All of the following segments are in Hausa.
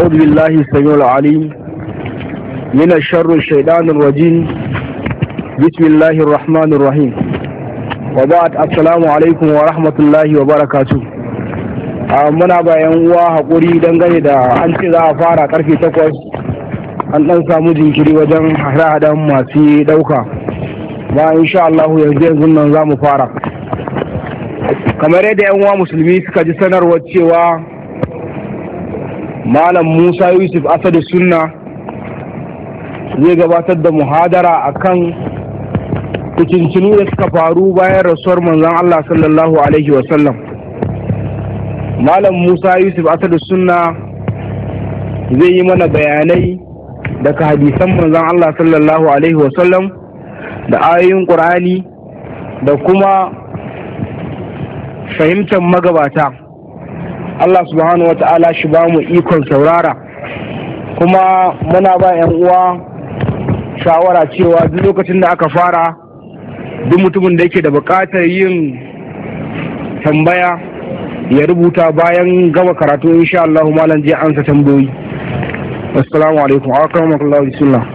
أعوذ بالله السميع العليم من الشر الشيطان الرجيم بسم الله الرحمن الرحيم وبعد السلام عليكم ورحمة الله وبركاته muna bayan uwa haƙuri dangane da an ce za a fara karfe takwas an ɗan samu jinkiri wajen hada masu ɗauka ba insha Allah yanzu yanzu nan za mu fara kamar yadda 'yan uwa musulmi suka ji sanarwar cewa malam musa yusuf asadu sunna zai gabatar da muhadara akan kucincinu da suka faru bayan rasuwar manzan allah sallallahu alaihi wasallam malam musa yusuf asadu sunna zai yi mana bayanai daga hadisan manzan allah sallallahu alaihi wasallam da ayoyin ƙur'ani da kuma fahimtar magabata Allah subhanahu wata'ala shi ba mu ikon saurara kuma muna ba 'yan uwa shawara cewa duk lokacin da aka fara duk mutumin da yake da buƙatar yin tambaya ya rubuta bayan gama karatu insha Allah malam je ansa tambayoyi assalamu alaikum wa rahmatullahi wa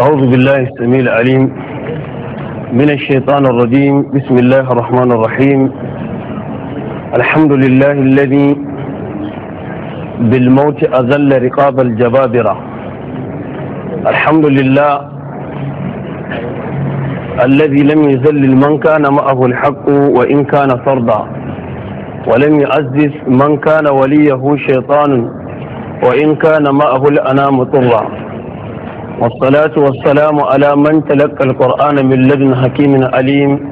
أعوذ بالله السميع العليم من الشيطان الرجيم بسم الله الرحمن الرحيم الحمد لله الذي بالموت أذل رقاب الجبابرة الحمد لله الذي لم يذلل من كان معه الحق وإن كان فرضا ولم يعزز من كان وليه شيطان وإن كان معه الأنام طرا والصلاة والسلام على من تلقى القرآن من لدن حكيم عليم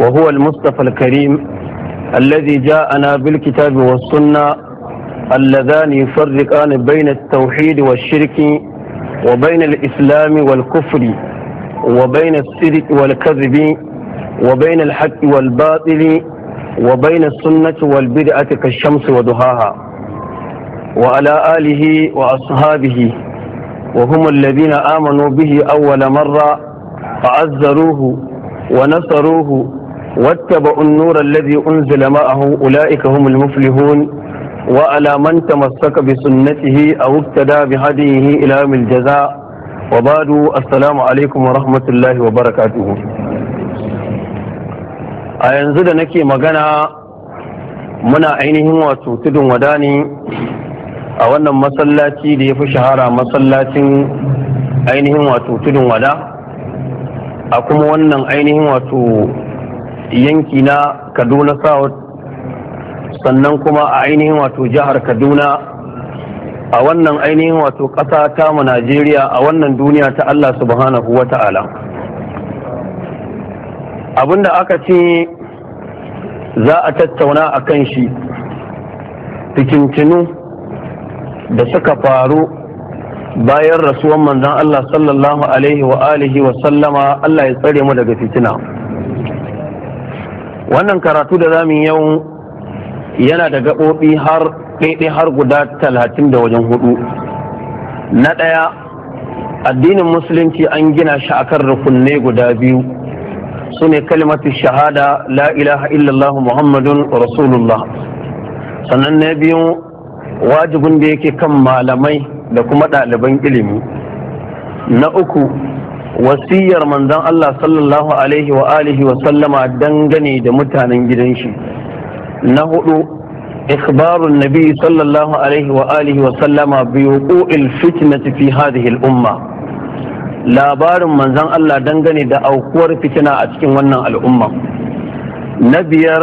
وهو المصطفى الكريم الذي جاءنا بالكتاب والسنة اللذان يفرقان بين التوحيد والشرك وبين الإسلام والكفر وبين الصدق والكذب وبين الحق والباطل وبين السنة والبدعة كالشمس وضحاها وعلى آله وأصحابه وهم الذين آمنوا به أول مرة فعزروه ونصروه واتبعوا النور الذي أنزل معه أولئك هم المفلحون وعلى من تمسك بسنته أو اقتدى بهديه إلى يوم الجزاء وبعد السلام عليكم ورحمة الله وبركاته أينزل نكي da منا عينهم وتوتد وداني a wannan masallaci da ya fi shahara masallacin ainihin wato tudun wada a kuma wannan ainihin wato yanki na kaduna south sannan kuma a ainihin wato jihar kaduna a wannan ainihin wato ƙasa tamu najeriya a wannan duniya ta allah subhanahu wa ta'ala abinda aka ce za a tattauna a kan shi fikintinu da suka faru bayan rasuwan manzon Allah sallallahu alaihi wa alihi wa sallama Allah ya tsare mu daga fitina wannan karatu da zamu yau yana da gaɓoɓi har ɗaiɗai har guda talatin da wajen hudu na ɗaya addinin musulunci an gina shi akan rukunne guda biyu su ne kalimatu shahada la ilaha illallah muhammadun rasulullah sannan na biyu wajibin da yake kan malamai da kuma ɗaliban ilimi na uku wasiyar manzon Allah sallallahu alaihi wa alihi wa sallama dangane da mutanen gidan shi na hudu إخبار النبي صلى wa sallama وآله وسلم بوقوع الفتنة في هذه الأمة labarin manzon Allah dangane da aukuwar fitina a cikin wannan al'umma na biyar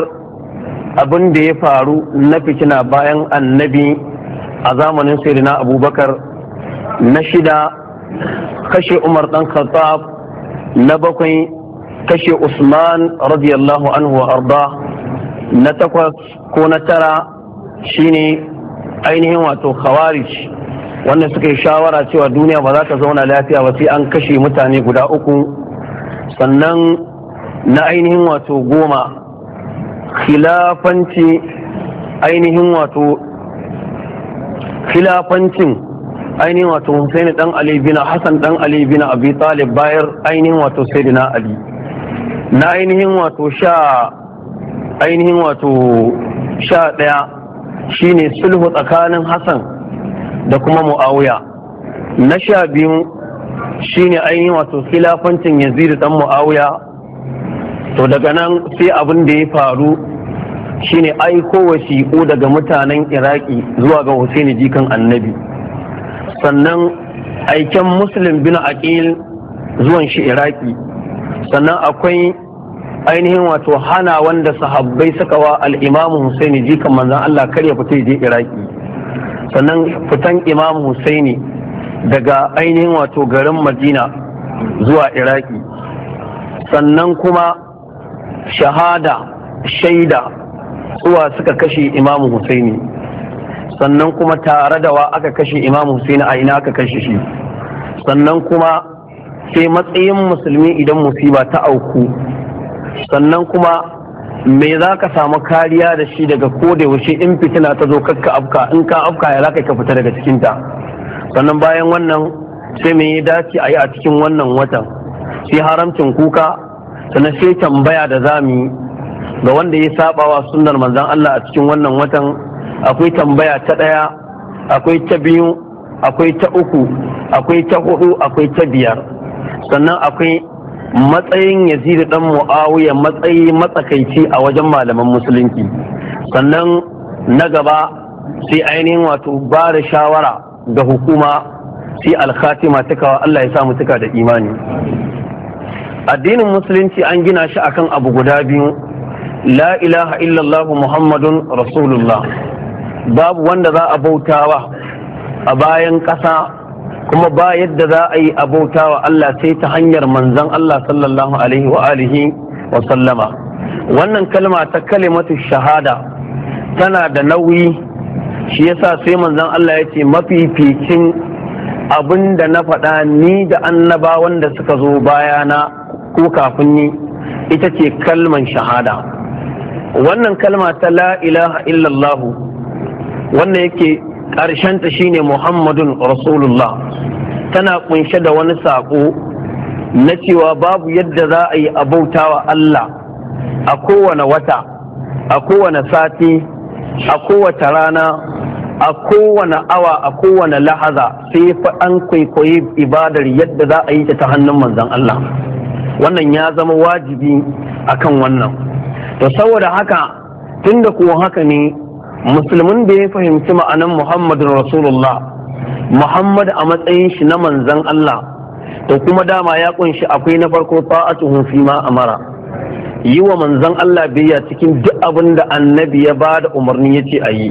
abin da ya faru na fitina bayan annabi a zamanin sayyidina abubakar na shida kashe umar dan khattab na bakwai kashe usman radiyallahu anhu wa arda na takwas ko na tara shine ainihin wato khawarij wanda suka yi shawara cewa duniya ba za ta zauna lafiya ba sai an kashe mutane guda uku sannan na ainihin wato goma khilafanci ainihin wato khilafancin ainihin wato Husaini dan Ali bin Hassan dan Ali bin Abi Talib bayar ainihin wato Sayyidina Ali na ainihin wato sha ainihin wato sha ɗaya shine sulhu tsakanin Hassan da kuma Muawiya na sha biyu shine ainihin wato khilafancin Yazid dan Muawiya to daga nan sai abin da ya faru shine aiko shi'u daga mutanen iraki zuwa ga husaini jikan annabi sannan aiken muslim bin aqil zuwan shi iraki sannan akwai ainihin wato hana wanda sahabbai suka wa al'imamu husaini jikan manzan allah kar ya fita je iraki sannan fitan imamu husaini daga ainihin wato garin madina zuwa iraki sannan kuma shahada shaida suwa suka kashe imamu husaini sannan kuma tare da wa aka kashe Imam husaini a ina aka kashe shi sannan kuma sai matsayin musulmi idan musiba ta auku sannan kuma me za ka samu kariya da shi daga koda yaushe in fitina ta zo kakka afka in ka afka ya zaka ka fita daga cikinta sannan bayan wannan sai me ya dace a yi a cikin wannan watan sai haramcin kuka sannan sai tambaya da za mu yi ga wanda ya sabawa sunnar manzon Allah a cikin wannan watan akwai tambaya ta ɗaya akwai ta biyu akwai ta uku akwai ta hudu akwai ta biyar sannan akwai matsayin yazid dan muawiya matsayi matsakaici a wajen malaman musulunci sannan na gaba sai ainihin wato ba da shawara ga hukuma sai alkhatima tukawa Allah ya samu tuka da imani addinin musulunci an gina shi akan abu guda biyu la ilaha illallah muhammadun rasulullah babu wanda za a bautawa a bayan ƙasa kuma ba yadda za a yi a bautawa Allah sai ta hanyar manzan Allah sallallahu alaihi wa alihi wa sallama wannan kalma ta kalimatu shahada tana da nauyi shi yasa sai manzan Allah ya ce mafificin abin da na faɗa ni da annabawan da suka zo bayana ko kafin ni ita ce kalman shahada wannan kalma ta la ilaha illallah wanda yake ƙarshenta shine muhammadun rasulullah tana kunshe da wani saƙo na cewa babu yadda za a yi wa Allah a kowane wata a kowane sati a kowace rana a kowane awa a kowane lahaza sai faɗan an kwaikwayi ibadar yadda za a yi ta hannun manzon Allah wannan ya zama wajibi akan wannan to saboda haka tunda kuwa haka ne musulmin da ya fahimci ma'anan muhammadun rasulullah muhammad a matsayin shi na manzan allah to kuma dama ya kunshi akwai na farko fa'atuhun fi ma amara yi wa manzan allah biya cikin duk abin da annabi ya ba da umarni ya ce a yi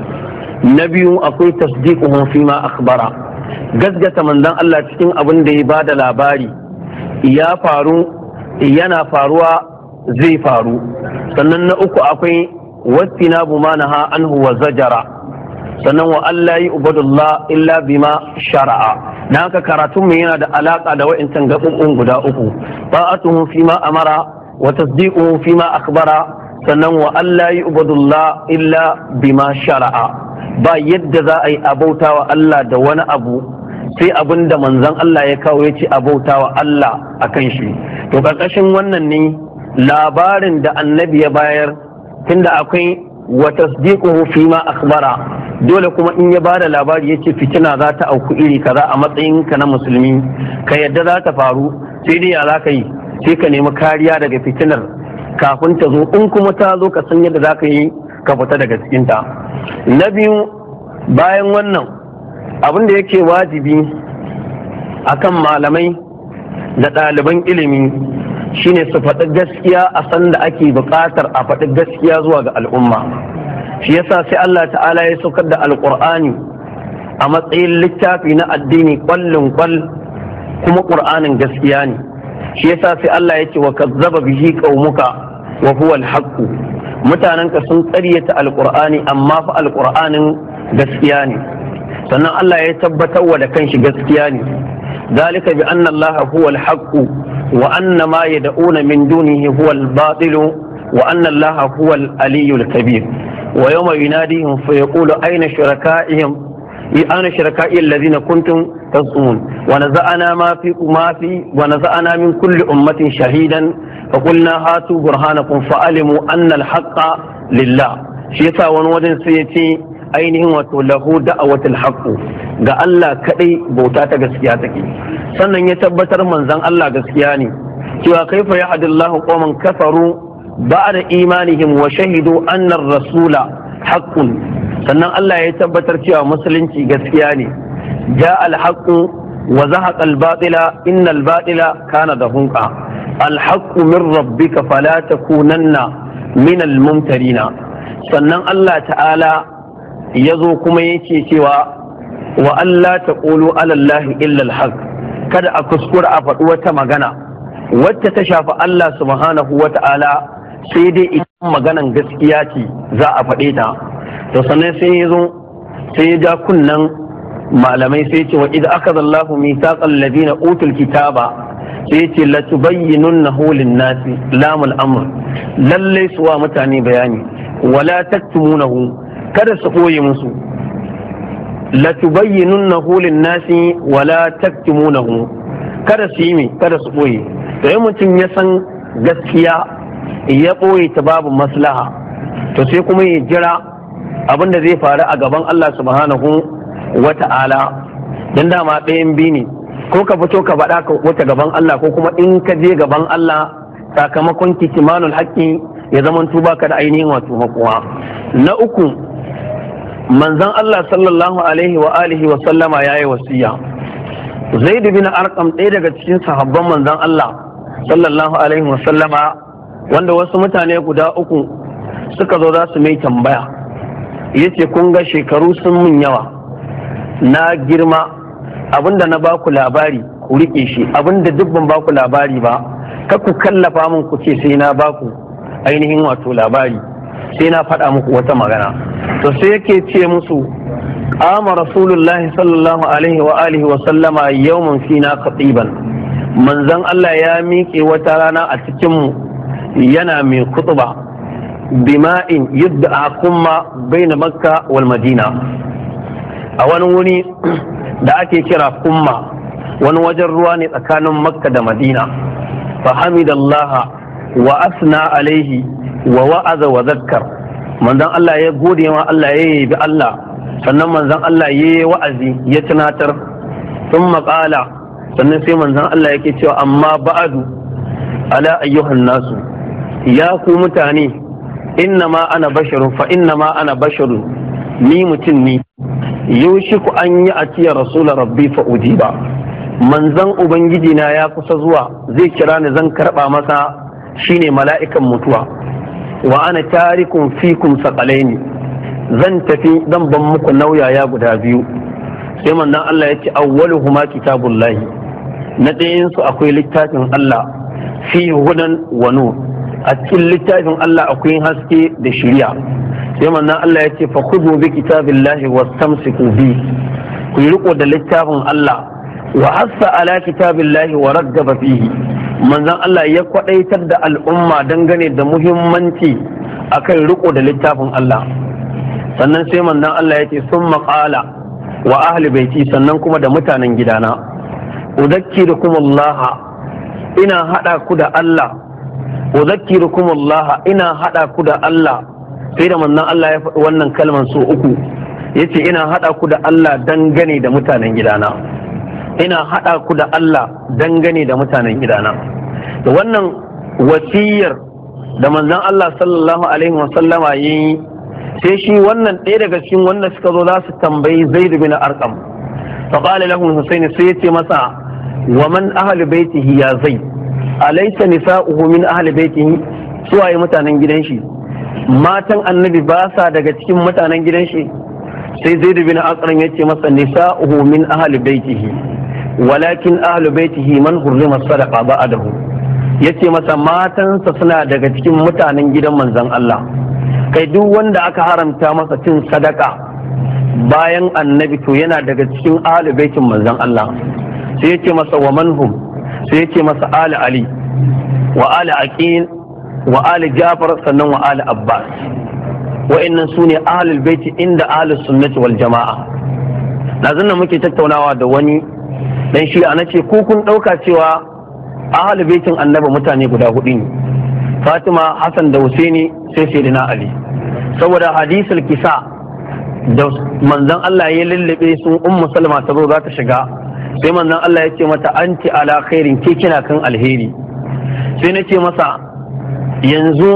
na biyu akwai tasdiquhum fi ma akhbara gaskata manzan allah cikin abin da ya ba da labari ya faru yana faruwa zai faru sannan na uku akwai wasina buma na ha an huwa zajara sannan wa Allah yi ubadullah illa bima shara'a na haka karatun mu yana da alaka da wa'incan gaɓuɓɓun guda uku ba'atuhu fi ma amara wa tasdiquhu fi ma akhbara sannan wa Allah yi ubadullah illa bima shara'a ba yadda za a yi abauta wa Allah da wani abu sai abin da manzon Allah ya kawo ya ce abauta wa Allah a kan shi to ƙarƙashin wannan ne labarin da annabi ya bayar tunda akwai wa tasdiquhu fi ma akhbara dole kuma in ya bada labari yace fitina za ta auku iri kaza a matsayin ka na musulmi ka yadda za ta faru sai dai za ka yi sai ka nemi kariya daga fitinar kafin ta zo in kuma ta zo ka san yadda za ka yi ka fita daga cikinta na biyu bayan wannan abin da yake wajibi akan malamai da ɗaliban ilimi shine su faɗi gaskiya a sanda ake buƙatar a faɗi gaskiya zuwa ga al'umma shi yasa sai Allah ta'ala ya saukar da alƙur'ani a matsayin littafi na addini ƙwallin ƙwal kuma ƙur'anin gaskiya ne shi yasa sai Allah ya ce wa kazzaba bihi qaumuka wa huwa al-haqq mutananka sun ƙaryata alƙur'ani amma fa alƙur'anin gaskiya ne sannan Allah ya tabbatar wa da kanshi gaskiya ne ذلك بأن الله هو الحق وأن ما يدعون من دونه هو الباطل وأن الله هو العلي الكبير ويوم يناديهم فيقول أين شركائهم أين شركائي الذين كنتم تزعمون ونزعنا ما في ما في ونزعنا من كل أمة شهيدا فقلنا هاتوا برهانكم فعلموا أن الحق لله شيسا ونوجن سيتي ainihin wato lahu da'awatul haqqu ga Allah kadai bauta ta gaskiya take sannan ya tabbatar manzon Allah gaskiya ne cewa kaifa yahdillahu qauman kafaru ba'da imanihim wa shahidu anna rasula haqqun sannan Allah ya tabbatar cewa musulunci gaskiya ne ja al-haqqu wa zahaqa al-batila innal batila kana dahunqa al-haqqu min rabbika fala takunanna min al-mumtarina sannan Allah ta'ala ya zo kuma yake cewa wa Allah ta ƙulu alallahi illal haq kada a kuskura a faɗi wata magana wacce ta shafi Allah subhanahu wa ta'ala sai dai idan maganan gaskiya ce za a faɗe ta to sannan sai ya zo sai ya ja kunnan malamai sai ce wa idan aka zallahu mithaqal ladina utul kitaba sai ce la tubayyinunnahu lin-nasi lamul amr lalle suwa mutane bayani wala taktumunahu kada su koyi musu la tubayyinunnahu lin-nasi wa la taktumunahu kada su yi kada su koyi. to in mutum ya san gaskiya ya ɓoye ta babu maslaha to sai kuma ya jira abin da zai faru a gaban Allah subhanahu wa ta'ala dan dama ɗayan biyu ne ko ka fito ka faɗa wata gaban Allah ko kuma in ka je gaban Allah sakamakon kitimanul haƙƙi ya zama tuba ka da ainihin wato makuwa na uku Manzan Allah sallallahu alaihi wa alihi wa sallama yayi wasiya dubi bin Arqam ɗaya daga cikin sahabban Manzan Allah sallallahu alaihi wa sallama wanda wasu mutane guda uku suka zo za su mai tambaya Ya ce kun ga shekaru sun mun yawa na girma abinda na baku labari ku riƙe shi abinda duk ban baku labari ba ka ku kallafa min ku ce sai na baku ainihin wato labari sai na faɗa muku wata magana to sai yake ce musu ama rasulullahi sallallahu alaihi wa alihi wa sallama yawman fina khatiban manzon Allah ya miƙe wata rana a cikin mu yana mai kutuba bima'in yadda a kuma baina makka wal madina a wani wuri da ake kira kumma wani wajen ruwa ne tsakanin makka da madina fa hamidallaha wa asna alaihi wa wa'aza wa zakkar manzon Allah ya gode wa Allah ya yabi Allah sannan manzon Allah ya yi wa'azi ya tunatar sun maƙala sannan sai manzon Allah yake cewa amma ba'adu ala ayyuhan nasu ya ku mutane inna ma ana basharun fa inna ma ana basharun ni mutum ne ku an yi atiya rasul rabbi fa ujiba manzon ubangiji na ya kusa zuwa zai kira ni zan karba masa shine mala'ikan mutuwa wa ana tarikun fikum ne zan tafi zan ban muku nauyaya guda biyu sai manzon Allah ya ce awwaluhuma kitabullahi na ɗayan su akwai littafin Allah fi hudan wa a cikin littafin Allah akwai haske da shiriya sai manzon Allah ya ce fa khudhu bi kitabillahi wastamsiku bi ku riko da littafin Allah wa hassa ala kitabillahi wa raggaba fihi manzan Allah ya kwadaitar da al'umma dangane da muhimmanci a kan riko da littafin Allah sannan sai manzan Allah ya ce sun maƙala wa ahli baiti sannan kuma da mutanen gidana kuma Allah ina haɗa ku da Allah kuma Allah ina haɗa ku da Allah sai da manzan Allah ya faɗi wannan kalman so uku ya ce ina haɗa ku da Allah dangane da mutanen gidana ina haɗa ku da Allah dangane da mutanen gidana da wannan wasiyar da manzon Allah sallallahu alaihi wasallama yi sai shi wannan ɗaya daga cikin wanda suka zo za su tambayi Zaid bin Arqam fa qala lahu Husayn sai yace masa wa man ahli baitihi ya Zaid alaysa nisa'uhu min ahli baitihi suwaye mutanen gidan shi matan annabi ba sa daga cikin mutanen gidan shi sai Zaid bin Arqam yace masa nisa'uhu min ahli baitihi walakin ahlu baitihi man hurrima sadaqa ba'dahu yace masa matansa suna daga cikin mutanen gidan manzon Allah kai duk wanda aka haramta masa cin sadaka bayan annabi to yana daga cikin ahlu baitin manzon Allah sai yace masa wa manhum sai yace masa ali ali wa ali aqil wa ali jafar sannan wa ali abbas wa'annan sune ahlul baiti inda ahlus sunnati wal jama'a lazun muke tattaunawa da wani dan shi ana ce ko kun ɗauka cewa ahalu baitin annabi mutane guda hudu ne fatima hassan da husaini sai sayyidina ali saboda hadisul kisa da manzon Allah ya lullube su ummu salma ta zo za ta shiga sai manzon Allah ya ce mata anti ala khairin ke kina kan alheri sai na ce masa yanzu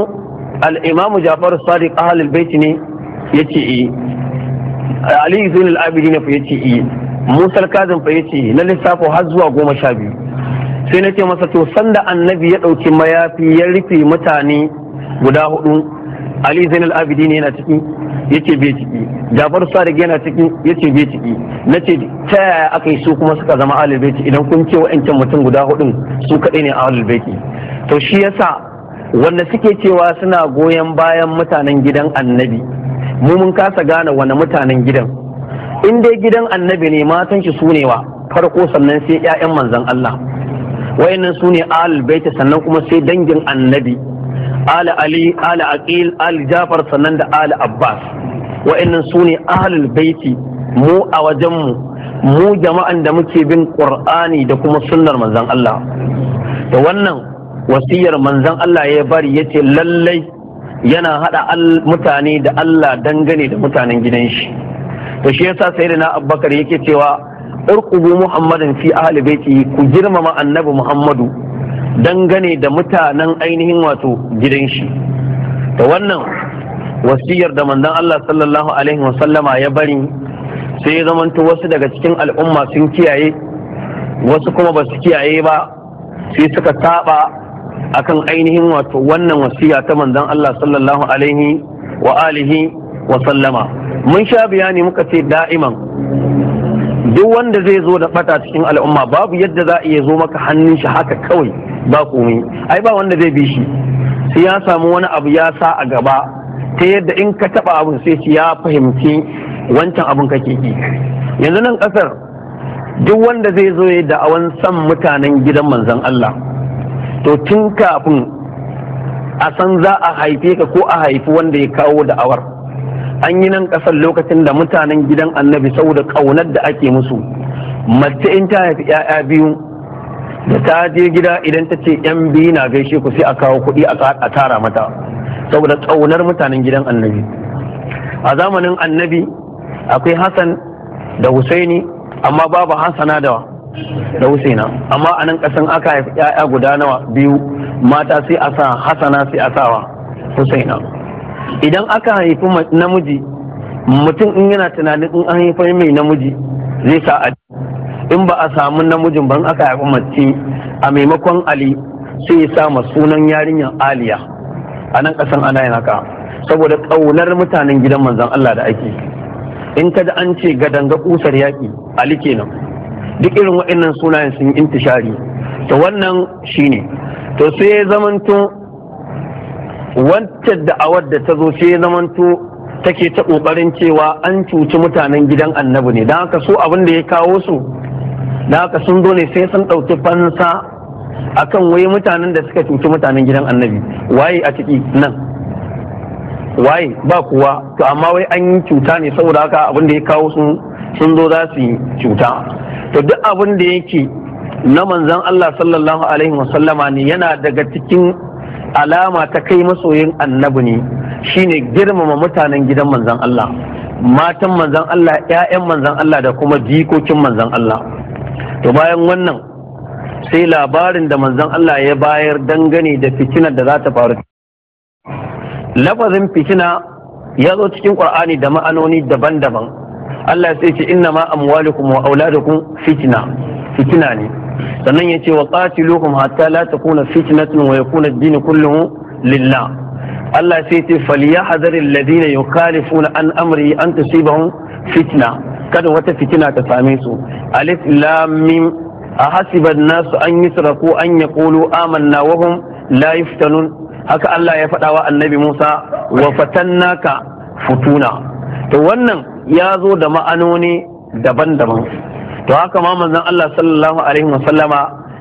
al Jafaru Ja'far Sadiq ahlul bait ne yace eh Ali Zainul Abidin fa yace eh musal kazin fa yace na lissafo har zuwa goma sha biyu sai na ce masa to sanda annabi ya ɗauki mayafi ya rufe mutane guda hudu ali zainal abidin yana ciki yace bai ciki jafar sadiq yana ciki yace bai ciki nace ta yaya aka yi su kuma suka zama ahlul baiti idan kun ce wa'ancan mutum guda hudu su kaɗai ne ahlul baiti to shi yasa wanda suke cewa suna goyon bayan mutanen gidan annabi mu mun kasa gane wani mutanen gidan in dai gidan annabi ne matan shi sune wa farko sannan sai ƴaƴan manzon Allah wayannan sune al baita sannan kuma sai dangin annabi al ali al aqil al jafar sannan da al abbas wayannan sune ahlul baiti mu a wajen mu mu jama'an da muke bin qur'ani da kuma sunnar manzon Allah da wannan wasiyar manzan Allah ya bari yace lallai yana hada mutane da Allah dangane da mutanen gidan shi to shi yasa na abubakar yake cewa irkubu muhammadin fi ahli baiti ku girmama annabi muhammadu dangane da mutanen ainihin wato gidan shi da wannan wasiyar da manzon Allah sallallahu alaihi wasallama ya bari sai ya zamanto wasu daga cikin al'umma sun kiyaye wasu kuma ba su kiyaye ba sai suka saba akan ainihin wato wannan wasiya ta manzon Allah sallallahu alaihi wa alihi wa mun sha bayani muka ce da'iman duk wanda zai zo da bata cikin al'umma babu yadda za a iya zo maka hannun shi haka kawai ba komai ai ba wanda zai bi shi sai ya samu wani abu ya sa a gaba ta yadda in ka taba abun sai ya fahimci wancan abun kake ki yanzu nan kasar duk wanda zai zo ya da'awan san mutanen gidan manzon Allah to tun kafin a san za a haife ka ko a haifi wanda ya kawo da'awar an yi nan ƙasar lokacin da mutanen gidan annabi saboda ƙaunar da ake musu mace in ta haifi 'ya'ya biyu da ta je gida idan ta ce 'yan biyu na gaishe ku sai a kawo kuɗi a tara mata saboda ƙaunar mutanen gidan annabi a zamanin annabi akwai hassan da husaini amma babu hassana da husaina amma a nan ƙasan aka haifi 'ya'ya guda nawa biyu mata sai a sa hassana sai a sawa husaina idan aka haifi namiji mutum in yana tunanin in an haifi mai namiji zai sa a in ba a samu namijin ban aka haifi mace a maimakon ali sai ya sa sunan yarinyar aliya a nan kasan ana yin haka saboda ƙaunar mutanen gidan manzan Allah da ake in kada an ce gadanga kusar yaƙi ali kenan duk irin waɗannan sunayen sun intishari to wannan shine to sai zamanto wancan da'awar da ta zo ce zamanto take ta kokarin cewa an cuci mutanen gidan annabi ne don haka su abin da ya kawo su don haka sun zo ne sai sun ɗauki fansa akan wai mutanen da suka cuci mutanen gidan annabi waye a ciki nan waye ba kuwa to amma wai an yi cuta ne saboda haka abin da ya kawo su sun zo za su yi cuta to duk abin da yake na manzon Allah sallallahu alaihi wasallama ne yana daga cikin alama ta kai masoyin annabi ne shine girmama mutanen gidan manzon Allah matan manzon Allah ƴaƴan manzan Allah da kuma jikokin manzon Allah to bayan wannan sai labarin da manzan Allah ya bayar dangane da fitinar da za ta faru lafazin fitina ya zo cikin qur'ani da ma'anoni daban-daban Allah sai ce inna ma amwalukum wa auladukum fitina fitina ne sannan ya ce wa qatiluhum hatta la takuna fitnatun wa yakuna ad-din kulluhu lillah Allah sai ce falyahdhar alladhina yukhalifuna an amri an tusibahum fitna kada wata fitina ta same su alif lam mim ahasiba an-nasu an yusraku an yaqulu amanna wa hum la yuftanun haka Allah ya faɗa wa annabi Musa wa fatannaka futuna to wannan ya zo da ma'anoni daban-daban to haka ma manzon Allah sallallahu alaihi wasallama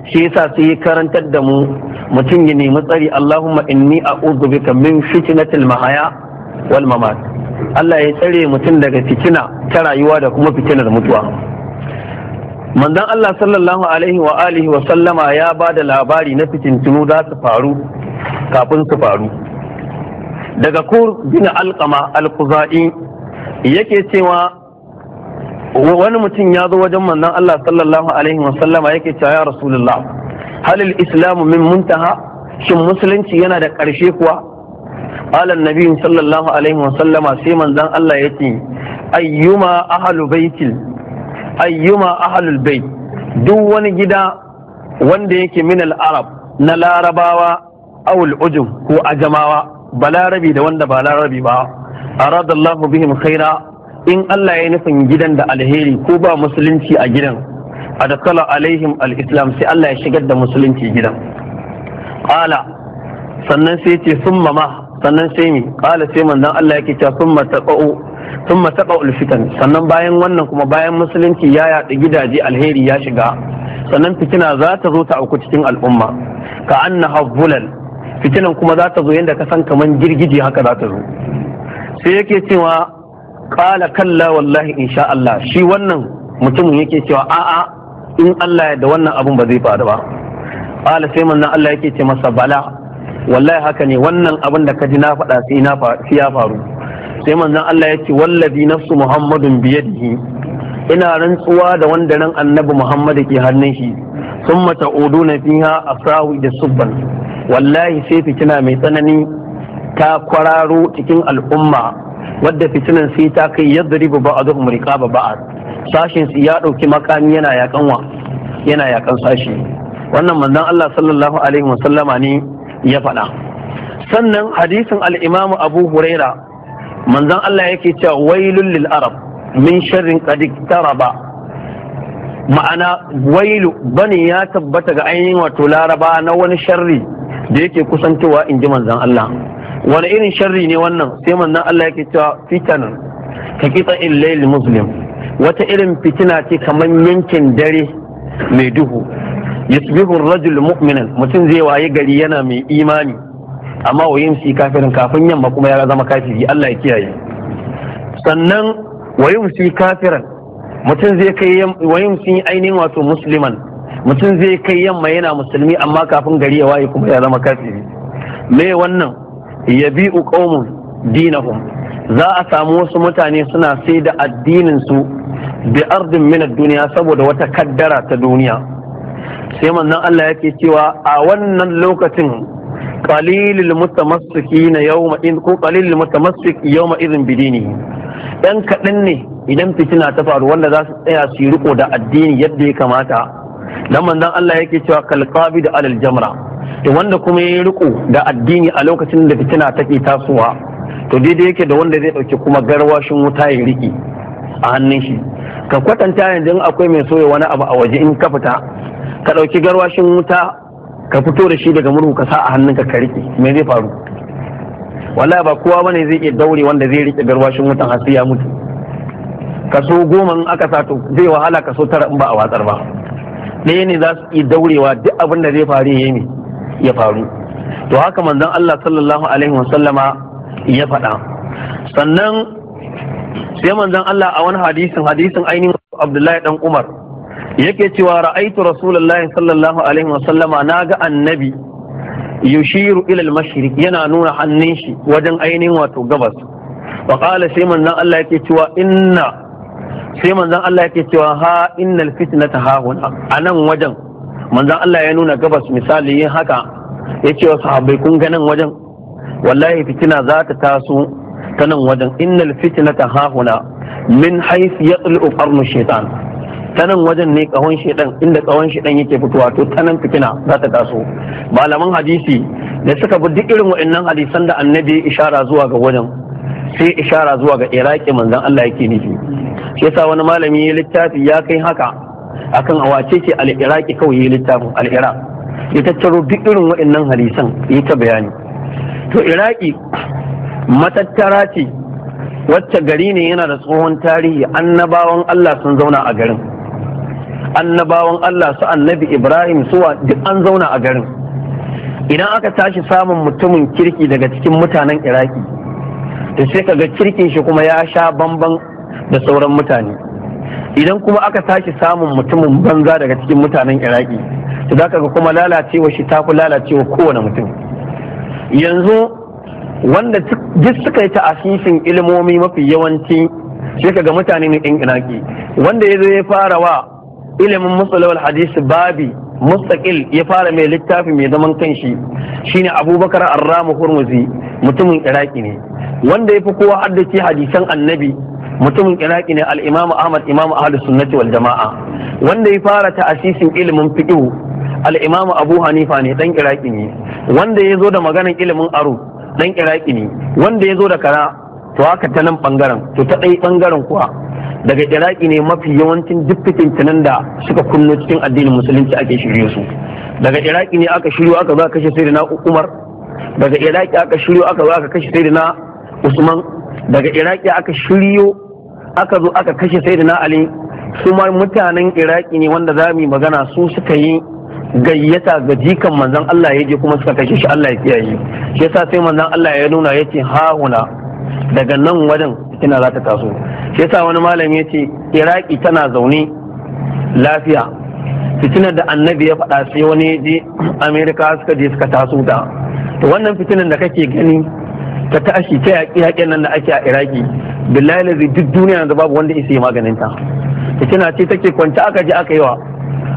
shi yasa sai ya karantar da mu mutum ya nemi tsari Allahumma inni a'udhu bika min fitnatil mahaya wal mamat Allah ya tsare mutum daga fitina ta rayuwa da kuma fitinar mutuwa manzon Allah sallallahu alaihi wa alihi wa ya ba da labari na fitintunu za su faru kafin su faru daga kur bin alqama al yake cewa wani mutum ya zo wajen manzon Allah sallallahu alaihi wa sallama yake cewa ya rasulullah halil islamu min muntaha shin musulunci yana da ƙarshe kuwa qala annabi sallallahu alaihi wa sallama sai manzon Allah yace ayyuma ahlu baitil ayyuma ahlul bait duk wani gida wanda yake min al-arab na larabawa aw al-ujum ko ajamawa balarabi da wanda ba larabi ba arada Allahu bihim khaira in Allah ya nufin gidan da alheri ko ba musulunci a gidan a dakala alaihim al-islam sai Allah ya shigar da musulunci gidan qala sannan sai ce summa ma sannan sai mi qala sai manzon Allah yake cewa summa taqau summa taqau al-fitan sannan bayan wannan kuma bayan musulunci ya yaɗa gidaje alheri ya shiga sannan fitina za ta zo ta auku cikin al'umma ka annaha bulal fitinan kuma za ta zo yadda ka san kaman girgije haka za ta zo sai yake cewa Ƙala kalla wallahi insha Allah shi wannan mutumin yake cewa a'a in Allah ya da wannan abun ba zai faru ba kala sai manzon Allah yake ce masa bala wallahi haka ne wannan abun da ka ji na faɗa sai na ya faru sai manzon Allah ya ce wallazi nafsu muhammadun biyadihi ina rantsuwa da wanda ran annabi muhammad ke hannun shi summa ta'uduna fiha asrawi da subban wallahi sai fitina mai tsanani ta kwararo cikin al'umma wadda fitinan sai ta kai yadda murika ba ba a sashin su ya dauki makami yana yakan wa yana yakan sashi wannan manzon Allah sallallahu alaihi wasallama ne ya faɗa sannan hadisin al-Imam Abu Huraira manzon Allah yake cewa wailul lil arab min sharrin qad iktaraba ma'ana wailu bane ya tabbata ga ainihin wato laraba na wani sharri da yake kusantowa in ji manzan Allah wani irin sharri ne wannan sai manzon Allah yake cewa fitan ka kitsa illal muslim wata irin fitina ce kamar yankin dare mai duhu yasbihu rajul mu'minan mutum zai waye gari yana mai imani amma wayin shi kafirin kafin yamma kuma ya zama kafiri Allah ya kiyaye sannan wayin shi kafiran mutum zai kai wayin shi ainihin wato musliman mutum zai kai yamma yana musulmi amma kafin gari ya waye kuma ya zama kafiri me wannan Ya yabi'u qaumun dinahum za a samu wasu mutane suna sai da addinin su bi ardin min duniya saboda wata kaddara ta duniya sai manzon Allah yake cewa a wannan lokacin qalilul mutamassikin yawma in ko qalilul mutamassik yawma idhin bidinihi dan kadan ne idan fitina ta faru wanda za su tsaya su riko da addini yadda ya kamata dan manzon Allah yake cewa kalqabi da alal jamra to wanda kuma ya riko da addini a lokacin da fitina take tasowa to daidai yake da wanda zai dauki kuma garwashin wuta ya riki a hannun shi ka kwatanta yanzu akwai mai soya wani abu a waje in ka fita ka dauki garwashin wuta ka fito da shi daga murhu ka sa a hannunka ka riki me zai faru wallahi ba kowa bane zai iya daure wanda zai rike garwashin wutan har sai ya mutu kaso goma in aka sa to zai wahala kaso tara in ba a watsar ba ɗaya ne za su iya daurewa duk abin da zai faru ya ne ya faru to haka manzon Allah sallallahu alaihi wasallama ya faɗa sannan sai manzon Allah a wani hadisin hadisin ainihin Abdullahi dan Umar yake cewa ra'aitu rasulullahi sallallahu alaihi wasallama naga annabi yushiru ila al-mashriq yana nuna hannun shi wajen ainihin wato gabas wa qala sai manzon Allah yake cewa inna sai manzon Allah yake cewa ha innal fitnata ha A nan wajen manzon Allah ya nuna gabas misali yin haka ya ce wa kun ganin wajen wallahi fitina za ta taso ta nan wajen innal fitnata ha huna min ya yatlu ƙarnu shaitan. ta nan wajen ne kahon shaidan inda kahon shaidan yake fitowa to ta nan fitina za ta taso malaman hadisi da suka bi duk irin waɗannan hadisan da annabi ishara zuwa ga wajen sai ishara zuwa ga iraki manzan Allah yake nufi shi yasa wani malami ya littafi ya kai haka akan awace ce al-iraki kawai ya littafin al ya tattaro duk irin waɗannan halisan? ya ta bayani to iraki matattara ce wacce gari ne yana da tsohon tarihi annabawan Allah sun zauna a garin annabawan Allah su annabi Ibrahim suwa duk an zauna a garin idan aka tashi samun mutumin kirki daga cikin mutanen iraki Da sai ka ga kirkin shi kuma ya sha bamban da sauran mutane idan kuma aka tashi samun mutumin banza daga cikin mutanen iraki to za ka ga kuma lalacewa shi ta fi lalacewa kowane mutum yanzu wanda duk suka yi ta'asisin ilimomi mafi yawanci sai ka ga mutane ne ɗin wanda ya zo ya fara wa ilimin musulawar hadisi babi mustaqil ya fara mai littafi mai zaman kanshi shine abubakar arramu hurmuzi mutumin iraki ne wanda ya fi kowa haddace hadisan annabi mutumin iraki ne al'imamu ahmad imamu Ahadu sunnati wal jama'a wanda ya fara ta asisin ilimin fiqh al'imamu abu hanifa ne dan iraki ne wanda ya zo da maganan ilimin aro dan iraki ne wanda ya zo da kara to haka ta nan bangaren to ta ɗai bangaren kuwa daga iraki ne mafi yawancin duk fitintunan da suka kunno cikin addinin musulunci ake shirye su daga iraki ne aka shiryo aka za kashe sai na umar daga iraki aka shiryo aka za kashe sai na usman daga iraki aka shiryo aka zo aka kashe na ali ma mutanen iraki ne wanda za mu yi magana su suka yi gayyata ga jikan manzon Allah ya je kuma suka kashe shi Allah ya kiyaye shi yasa sai manzon Allah ya nuna yace huna daga nan wajen kina za ta taso shi yasa wani malami yace iraki tana zaune lafiya fitinar da annabi ya faɗa sai wani je amerika suka je suka taso ta to wannan fitinar da kake gani ta tashi ta yaƙi yaƙin nan da ake a iraki billahi lazi duk duniya yanzu babu wanda isa maganin ta fitina ce take kwance aka ji aka yi wa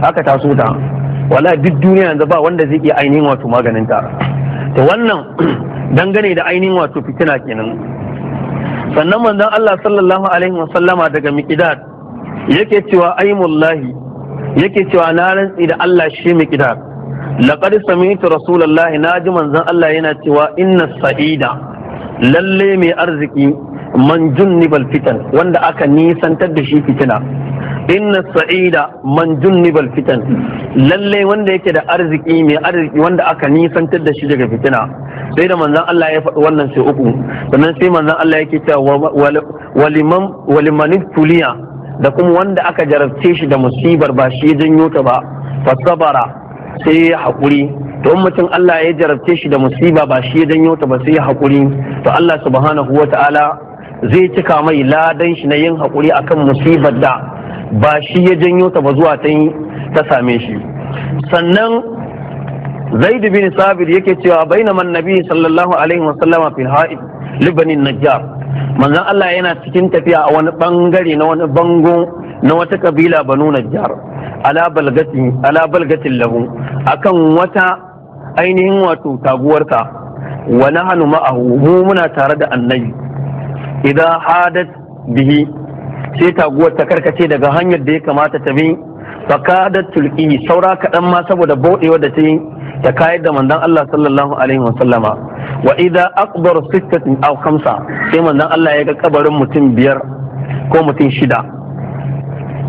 aka taso ta wala duk duniya yanzu ba wanda zai iya ainihin wato maganin ta to wannan dangane da ainihin wato fitina kenan sannan manzon Allah sallallahu alaihi wa sallama daga miqdad yake cewa aimullahi yake cewa na rantsi da Allah shi miqdad laqad sami'tu rasulullahi naji manzon Allah yana cewa inna sa'ida lalle mai arziki man junnibal fitan wanda aka nisantar da shi fitina inna sa'ida man junnibal fitan lalle wanda yake da arziki mai arziki wanda aka nisantar da shi daga fitina sai da manzon Allah ya faɗi wannan sai uku sannan sai manzon Allah yake cewa waliman tuliya da kuma wanda aka jarabce shi da musibar ba shi janyo ta ba fasabara sai ya haƙuri don mutum Allah ya jarabce shi da musiba ba shi ya janyo ta ba sai ya haƙuri to Allah subhanahu wa ta'ala zai cika mai ladan shi na yin haƙuri akan musibar da ba shi ya janyo ta ba zuwa ta same shi sannan zaid bin sabir yake cewa bainaman nabi sallallahu alaihi wa sallama fil ha'id libanin najjar manzon Allah yana cikin tafiya a wani bangare na wani bango na wata kabila banu najjar ala balgatin ala balgatin lahu akan wata ainihin wato taguwarsa wa nahnu ma'ahu mu muna tare da annabi idan hadat bihi sai taguwar ta karkace daga hanyar da ya kamata ta bi fakadat tulqi saura kaɗan ma saboda bodewa da ta yi ta kayar da manzon Allah sallallahu alaihi wa sallama wa idan akbar sittatin aw khamsa sai manzon Allah ya ga kabarin mutum biyar ko mutum shida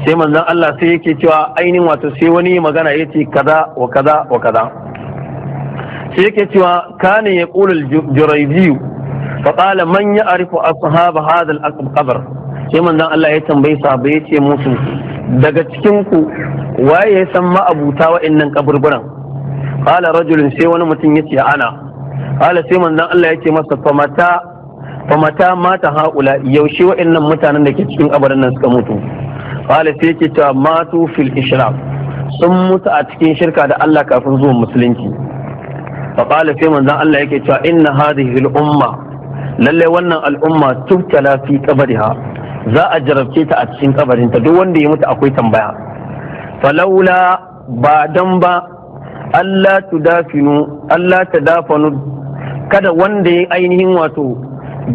sai manzon Allah sai yake cewa ainihin wato sai wani magana yace kaza wa kaza wa kaza sai yake cewa kana ya kula juraybiyu fa qala man ya'rifu ashab hadha al-qabr sai manzon Allah ya tambayi sahabbai ya ce musu daga cikin ku waye ya san ma'abuta wa'annan kaburburan qala rajulun sai wani mutum yace ana qala sai manzon Allah ya ce masa fa mata fa mata mata haula yaushe wa'annan mutanen da ke cikin kabarin nan suka mutu qala sai yake cewa matu fil ishraq sun mutu a cikin shirka da Allah kafin zuwan musulunci fa qala sai manzon Allah yake cewa inna hadhihi al-umma lalle wannan al'umma tubtala fi qabriha za a jarabce ta a cikin kabarinta duk wanda ya mutu akwai tambaya falaula ba dan ba Allah tudafinu Allah tadafanu kada wanda ya ainihin wato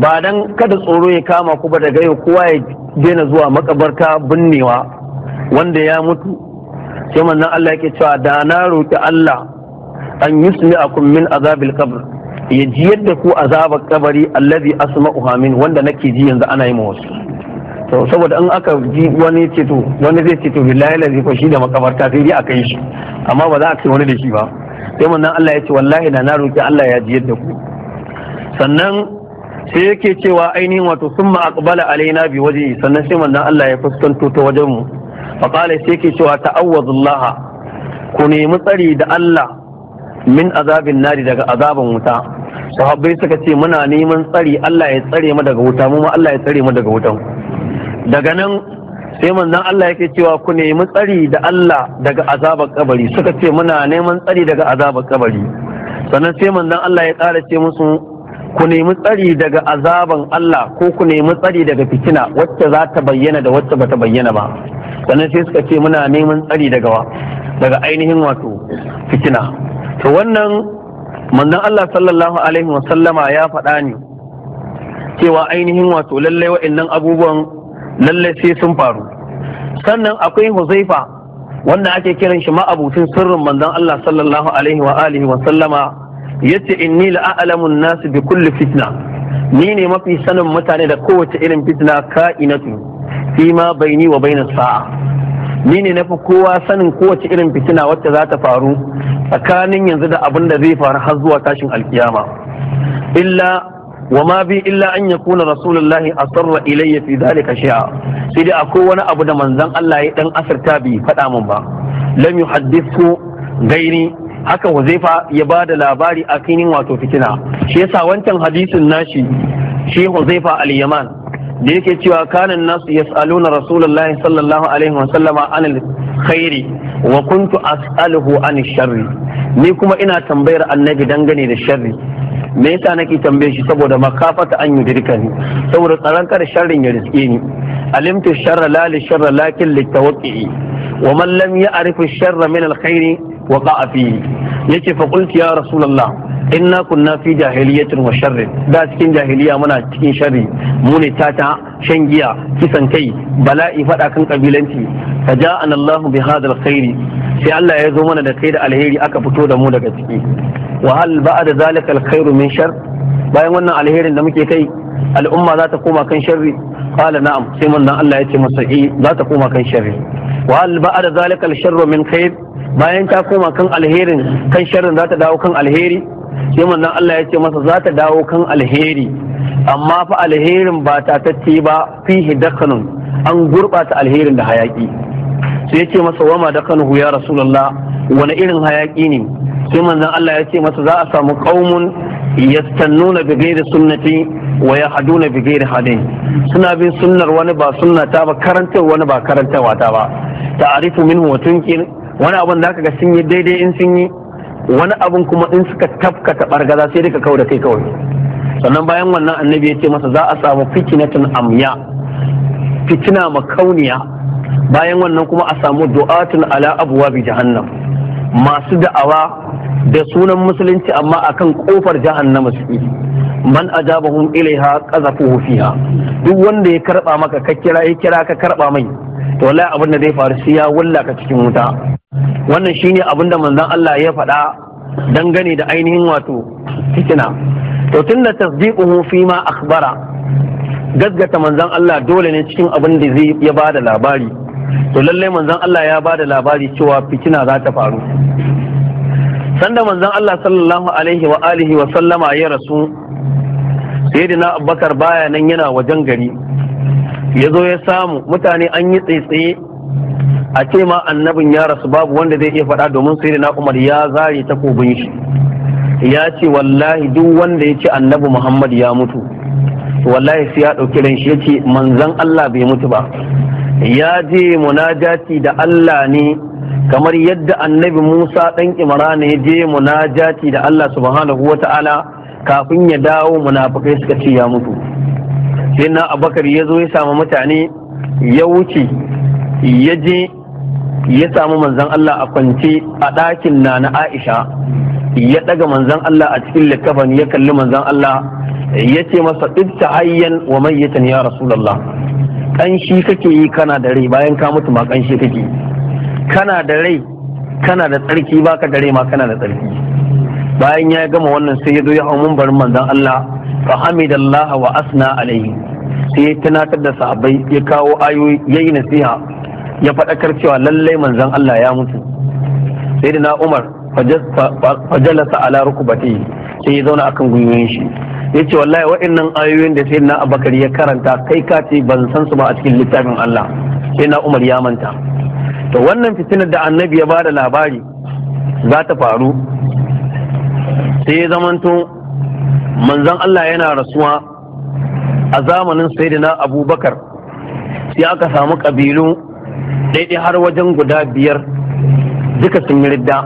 ba dan kada tsoro ya kama ku ba daga yau kowa ya daina zuwa makabarta binnewa wanda ya mutu sai manzon Allah yake cewa da na roki Allah an yusmi'akum min azabil qabr ya ji yadda ku azabar kabari allazi asma'u hamin wanda nake ji yanzu ana yi ma wasu to saboda in aka ji wani ce to wani zai ceto to billahi lazi ko shi da makabarta sai dai a kai shi amma ba za a kai wani da shi ba sai mun Allah ya ce wallahi da na roki Allah ya ji yadda ku sannan sai yake cewa ainihin wato sun aqbala alaina bi waje sannan sai manzon Allah ya fuskanto ta wajen mu fa qala sai yake cewa ta'awwadullah ku nemi tsari da Allah min azabin nari daga azaban wuta sahabbai suka ce muna neman tsari Allah ya tsare mu daga wuta mu Allah ya tsare mu daga wutan daga nan sai manzon Allah yake cewa ku nemi tsari da Allah daga azabar kabari suka ce muna neman tsari daga azabar kabari sannan sai manzon Allah ya ƙara ce musu ku nemi tsari daga azaban Allah ko ku nemi tsari daga fitina wacce za ta bayyana da wacce bata bayyana ba sannan sai suka ce muna neman tsari daga daga ainihin wato fitina to wannan manzon Allah sallallahu alaihi wasallama ya faɗa ne cewa ainihin wato lallai wa'annan abubuwan lallai sai sun faru sannan akwai huzaifa wanda ake kiran shi ma'abutin sirrin manzon Allah sallallahu alaihi wa alihi wa sallama yace inni la'alamun nas bi kulli fitna ni ne mafi sanin mutane da kowace irin fitna ka'inatu fi ma baini wa bainas sa'a ni ne nafi kowa sanin kowace irin fitina wacce za ta faru tsakanin yanzu da abin da zai faru har zuwa tashin alkiyama illa wa ma bi illa an kuna rasulullahi asarra ilayya fi dhalika shay'a sai dai akwai wani abu da manzon Allah ya dan asirta bi faɗa min ba lam yuhaddithu gairi haka Huzaifa ya ba da labari a kinin wato fitina shi yasa wancan hadisin nashi shi Huzaifa al-Yaman da yake cewa kanin nasu yas'aluna rasulullahi sallallahu alaihi wa sallama anil khairi wa kuntu as'aluhu an sharri ni kuma ina tambayar annabi dangane da sharri me yasa nake tambaye shi saboda makafata an yudirka ni saboda tsaron kada sharrin ya riske ni alimtu sharra la li sharra lakin li wa man lam ya'rifu sharra min al khairi wa qa'a fihi yace fa qultu ya rasulullah inna kunna fi jahiliyatin wa sharrin da cikin jahiliya muna cikin sharri mu ne tata shan giya kisan kai bala'i fada kan kabilanci fa ja'ana Allah bi hadal khairi sai Allah ya zo mana da kai da alheri aka fito da mu daga ciki wa hal ba'da zalika alkhairu min shar bayan wannan alherin da muke kai al'umma za ta koma kan sharri qala na'am sai manzon Allah ya ce masa eh za ta koma kan sharri wa hal ba'da zalika alsharru min khair bayan ta koma kan alherin kan sharrin za ta dawo kan alheri sai manzon Allah ya ce masa za ta dawo kan alheri amma fa alherin ba ta tatti ba fihi dakanun an gurɓata alherin da hayaki sai ya ce masa wama dakanuhu ya rasulullah wani irin hayaki ne sai manzon Allah ya ce masa za a samu qaumun yastannuna bi ghairi sunnati wa yahduna bi ghairi hadin suna bin sunnar wani ba sunnata ba karantar wani ba karantawa ta ba ta'arifu minhu wa tunkin wani abin da aka ga sun yi daidai in sun yi wani abin kuma in suka tafkata bargaza sai daga kawo da kai kawai sannan bayan wannan annabi ya ce masa za a samu fitinatun amya fitina makauniya bayan wannan kuma a samu du'atun ala abuwa bi jahannam masu da'awa da sunan musulunci amma akan kofar jahannama suke man ajabahum ilaiha qazafuhu fiha duk wanda ya karba maka ka kira ya kira ka karɓa mai to wallahi abin da zai faru sai ya wallaka cikin wuta wannan shine abin da manzon Allah ya faɗa dangane da ainihin wato fitina to tunda tasdiquhu fi ma akhbara gaggata manzon Allah dole ne cikin abin da zai ya bada labari to lallai manzon Allah ya bada labari cewa fitina za ta faru sanda manzon Allah sallallahu alaihi wa alihi wa sallama ya rasu sayyidina Abubakar baya nan yana wajen gari ya zo ya samu mutane an yi tsaye-tsaye a ce ma annabin ya rasu babu wanda zai iya faɗa domin sai da na umar ya zare takobin shi ya ce wallahi duk wanda ya ce annabi muhammad ya mutu wallahi sai ya ɗauki ran shi ya ce manzan allah bai mutu ba ya je munajati da allah ne kamar yadda annabi musa ɗan ne ya je munajati da allah subhanahu ta'ala kafin ya dawo munafukai suka ce ya mutu sai na abakar ya zo ya samu mutane ya wuce ya je ya samu manzan Allah a kwance a ɗakin na na Aisha ya ɗaga manzan Allah a cikin littafin ya kalli manzan Allah ya ce masa ibta hayyan wa mayyatan ya rasulullah ƙanshi kake yi kana da rai bayan ka mutu ma ƙanshi kake kana da rai kana da tsarki baka da rai ma kana da tsarki bayan ya gama wannan sai ya zo ya hau mumbarin manzon Allah fa hamidallah wa asna alaihi sai ya tunatar da sahabbai ya kawo ayoyi yayi nasiha ya faɗakar cewa lallai manzon Allah ya mutu sai da na Umar fa fajalasa ala rukbati sai ya zauna akan gwiwoyin shi ya ce wallahi wa'annan ayoyin da sai na Abubakar ya karanta kai ka ce ban san su ba a cikin littafin Allah sai na Umar ya manta to wannan fitinar da annabi ya ba da labari za ta faru sai ya zamanto Manzon Allah yana rasuwa a zamanin sayyidina abubakar sai aka samu ƙabilu daidai har wajen guda biyar duka sun yi ridda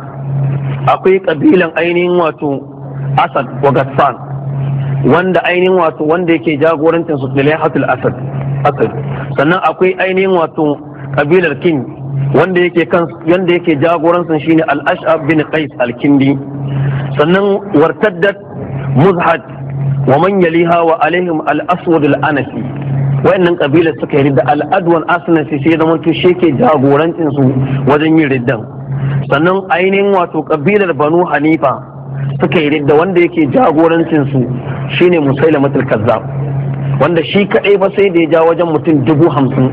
akwai ƙabilan ainihin wato asad wa gassan wanda ainihin wato wanda yake jagorancin su hatul asad sannan akwai ainihin wato kabilar kin wanda yake kan yanda yake jagoransa shine al-ash'ab bin qais al-kindi sannan wartaddat muzhad wa man yaliha wa alaihim al-aswad al-anasi wayannan kabilar suka yi ridda al-adwan asnasi sai da mutu shi ke jagorancin su wajen yin riddan sannan ainihin wato kabilar banu hanifa suka yi ridda wanda yake jagorancin su shine musailamatul kazzab wanda shi kadai ba sai da ya ja wajen mutum dubu hamsin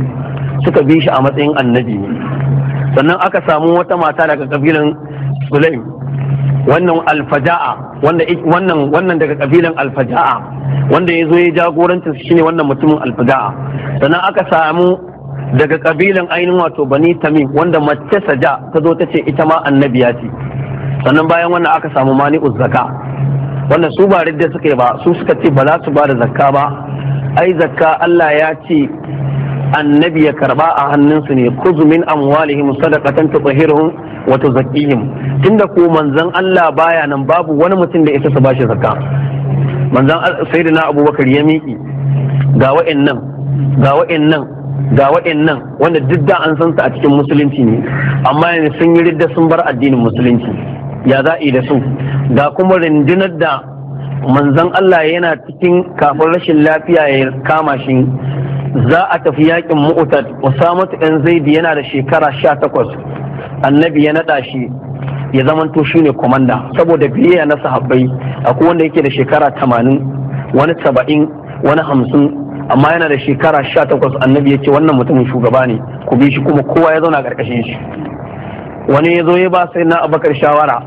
suka bi shi a matsayin annabi ne sannan aka samu wata mata daga kabilan sulaim wannan alfaja'a wannan wannan daga kabilan alfaja'a wanda ya zo ya jagorancin shi ne wannan mutumin alfaja'a sannan aka samu daga kabilan ainihin wato bani tamim wanda mace saja ta zo ta ce ita ma annabiya ce sannan bayan wannan aka samu mani uzzaka wannan su ba ridda suka yi ba su suka ce ba za su ba da zakka ba ai zakka Allah ya ce annabi ya karba a hannunsu ne kuzu min amwalihim sadaqatan tutahhiruhum wa tuzakkihim tunda ko manzon Allah baya nan babu wani mutum da isa su bashi zakka manzon sayyidina Abubakar ya miki. ga wa'annan ga wa'annan ga wa'annan wanda duk da an san su a cikin musulunci ne amma yanzu sun yi ridda sun bar addinin musulunci ya za'i da su ga kuma rindunar da manzon Allah yana cikin kafin rashin lafiya ya kama shi za a tafi yakin mu'tad usama dan zaidi yana da shekara 18 annabi ya nada shi ya zamanto shine komanda saboda biyayya na sahabbai akwai wanda yake da shekara 80 wani 70 wani 50 amma yana da shekara 18 annabi ya ce wannan mutumin shugaba ne ku bi shi kuma kowa ya zauna ƙarƙashin shi wani ya zo ya ba sai na abakar shawara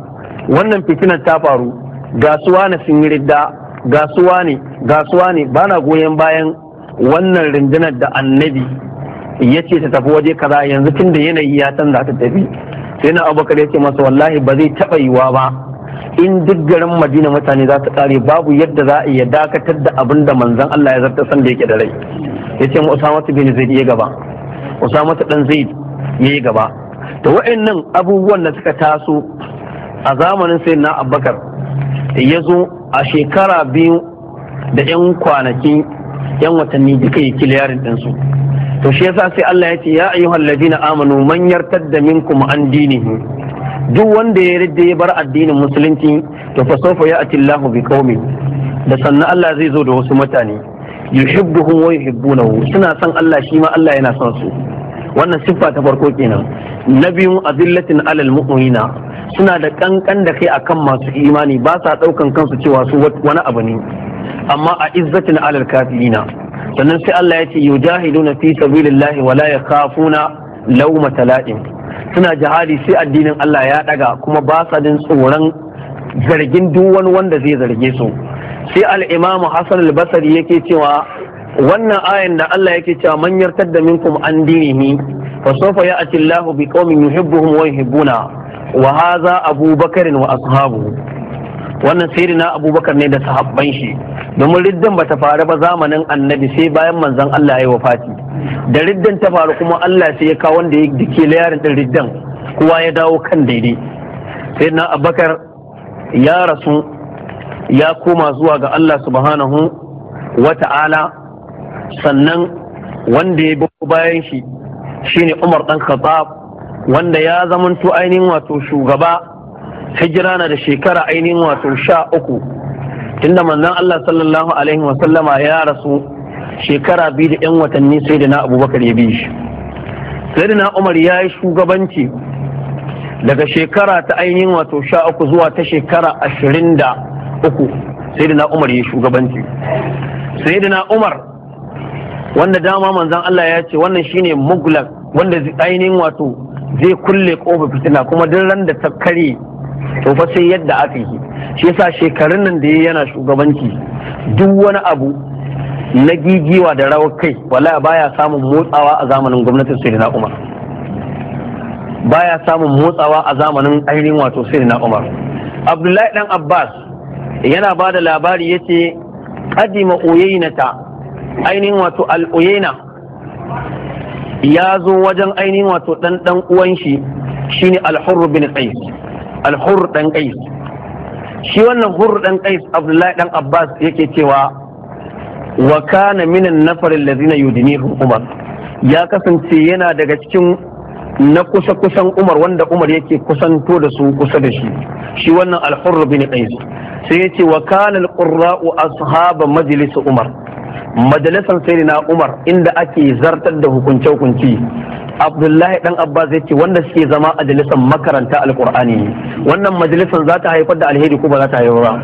wannan fitinan ta faru gasuwa na sun yi ridda gasuwa ne gasuwa ne ba na goyon bayan wannan rundunar da annabi ya ce ta tafi waje kaza yanzu tun da yanayi ya canza za ta tafi sai na abubakar ya ce masa wallahi ba zai taba yiwa ba in duk garin madina mutane za ta kare babu yadda za a iya dakatar da abin da manzon Allah ya zarta san da yake da rai ya ce mu usama bin zaid ya gaba usama dan zaid yi gaba to wa'annan abubuwan da suka taso a zamanin sai na abubakar ya zo a shekara biyu da 'yan kwanaki yan watanni duka yi kiliyarin ɗinsu to shi yasa sai Allah ya ce ya ayyuhal ladina amanu man yartadda minkum an dinihi duk wanda ya ridda ya bar addinin musulunci to fa sawfa ya'ti Allahu bi qaumin da sannan Allah zai zo da wasu mutane yuhibbuhum wa yuhibbunahu suna son Allah shi ma Allah yana son su wannan siffa ta farko kenan na biyu azillatin alal mu'mina suna da kankan da kai akan masu imani ba sa daukan kansu cewa su wani abu ne amma a izzatin alal kafirina sannan sai Allah ya ce yujahiduna fi sabilillahi wala yakhafuna lawma tala'im suna jihadi sai addinin Allah ya daga kuma ba sa jin tsoron zargin duk wani wanda zai zarge su sai al-imamu Hassan al-Basri yake cewa wannan ayan da Allah yake cewa man yartadda minkum an dinihi fa sawfa ya'ti Allahu bi qaumin yuhibbuhum wa yuhibbuna wa hadha Abu Bakar wa asuhabu." wannan sirri na Abubakar ne da sahabban shi domin riddan bata faru ba zamanin annabi sai bayan manzon Allah ya wafati da riddan ta faru kuma Allah sai ya kawo wanda ya dike layarin din riddan kowa ya dawo kan daidai sai na Abubakar ya rasu ya koma zuwa ga Allah subhanahu wa ta'ala sannan wanda ya bi bayan shi shine Umar dan Khattab wanda ya zamanto ainihin wato shugaba hijira na da shekara ainihin wato sha uku tunda manzon Allah sallallahu alaihi wa sallama ya rasu shekara biyu da yan watanni sai da na Abubakar ya bi shi sai da na Umar ya yi shugabanci daga shekara ta ainihin wato sha uku zuwa ta shekara ashirin da uku sai da na Umar ya yi shugabanci sai da na Umar wanda dama manzan Allah ya ce wannan shine mugulak wanda ainihin wato zai kulle kofa fitina kuma duk ran da ta kare to fa sai yadda aka yi shi yasa shekarun nan da yayi yana shugabanci duk wani abu na gigiwa da rawar kai wallahi baya samun motsawa a zamanin gwamnatin Sayyidina Umar baya samun motsawa a zamanin ainihin wato Sayyidina Umar Abdullahi dan Abbas yana ba da labari yace qadima uyaynata ainihin wato al'uyena ya zo wajen ainihin wato ɗan ɗan uwan shi shine al-hurr bin qais al-hurr dan qais shi wannan hurr dan qais abdullahi dan abbas yake cewa wa kana minan nafar allazina yudinihu umar ya kasance yana daga cikin na kusa kusan umar wanda umar yake kusanto da su kusa da shi shi wannan al-hurr bin qais sai yace wa kana al-qurra'u ashaba majlis umar majalisar na Umar inda ake zartar da hukunce hukunci Abdullahi dan Abbas ce wanda suke zama a majalisar makaranta alkur'ani wannan majalisar za ta haifar da alheri ko ba za ta haifar ba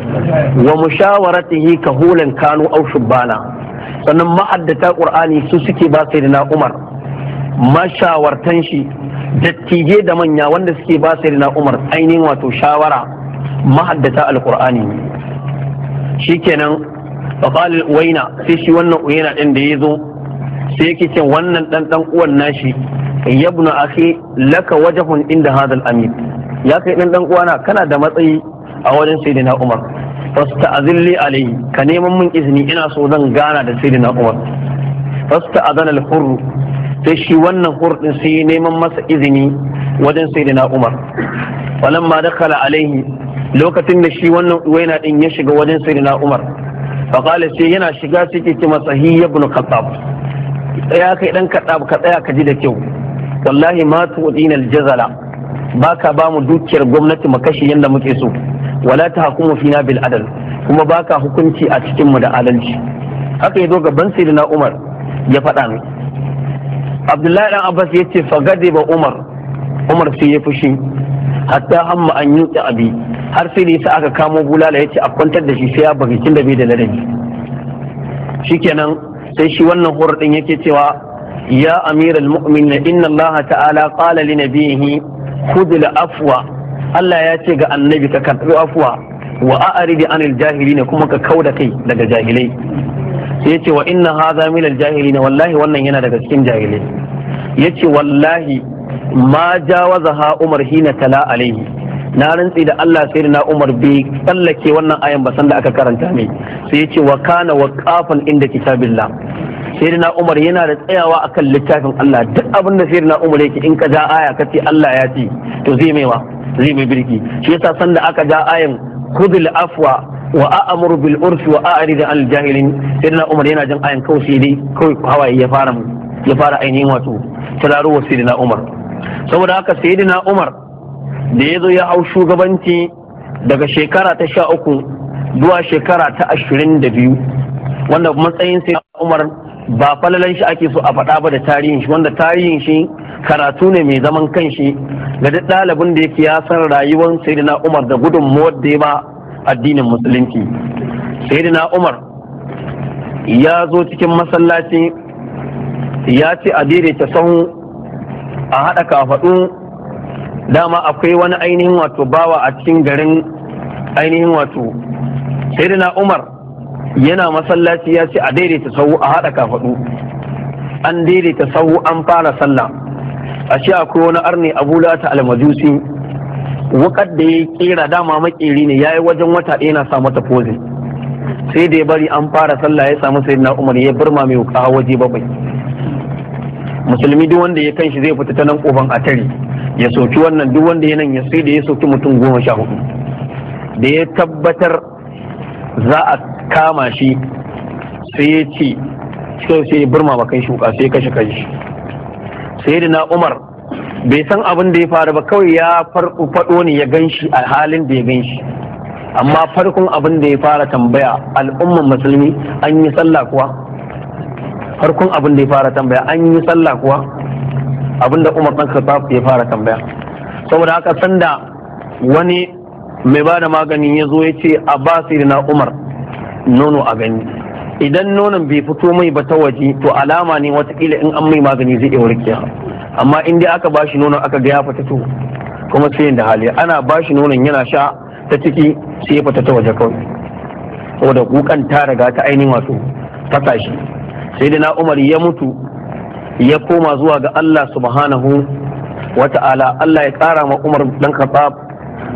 wa mushawaratihi hulan kanu aw shubbana sannan ma'addata qur'ani su suke ba na Umar mashawartan shi dattije da manya wanda suke ba na Umar ainihin wato shawara ma'addata alqur'ani shikenan fabalil uwaina sai shi wannan uwaina din da ya zo sai yake ce wannan dan dan uwan nashi yabnu akhi laka wajhun inda hadal Amin ya kai dan dan uwana kana da matsayi a wajen sayyidina umar azilli alayhi ka neman min izini ina so zan gana da sayyidina umar fasta'zana al hurru, sai shi wannan hur din sai neman masa izini wajen sayyidina umar walamma dakala alaihi lokacin da shi wannan uwaina din ya shiga wajen sayyidina umar faƙalar sai yana shiga sai ke masa hiya bin khattab tsaya kai ɗan khattab ka tsaya ka ji da kyau wallahi ma tu'dina aljazala baka ba mu dukiyar gwamnati mu kashe yanda muke so wala ta hukumu na bil adal kuma baka hukunci a cikin mu da adalci haka yazo gaban sayyidina Umar ya faɗa min Abdullahi dan Abbas yace fagade ba Umar Umar sai ya fushi hatta hamma an yuki abi har sai sa aka kamo bulala ya ce a kwantar da shi sai ya bakin da bai da ladabi shikenan sai shi wannan hor din yake cewa ya amiral mu'min inna Allah ta'ala qala li nabiyhi khudh afwa Allah ya ce ga annabi ka karbi afwa wa a'rid anil jahilin kuma ka kauda kai daga jahilai sai ya ce wa inna hadha min al jahilin wallahi wannan yana daga cikin jahilai yace wallahi ma ha umar hina tala alaihi na rantsi da Allah sai na Umar bai tsallake wannan ayan ba sanda aka karanta ne sai yace wa kana waqafan inda kitabillah sai na Umar yana da tsayawa akan littafin Allah duk abin da sai na Umar yake in ka ja aya ka ce Allah ya ce to zai mai wa zai mai birki shi yasa sanda aka ja ayan khudil afwa wa a'mur bil urfi wa a'rid al jahilin sai na Umar yana jan ayan kawai sai dai kawai hawaye ya fara mu ya fara ainihin wato turaro wa sayyidina umar saboda haka sayyidina umar da ya zo ya hau shugabanci daga shekara ta sha uku zuwa shekara ta ashirin da biyu wanda matsayin sai umar ba falalan shi ake so a faɗa ba da tarihin shi wanda tarihin shi karatu ne mai zaman kanshi ga duk ɗalibin da yake ya san rayuwar sayyidina umar da gudun da ya ba addinin musulunci sayyidina umar ya zo cikin masallaci ya ce a daidaita sahu a haɗa kafaɗu dama akwai wani ainihin wato bawa a cikin garin ainihin wato sayyidina umar yana masallaci ya ce a daidaita sahu a haɗa kafaɗu an daidaita sahu an fara sallah ashe akwai wani arni abu lata almajusi wukar da ya kera dama makeri ne ya yi wajen wata ɗaya na sa mata sai da ya bari an fara sallah ya samu sayyidina umar ya birma mai wuka waje babai. musulmi duk wanda ya kanshi zai fita ta nan kofan a tare ya soki wannan duk wanda ya nan ya sai da ya soki mutum goma sha hudu da ya tabbatar za a kama shi sai ya ce sai sai ya burma ba kai shuka sai ya kashe kai sai da na umar bai san abin da ya faru ba kawai ya faɗo ne ya gan shi a halin da ya gan shi amma farkon abin da ya fara tambaya al'umman musulmi an yi sallah kuwa farkon abin da ya fara tambaya an yi sallah kuwa abin da umar ɗan khattab ya fara tambaya saboda haka sanda wani mai ba da magani ya zo ya ce a ba na umar nono a gani idan nonon bai fito mai ba ta waje to alama ne watakila in an mai magani zai iya warkewa amma in dai aka bashi nonon aka gaya ya fita to kuma sai da hali ana bashi nonon yana sha ta ciki sai ya fita ta waje kawai saboda kukan ta riga ta ainihin wato ta tashi na umar ya mutu ya koma zuwa ga Allah subhanahu wa ta'ala. Allah ya kara ma umar dan khattab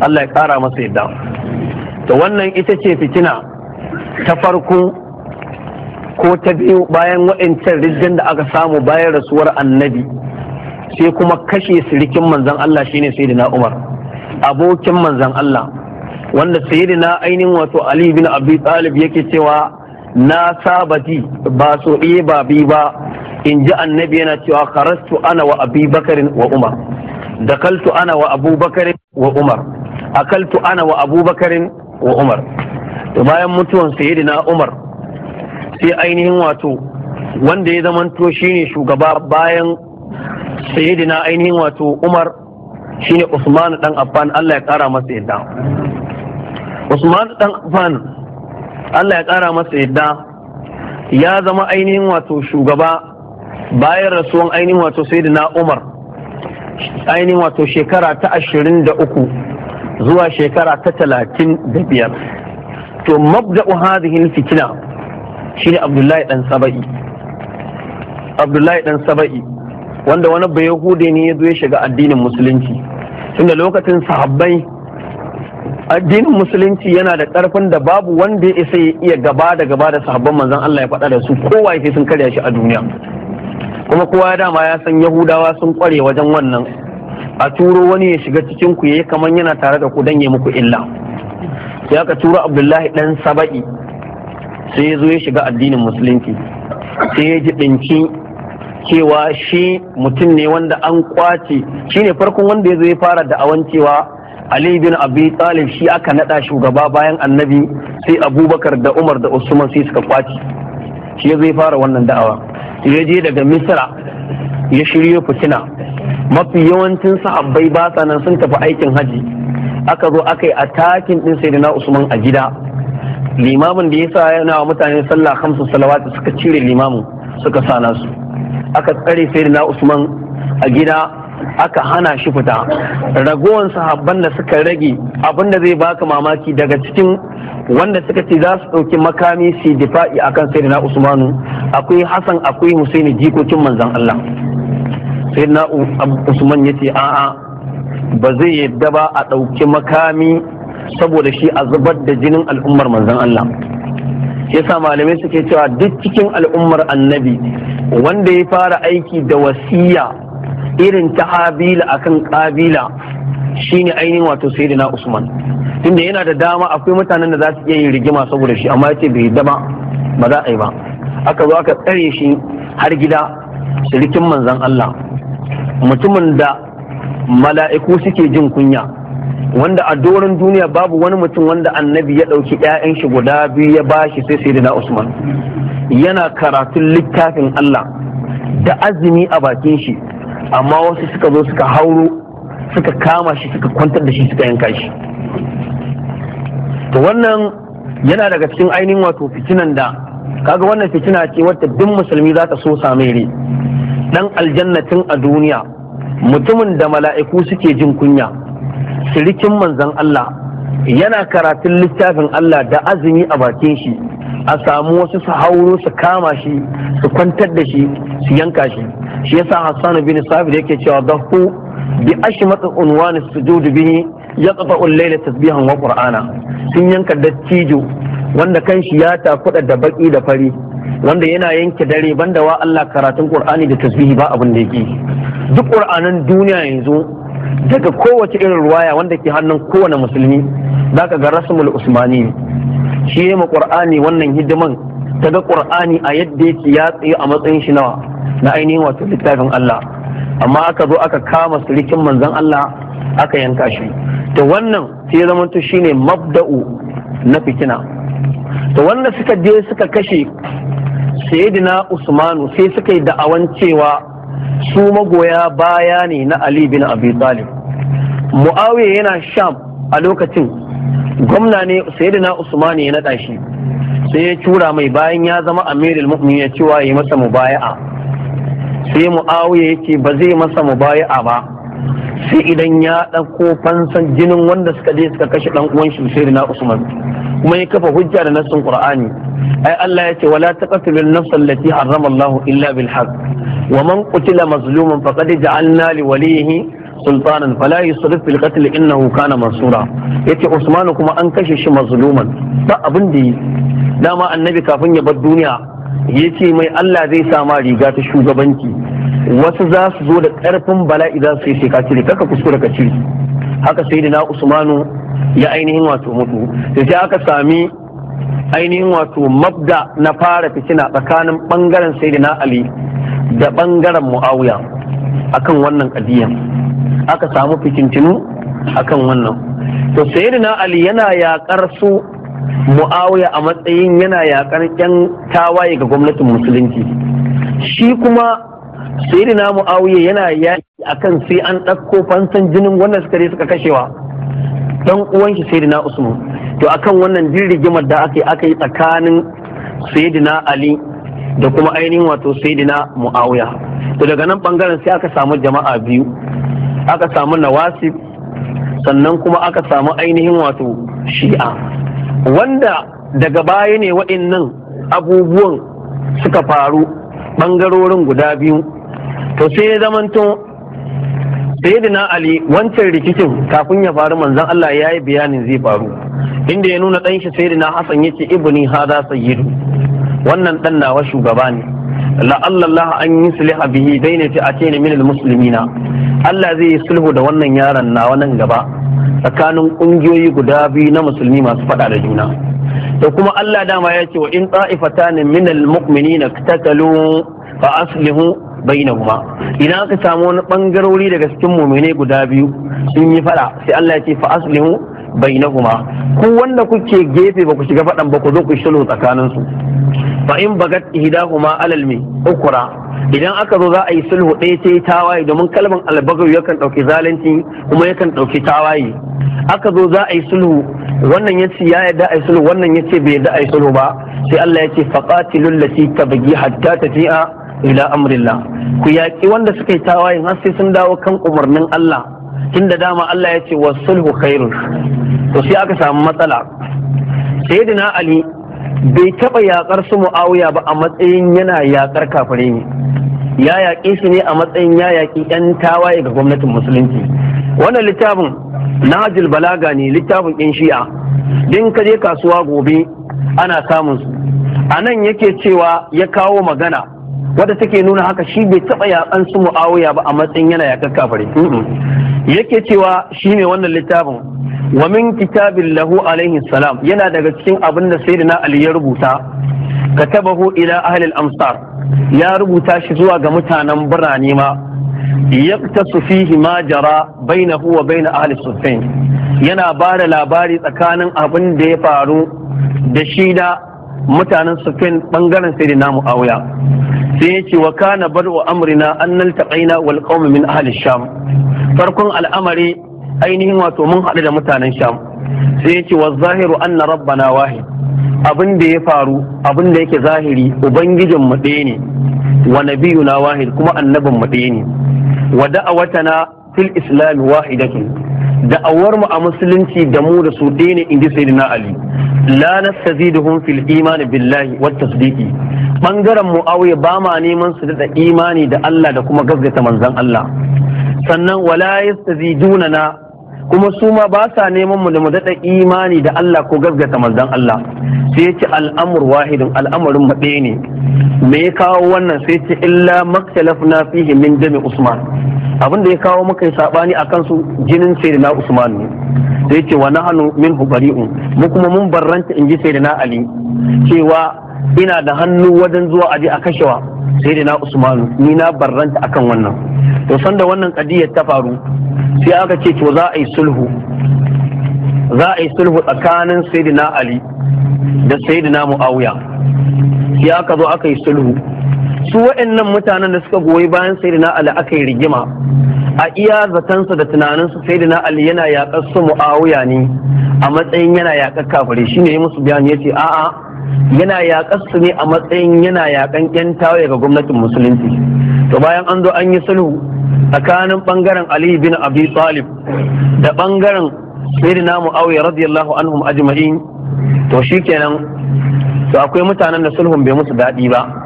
Allah ya kara masa yadda to wannan ita ce fitina ta farko ko ta biyu bayan waɗancan riddan da aka samu bayan rasuwar annabi sai kuma kashe sirikin manzan Allah shine na Umar abokin manzan Allah wanda sayyidina ainihin wato Ali bin Abi Talib yake cewa na sabati ba so ɗaya ba bi ba in ji annabi yana cewa kharastu ana wa abi bakarin wa umar dakaltu ana wa abu bakarin wa umar akaltu ana wa abu bakarin wa umar to bayan mutuwan na umar sai ainihin wato wanda ya zamanto shine shugaba bayan na ainihin wato umar shine usman dan affan Allah ya kara masa yadda usman dan affan Allah ya ƙara masa yadda ya zama ainihin wato shugaba bayan rasuwan ainihin wato sai na Umar ainihin wato shekara ta ashirin da uku zuwa shekara ta talatin da biyar to mabda'u hadhihi fitina shine Abdullahi dan Saba'i Abdullahi dan Saba'i wanda wani bayahude ne ya zo ya shiga addinin musulunci tunda lokacin sahabbai addinin musulunci yana da ƙarfin da babu wanda ya isa iya gaba da gaba da sahabban manzon Allah ya faɗa da su kowa ya sun karya shi a duniya kuma kowa ya dama ya san yahudawa sun kware wajen wannan a turo wani ya shiga cikin ku yayi kaman yana tare da ku dan ya muku illa ya ka turo Abdullahi dan Saba'i sai ya zo ya shiga addinin musulunci sai ya ji dinki cewa shi mutum ne wanda an kwace shi farkon wanda ya zo ya fara da'awan cewa ali bin abi talib shi aka nada shugaba bayan annabi sai abubakar da umar da usman sai suka kwaci shi ya zai fara wannan da'awa ya je daga misra ya shiryo fitina mafi yawancin sahabbai ba sa nan sun tafi aikin haji aka zo aka yi atakin din sayyidina usman a gida limamin da yasa yana wa mutane sallah khamsu salawat suka cire limamin suka sana su aka tsare sayyidina usman a gida aka hana shi fita ragowan sahabban da suka rage abinda zai baka mamaki daga cikin wanda suka ce za su ɗauki makami su difa'i akan sayyidina usmanu akwai hasan akwai husaini jikokin Manzan allah sayyidina usman ya ce a'a ba zai yadda ba a ɗauki makami saboda shi a zubar da jinin al'ummar Manzan allah yasa malamai suke cewa duk cikin al'ummar annabi wanda ya fara aiki da wasiya irin ta habila akan kabila shine ainihin wato sayyidina usman tunda yana da dama akwai mutanen da za su iya yin rigima saboda shi amma yace bai dama ba za a yi ba aka zo aka tsare shi har gida shirikin manzon Allah mutumin da mala'iku suke jin kunya wanda a doron duniya babu wani mutum wanda annabi ya ɗauki 'ya'yan shi guda biyu ya bashi sai sayyidina usman yana karatun littafin Allah da azumi a bakin shi amma wasu suka zo suka hauro suka kama shi suka kwantar da shi suka yanka shi to wannan yana daga cikin ainihin wato fitinan da kaga wannan fitina ce wadda duk musulmi za ta so same ne dan aljannatin a duniya mutumin da mala'iku suke jin kunya sirikin manzon Allah yana karatun littafin Allah da azumi a bakin shi a samu wasu su hauro su kama shi su kwantar da shi su yanka shi shi yasa hassan bin sabir yake cewa dahu bi ashmat unwan sujud bihi yaqta al-layla tasbihan wa qur'ana sun yanka dattijo wanda kan shi ya takuda da baki da fari wanda yana yanke dare banda wa Allah karatun qur'ani da tasbihi ba abin da yake duk qur'anan duniya yanzu daga kowace irin ruwaya wanda ke hannun kowane musulmi zaka ga rasmul usmani shi ya ma qur'ani wannan hidiman ta ga qur'ani a yadda yake ya tsaye a matsayin shi nawa na ainihin wato littafin Allah amma aka zo aka kama surikin manzon Allah aka yanka shi to wannan sai ya zama shine mabda'u na fitina to wanda suka je suka kashe sayyidina Usmanu sai suka yi da'awan cewa su magoya baya ne na Ali bin Abi Talib Muawiya yana Sham a lokacin gwamna ne sayyidina usman ya naɗa shi sai ya tura mai bayan ya zama amirul mu'min ya cewa ya masa mubaya'a sai muawiya yake ba zai masa mubaya'a ba sai idan ya ɗauko fansan jinin wanda suka je suka kashe ɗan uwan shi sayyidina usman kuma ya kafa hujja da nassin qur'ani ai Allah ya ce wala taqtulun nafsa allati harrama Allah illa bil haqq wa man qutila mazluman faqad ja'alna li walihi sultanan fala yusrif na qatl na kana mansura yace Usmanu kuma an kashe shi mazluman ba abin da yi dama annabi kafin ya bar duniya Ya ce mai Allah zai sa riga ta shugabanci wasu za su zo da karfin bala'i za su yi sai ka kaka kuskura ka haka sai na Usmanu ya ainihin wato mutu sai aka sami ainihin wato mabda na fara fitina tsakanin bangaren sai na ali da bangaren muawiya akan wannan kadiyan aka samu fikintinu akan wannan to sayyidina ali yana yakar su muawiya a matsayin yana yakar yan tawaye ga gwamnatin musulunci shi kuma sayyidina muawiya yana yaki akan sai an ɗauko fansan jinin wannan suka suka kashewa dan uwan shi sayyidina usman to akan wannan jirgimar da aka yi aka yi tsakanin sayyidina ali da kuma ainihin wato saidina muawiya to daga nan bangaren sai aka samu jama'a biyu aka samu nawasi sannan kuma aka samu ainihin wato shi'a wanda daga baya ne waɗannan abubuwan suka faru bangarorin guda biyu to sai ya zamanto saidina ali wancan rikicin kafin ya faru manzon Allah ya yi bayanin zai faru inda ya nuna ɗanshi saidina Hassan yake ibni hada sayyidu wannan dan nawa shugaba ne la'alla Allah an yusliha bihi bainati atayni min almuslimina Allah zai yi sulhu da wannan yaron nawa nan gaba tsakanin kungiyoyi guda biyu na musulmi masu fada da juna da kuma Allah dama ya ce wa in ta'ifatan min almu'minina iktatalu fa aslihu bainahuma idan aka samu wani bangarori daga cikin muminai guda biyu sun yi fada sai Allah ya ce fa aslihu bainahuma ku wanda kuke gefe ba ku shiga faɗan ba ku zo ku shiru tsakanin su fa in bagat ihdahuma alal mi ukra idan aka zo za a yi sulhu ɗaya ta tawaye domin kalmar albagawi yakan ɗauki zalunci kuma yakan ɗauki tawaye aka zo za a yi sulhu wannan ya ce ya yarda a yi sulhu wannan ya ce bai yarda a yi sulhu ba sai Allah ya ce faqatilul lati tabghi hatta tafi'a ila amrillah ku yaƙi wanda suka yi tawaye har sai sun dawo kan umarnin Allah tun da dama Allah ya ce wasulhu khairun to sai aka samu matsala sayyidina ali bai taɓa yaƙar su mu'awiya ba a matsayin yana yaƙar kafare ne ya yaƙi su ne a matsayin ya yaƙi 'yan tawaye ga gwamnatin musulunci wannan littafin nahajul balaga ne littafin ɗin shi'a din ka je kasuwa gobe ana samun su a nan yake cewa ya kawo magana wadda take nuna haka shi bai taɓa yakan su mu'awiya ba a matsayin yana yakan kafare yake cewa shi ne wannan littafin wa min kitabin lahu alaihi salam yana daga cikin abin da na ali ya rubuta hu ila ahli al-amsar ya rubuta shi zuwa ga mutanen birane ma yaktasu fihi ma jara bainahu wa bain ahli sufain yana ba da labari tsakanin abin da ya faru da shi da mutanen sufain bangaren na mu'awiya sai yace wa kana wa amrina an naltaqaina wal qaum min ahli sham farkon al'amari ainihin wato mun haɗu da mutanen sham sai yace wa zahiru anna rabbana wahid abin da ya faru abin da yake zahiri ubangijin mu ɗaya ne wa nabiyuna wahid kuma annabin mu ɗaya ne wa da'awatana fil islam wahidatun da'awar mu a musulunci da mu da su daina in ji sayyidina ali la nastaziduhum fil imani billahi wat tasdiqi bangaren muawiya ba ma neman su da imani da Allah da kuma gaskata manzon Allah sannan wala yastaziduna na kuma su ma ba sa neman mu da mu daɗa imani da Allah ko gaskata manzon Allah sai yace al'amur wahidun al'amarin mu ɗaya ne me ya kawo wannan sai yace illa maktalafna fihi min dami usman abin da ya kawo muka yi sabani a kansu jinin sayyidina usman ne da yake wa hannu min hubari'un mu kuma mun barranta in ji sayyidina ali cewa ina da hannu wajen zuwa aje a kashewa sayyidina usman ni na barranta akan wannan to sanda wannan kadiyar ta faru sai aka ce to za a yi sulhu za a yi sulhu tsakanin sayyidina ali da sayyidina muawiya sai aka zo aka yi sulhu su waɗannan mutanen da suka goyi bayan sayyidina ali aka yi rigima a iya zatansa da tunaninsu sayyidina ali yana yaƙar su mu'awuya ne a matsayin yana yaƙar shi ne ya musu ya ce a'a yana yaƙar su ne a matsayin yana yaƙan ƴan tawaye ga gwamnatin musulunci to bayan an zo an yi sulhu tsakanin bangaren Aliyu, bin abi talib da bangaren sayyidina mu'awiya radiyallahu anhum ajma'in to shi kenan, to akwai mutanen da sulhun bai musu daɗi ba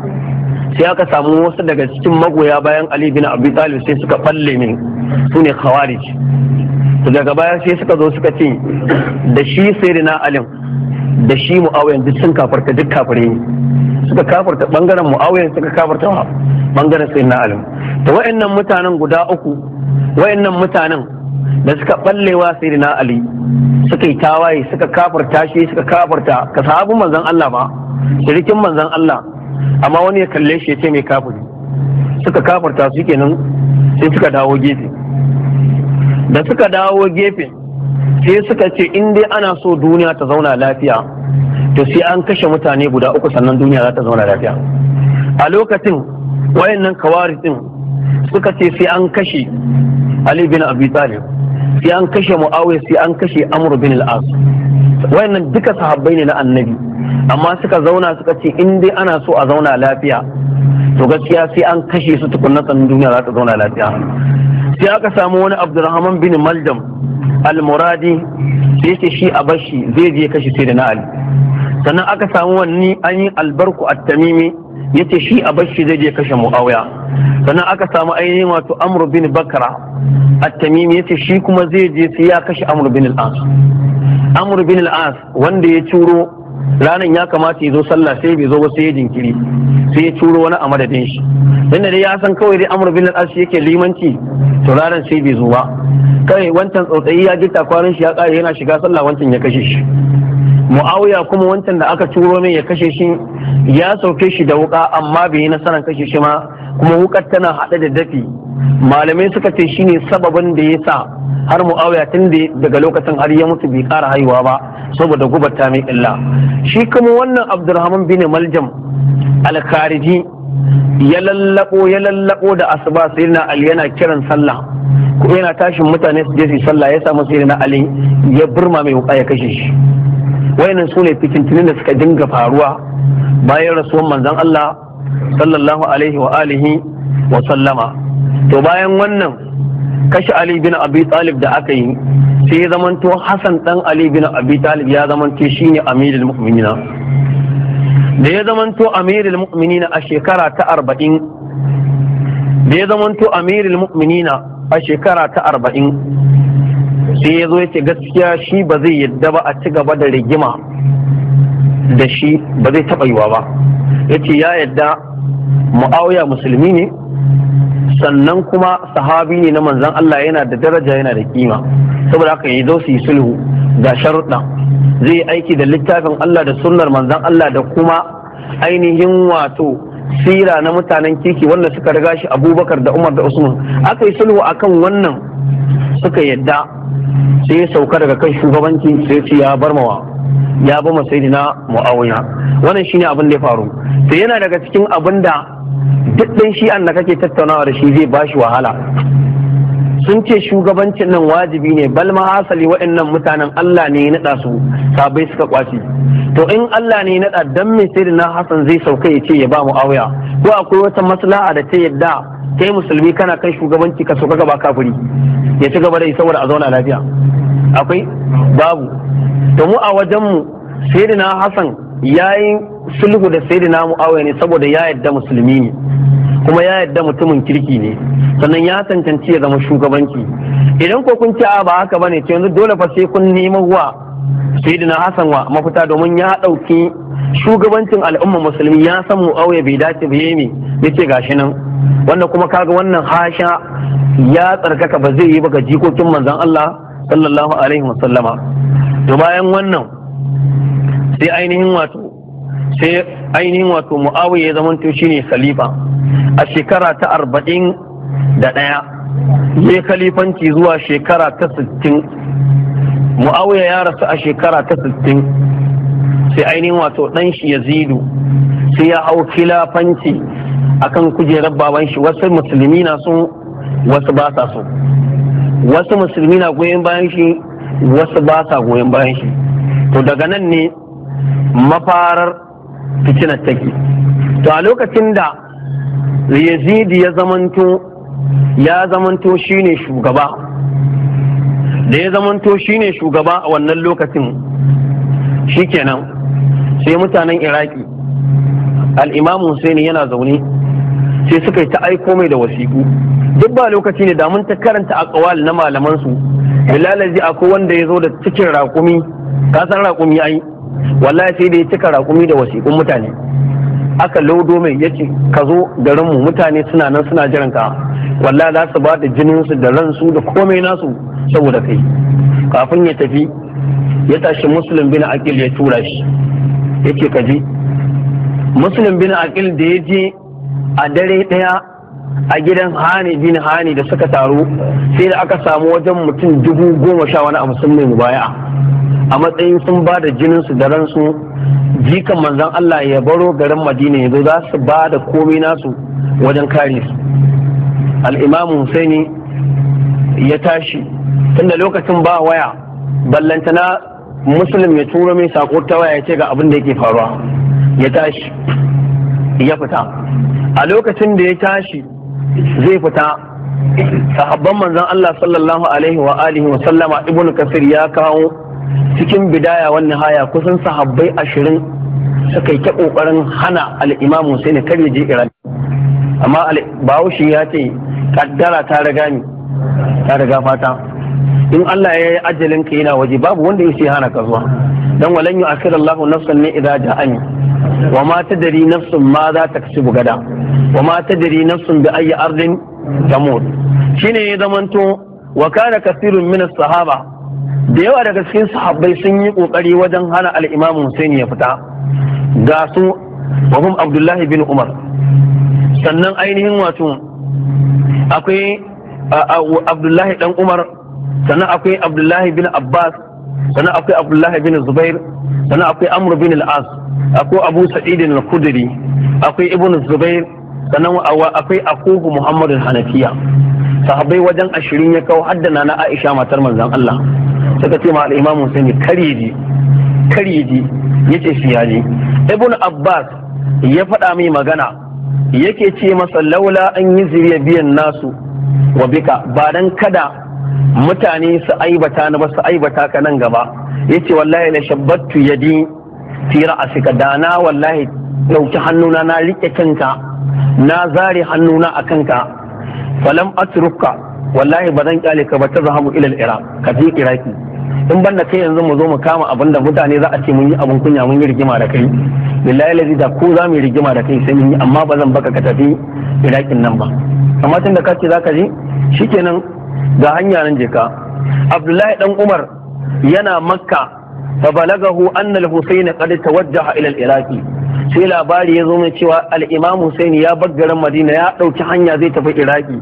sai aka samu wasu daga cikin magoya bayan Ali bin Abi Talib sai suka balle min su ne khawarij to daga baya sai suka zo suka ce da shi sayyidina Ali da shi Muawiya duk sun kafarta duk kafire suka kafarta bangaren Muawiya suka kafarta bangaren sayyidina Ali to wayannan mutanen guda uku wayannan mutanen da suka ballewa sayyidina Ali suka yi tawaye suka kafarta shi suka kafarta ka sabu manzon Allah ba shirikin manzon Allah amma wani ya kalle shi ya ce mai kafiri suka kafarta su kenan sai suka dawo gefe da suka dawo gefe sai suka ce in dai ana so duniya ta zauna lafiya to sai an kashe mutane guda uku sannan duniya za ta zauna lafiya a lokacin wayannan kawari din suka ce sai an kashe Ali bin Abi Talib sai an kashe Muawiya sai an kashe Amr bin Al-As wayannan duka sahabbai ne na annabi amma suka zauna suka ce in dai ana so a zauna lafiya to gaskiya sai an kashe su tukunna sannan duniya za ta zauna lafiya sai aka samu wani abdurrahman bin maljam al-muradi sai ce shi a bashi zai je kashe sai da na ali sannan aka samu wani an yi albarku at-tamimi yace shi a bashi zai je kashe muawiya sannan aka samu ainihin wato amr bin bakra at-tamimi yace shi kuma zai je sai ya kashe amr bin al-as amur bin al'as wanda ya curo ranar ya kamata ya zo sallah sai bai zo ba sai ya jinkiri sai ya curo wani a madadin shi inda dai ya san kawai dai amur bin al'as as yake limanci to ranar sai bai zo ba kai wancan tsautsayi ya gita kwanan shi ya kare yana shiga sallah wancan ya kashe shi muawiya kuma wancan da aka turo mai ya kashe shi ya sauke shi da wuka amma bai yi nasarar kashe shi ma kuma wukar tana haɗe da dafi malamai suka ce shine sababin da ya sa har mu'awiya tun daga lokacin har ya mutu bai ƙara haihuwa ba saboda gubar ta mai illa shi kuma wannan abdurrahman bin maljam alkariji ya lallabo ya lallabo da asuba sayyidina ali yana kiran sallah ko yana tashin mutane su je su sallah ya samu sayyidina ali ya burma mai wuka ya kashe shi wayannan sune fitintunin da suka dinga faruwa bayan rasuwan manzon Allah sallallahu alaihi wa alihi wa sallama to bayan wannan kashe ali bin abi talib da aka yi sai ya zamanto hasan dan ali bin abi talib ya zamanto shine amirul mu'minina da ya zamanto amirul mu'minina a shekara ta arba'in da ya zamanto amirul mu'minina a shekara ta arba'in sai ya zo yake gaskiya shi ba zai yadda ba a ci gaba da rigima da shi ba zai taɓa yiwa ba ya ce ya yadda ma'auya musulmi ne sannan kuma sahabi ne na manzan Allah yana da daraja yana da kima saboda haka ya zo su yi sulhu ga sharuɗa zai aiki da littafin Allah da sunnar manzan Allah da kuma ainihin wato sira na mutanen kirki wanda suka riga shi abubakar da umar da usman aka yi sulhu akan wannan suka yadda sai ya sauka daga kan shugabanci sai ce ya bar mawa ya bama sayyidina muawiya wannan shine abin da ya faru sai yana daga cikin abin da duk dan shi'an da kake tattaunawa da shi zai bashi wahala sun ce shugabancin nan wajibi ne bal ma asali waɗannan mutanen Allah ne ya naɗa su sabai suka kwaci to in Allah ne ya naɗa dan me sai na Hassan zai sauka ya ce ya ba mu auya ko akwai wata maslaha da ta yadda kai musulmi kana kai shugabanci ka sauka gaba kafiri ya ci gaba da saboda a zauna lafiya akwai babu to mu a wajen mu sayyidina Hassan yayin sulhu da sayyidina Muawiya ne saboda ya yadda musulmi ne kuma ya yadda mutumin kirki ne sannan ya tantance ya zama shugabanci idan ko kun ci a ba haka bane to yanzu dole fa sai kun nemi wa sayyidina hasan wa mafita domin ya dauki shugabancin al'umma musulmi ya samu auya bai dace ba yemi yace gashi nan wanda kuma kaga wannan hasha ya tsarkaka ba zai yi ba ga jikokin manzon Allah sallallahu alaihi wasallama to bayan wannan sai ainihin wato sai ainihin wato muawiya ya zamanto shine khalifa a shekara ta arba'in da ɗaya ya kalifanci zuwa shekara ta sittin mu'awiya ya rasu a shekara ta sittin sai ainihin wato ɗan shi ya zidu sai ya hau kilafanci akan kujerar baban shi wasu musulmi na so wasu ba sa so wasu musulmi na goyon bayan shi wasu ba sa goyon bayan shi to daga nan ne mafarar fitinar take to a lokacin da Yazidi ya zamanto ya zamanto shine shugaba da ya zamanto shine shugaba a wannan lokacin shikenan sai mutanen iraki imam husaini yana zaune sai suka yi ta aiko mai da wasiku. duk ba lokaci ne damun ta karanta akawal na malamansu bilalazi akwai wanda ya zo da cikin raƙumi ka san raƙumi ai wallahi sai da ya cika raƙumi da wasiƙun mutane aka laudo mai yace ka zo garin mu mutane suna nan suna jiran ka wallahi za su ba da jinin su da ransu da komai nasu saboda kai kafin ya tafi ya tashi muslim bin aqil ya tura shi yace ka ji muslim bin aqil da ya je a dare daya a gidan hani bin hani da suka taru sai da aka samu wajen mutum dubu goma sha wani a musulmi mubaya a matsayin sun ba da jininsu da ransu jikan manzan Allah ya baro garin madina ya zo za su ba da komai nasu wajen kare su al'imamu husaini ya tashi tunda lokacin ba waya ballantana musulun ya turo mai sako ta waya ya ce ga abin da yake faruwa ya tashi ya fita a lokacin da ya tashi zai fita sahabban manzan Allah sallallahu alaihi wa alihi wa sallama ibnu kasir ya kawo cikin bidaya wannan haya kusan sahabbai ashirin suka yi kokarin hana al'imamu sai ne kar je iran amma bahaushe ya ce kaddara ta riga ni ta riga fata in Allah ya yi ajalin ka yana waje babu wanda ya ce hana ka zuwa dan walan yu'akhirallahu nafsan ne idza ja'ani wa ma tadri nafsun ma za ta kasu gada wa ma tadri nafsun bi ayyi ardin tamut shine ya zamanto wa kana kasirun min as-sahaba da yawa daga cikin sahabbai sun yi kokari wajen hana al-Imam Hussein ya fita ga su wahum Abdullahi bin Umar sannan ainihin wato akwai Abdullahi dan Umar sannan akwai Abdullahi bin Abbas sannan akwai Abdullahi bin Zubair sannan akwai Amr bin al-As akwai Abu Sa'id al-Khudri akwai Ibn Zubair sannan akwai akuhu Muhammad al-Hanafiya sahabbai wajen ashirin ya kawo haddana na Aisha matar manzon Allah suka ce ma al-imamu sani kariji kariji yace shi yaji ibn abbas ya faɗa mai magana yake ce masa laula an yi zuriya biyan nasu wa bika ba dan kada mutane su aibata na ba su aibata ka nan gaba yace wallahi na shabbattu yadi tira asika dana wallahi dauki hannuna na rike kanka na zare hannuna a kanka falam atruka wallahi ba zan kyale ka ba ta zahabu ilal iraq ka je iraki in banda kai yanzu mu zo mu kama abin da mutane za a ce mun yi abin kunya mun yi rigima da kai billahi lazi da ko za mu yi rigima da kai sai mun yi amma ba zan baka ka tafi irakin nan ba amma tun da ka ce ka je shikenan ga hanya nan je ka abdullahi dan umar yana makka fa balagahu anna al-husayn qad tawajjaha ila al-iraqi sai labari ya zo mai cewa al-imam husayn ya bar madina ya dauki hanya zai tafi iraki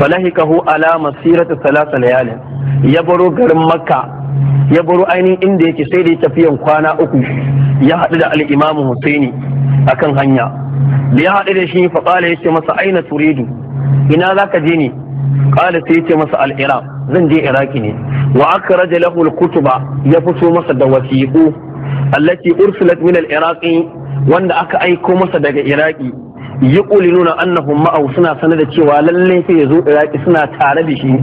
falahikahu ala masirata salasa layalin ya baro garin makka ya baro ainihin inda yake sai da ya tafiyan kwana uku ya haɗu da al'imamu husaini akan hanya da ya haɗu da shi faƙala ya ce masa aina turidu ina za ka je ne ƙala sai ya ce masa al'iraq zan je iraki ne wa aka raja lahul kutuba ya fito masa da wasiƙu allati ursulat min al wanda aka aiko masa daga iraki nuna annahun ma'au suna sanar da cewa lalle sai yazo iraki suna tare da shi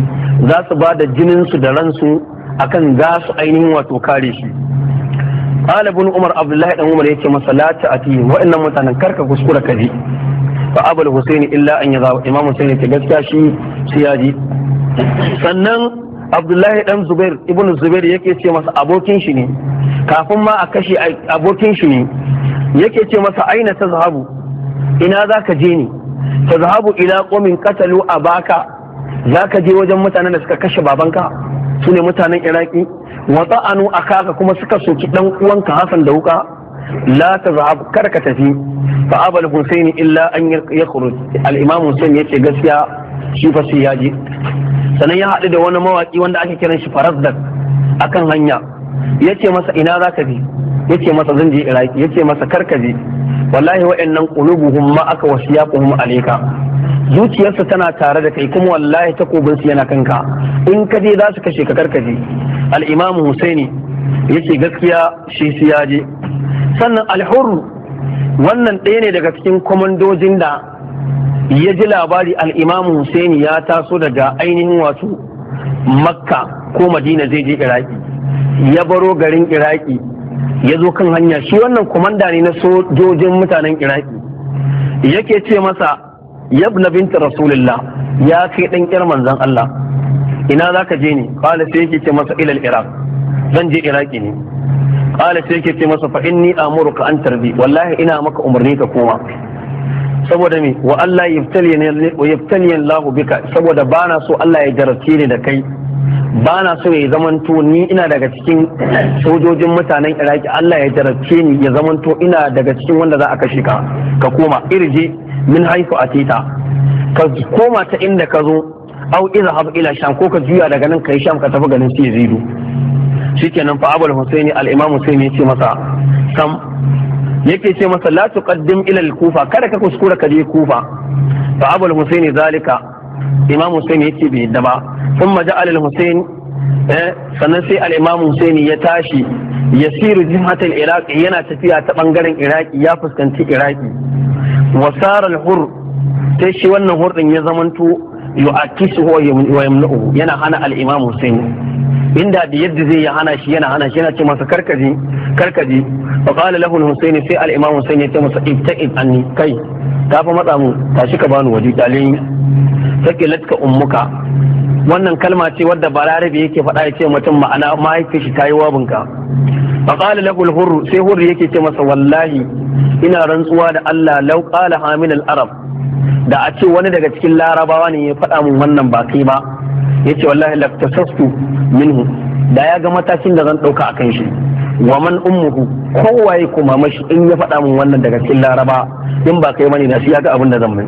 za su ba da jininsu da ransu akan za su ainihin wato kare shi qala umar abdullahi dan umar yace masa la ta'ati wa'annan mutanen karka kuskura kaji fa abul husain illa an yaza imam husain ke gaskiya shi yaji. sannan abdullahi dan zubair ibn zubair yake ce masa abokin shi ne kafin ma a kashe abokin shi ne yake ce masa aina ta zahabu ina za ka je ni ta zahabu ila ƙomin katalu a baka za ka je wajen mutanen da suka kashe babanka su ne mutanen iraki wata anu a kaka kuma suka soki dan uwanka hasan da wuka la ta zahabu kar ka tafi fa abal husaini illa an ya khuruj al imam husain yace gaskiya shi fa sai ya je sanan ya haɗu da wani mawaki wanda ake kiran shi farazdak akan hanya ya ce masa ina za ka bi ya ce masa zan je iraki ya ce masa karka je wallahi wa'annan qulubuhum ma aka wasiyaquhum alayka zuciyarsa tana tare da kai kuma wallahi ta su yana kanka in ka je za su kashe ka karka je al-imamu husaini gaskiya shi su ya je sannan al wannan ɗaya ne daga cikin kwamandojin da ya ji labari al-imamu husaini ya taso daga ainihin wato makka ko madina zai je iraki ya baro garin iraki ya zo kan hanya shi wannan kwamanda ne na sojojin mutanen iraki yake ce masa na binta rasulullah ya kai dan kyar manzan Allah ina za ka je ne kala sai yake ce masa ilal iraq zan je iraki ne kala sai yake ce masa fa inni amuruka an tarbi wallahi ina maka umarni ka koma saboda me wa Allah yaftali lahu, bika saboda bana so Allah ya jarabce ni da kai bana so ya zamanto ni ina daga cikin sojojin mutanen Iraki Allah ya jarabce ni ya zamanto ina daga cikin wanda za a kashe ka ka koma irje min haifu a atita ka koma ta inda ka zo au izhab ila sham ko ka juya daga nan kai sham ka tafi ganin sai zidu shikenan fa abul husaini al imam husaini ya ce masa Kam. yake ce masa la tuqaddim ila al-kufa kada ka kuskura ka je kufa fa abul husaini zalika imam husaini yake bi yadda ba thumma al-husaini eh, sannan sai al-imam husaini ya tashi yasiru jihatul iraqi yana tafiya ta bangaren iraqi ya fuskanci iraqi wasar al-hur sai shi wannan hurdin ya zamanto yu'akkisuhu wa yamna'uhu yana hana al-imam Hussein inda da yadda zai ya hana shi yana hana shi yana ce masa karkaji karkaji fa qala lahu al-Husayn sai al-imam ya ce masa ibta'id anni kai ka fa matsa mu tashi ka bani waje dalin sakilatka ummuka wannan kalma ce wadda bararabi yake faɗa ya ce mutum ma'ana mahaifiyar shi ta yi wabinka فقال له hurru, sai hurru yake ce masa wallahi ina rantsuwa da Allah law qala hamin al-arab da a ce wani daga cikin larabawa ne ya faɗa min wannan ba kai ba yace wallahi laftasastu minhu da ya ga matakin da zan ɗauka a akan shi wa man ummuhu kowaye kuma mashi in ya faɗa min wannan daga cikin laraba in ba kai mani na shi ga abin da zan mai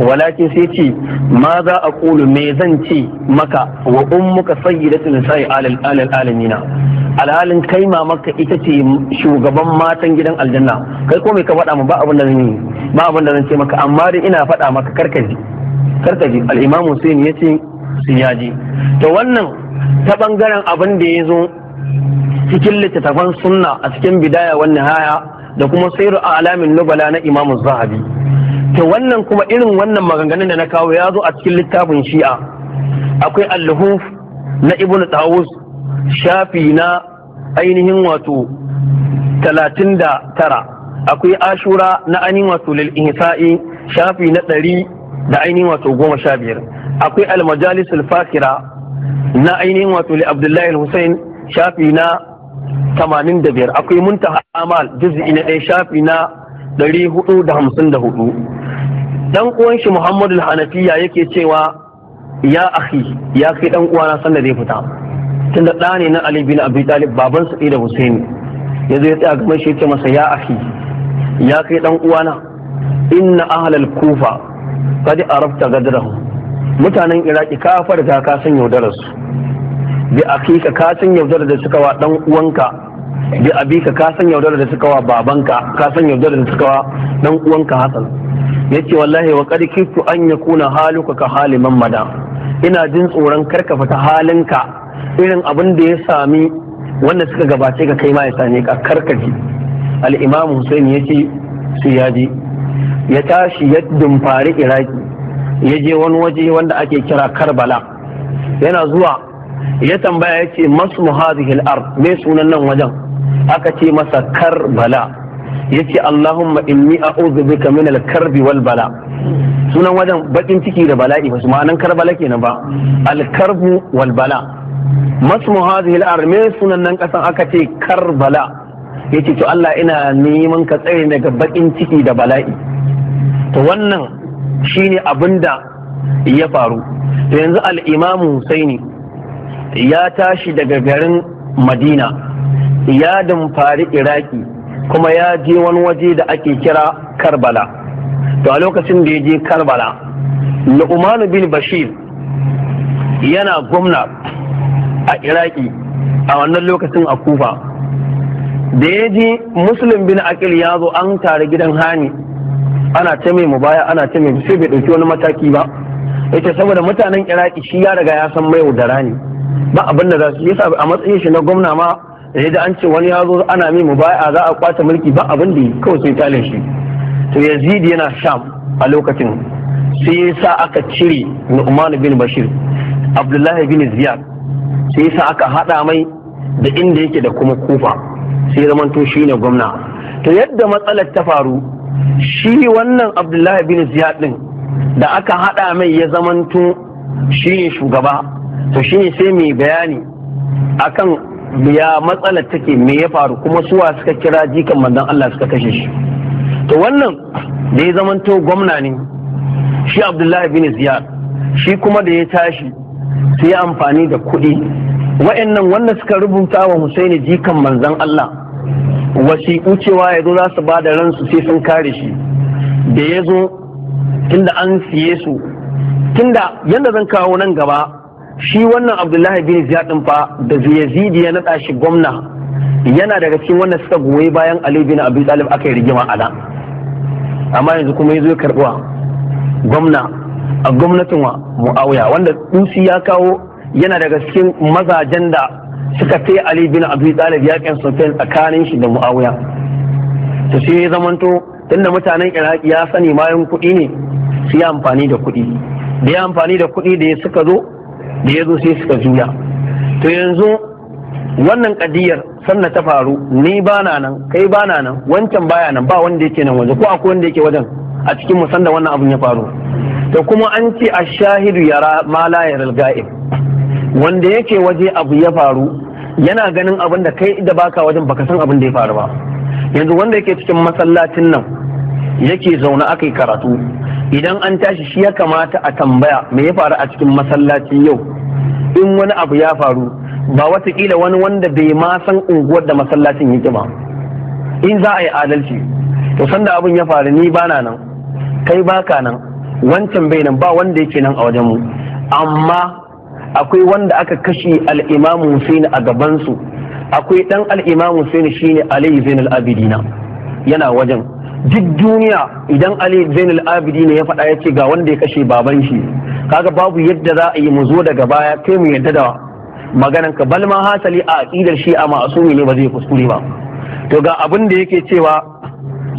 walakin sai ce ma za a kulu me zan ce maka wa ummuka sayyidatul nisa'i alal alal alamina alhalin kai mamaka ita ce shugaban matan gidan aljanna kai ko me ka faɗa min ba abin da zan yi ba abin da zan ce maka amma dai ina faɗa maka karkaji karkaji al-imam Hussein yace yaji to wannan ta bangaren abin da ya zo cikin littattafan sunna a cikin bidaya wa nihaya da kuma a alamin nubala na imamu zahabi Ta wannan kuma irin wannan maganganun da na kawo ya zo a cikin littafin shi'a akwai alluhuf na Ibn tawus shafi na ainihin wato talatin da tara akwai ashura na ainihin wato lil ihsa'i shafi na ɗari da ainihin wato goma sha biyar akwai almajalis fakira na ainihin wato li abdullahi hussein shafi na tamanin da biyar akwai munta amal juz'i na ɗaya shafi na ɗari hudu da hamsin da hudu dan uwan shi muhammadu hanafiya yake cewa ya akhi ya kai dan uwana sanda zai fita tunda ɗa ne na ali bin abi talib baban su da husaini ya zo ya tsaya gaban shi ya ce masa ya akhi ya kai dan uwana inna ahlal kufa a arafta gadrahum mutanen iraki ka farga ka san yaudararsu bi akika ka san yaudara da suka wa dan uwanka bi abika ka san yaudara da suka wa babanka ka san da suka wa dan uwanka hasan yace wallahi wa qad kiftu an yakuna haluka ka haliman mada ina jin tsoron karka fita halinka irin abin da ya sami wanda suka gabace ka kai ma ya same ka karkaji al-imam husain yace su yaji ya tashi ya dumfari iraki ya je wani waje wanda ake kira karbala yana zuwa ya tambaya ya ce masu hadhihi al me sunan nan wajen aka ce masa karbala ya ce allahumma inni a bika min al-karbi wal bala sunan wajen bakin ciki da bala'i ba su ma'anan karbala kenan ba Alkarbi wal bala masu hadhihi al me sunan nan kasan aka ce karbala ya ce to Allah ina neman ka tsare daga bakin ciki da bala'i to wannan shine abinda ya faru to yanzu al-imamu Husaini ya tashi daga garin madina ya dumfari iraki kuma ya je wani waje da ake kira karbala to a lokacin da ya je karbala lu'manu bin bashir yana gwamna a iraki a wannan lokacin a kufa da ya ji muslim bin akil ya zo an tare gidan hani ana ta mai mubaya ana ta mai sai bai ɗauki wani mataki ba ita saboda mutanen iraki shi ya riga ya san mai da rani ba abin da za su yasa a matsayin shi na gwamna ma da da an ce wani ya zo ana mai mubaya za a kwace mulki ba abin da kawai sai talin shi to yazid yana sham a lokacin sai ya sa aka cire nu'man bin bashir abdullahi bin ziyad sai ya sa aka hada mai da inda yake da kuma kufa sai zamanto shi ne gwamna to yadda matsalar ta faru shi wannan abdullahi bin ziyad din da aka hada mai ya zamanto shi ne shugaba to shine sai mai bayani akan ya matsalar take me ya faru kuma suwa suka kira jikan manzon Allah suka kashe shi to wannan da ya zamanto gwamna ne shi Abdullahi bin ziyar, shi kuma da ya tashi sai yi amfani da kuɗi wa'annan wanda suka rubuta wa Husaini jikan manzon Allah wasiƙu cewa ya zo za su ba da ransu sai sun kare shi da ya zo tunda an siye su tunda yadda zan kawo nan gaba shi wannan abdullahi bin ziyad din da yazidi ya nada shi gwamna yana daga cikin wanda suka goyi bayan ali bin abi talib aka yi rigima ala amma yanzu kuma yazo ya karbuwa gwamna a gwamnatin wa muawiya wanda dusi ya kawo yana daga cikin mazajen da suka kai ali bin abi talib yakin sufyan tsakanin shi da muawiya to sai ya zamanto tunda mutanen iraki ya sani mayan kuɗi ne su yi amfani da kuɗi da ya amfani da kuɗi da suka zo da ya zo sai suka juya to yanzu wannan kadiyar sannan ta faru ni ba nan kai ba nan wancan baya nan ba wanda yake nan waje ko akwai wanda yake wajen a cikin mu sanda wannan abin ya faru to kuma an ce a shahidu yara ma la yaral wanda yake waje abu ya faru yana ganin abin da kai da baka wajen baka san abin da ya faru ba yanzu wanda yake cikin masallacin nan yake zaune aka yi karatu idan an tashi shi ya kamata a tambaya me ya faru a cikin masallaci yau in wani abu ya faru ba watakila wani wanda bai ma san unguwar da masallacin yake ba in za a yi adalci to sanda abin ya faru ni bana nan kai baka nan wancan bai nan ba wanda yake nan a wajen mu amma akwai wanda aka kashe al'imamu Hussein a gabansu akwai dan al'imamu Hussein shine Ali Zainal Abidina yana wajen duk duniya idan Ali Zainul Abidi ne ya faɗa ya ce ga wanda ya kashe baban shi kaga babu yadda za a yi mu zo daga baya kai mu yadda da maganan ka balma hasali a aqidar shi a ma'asumi ne ba zai kuskure ba to ga abin da yake cewa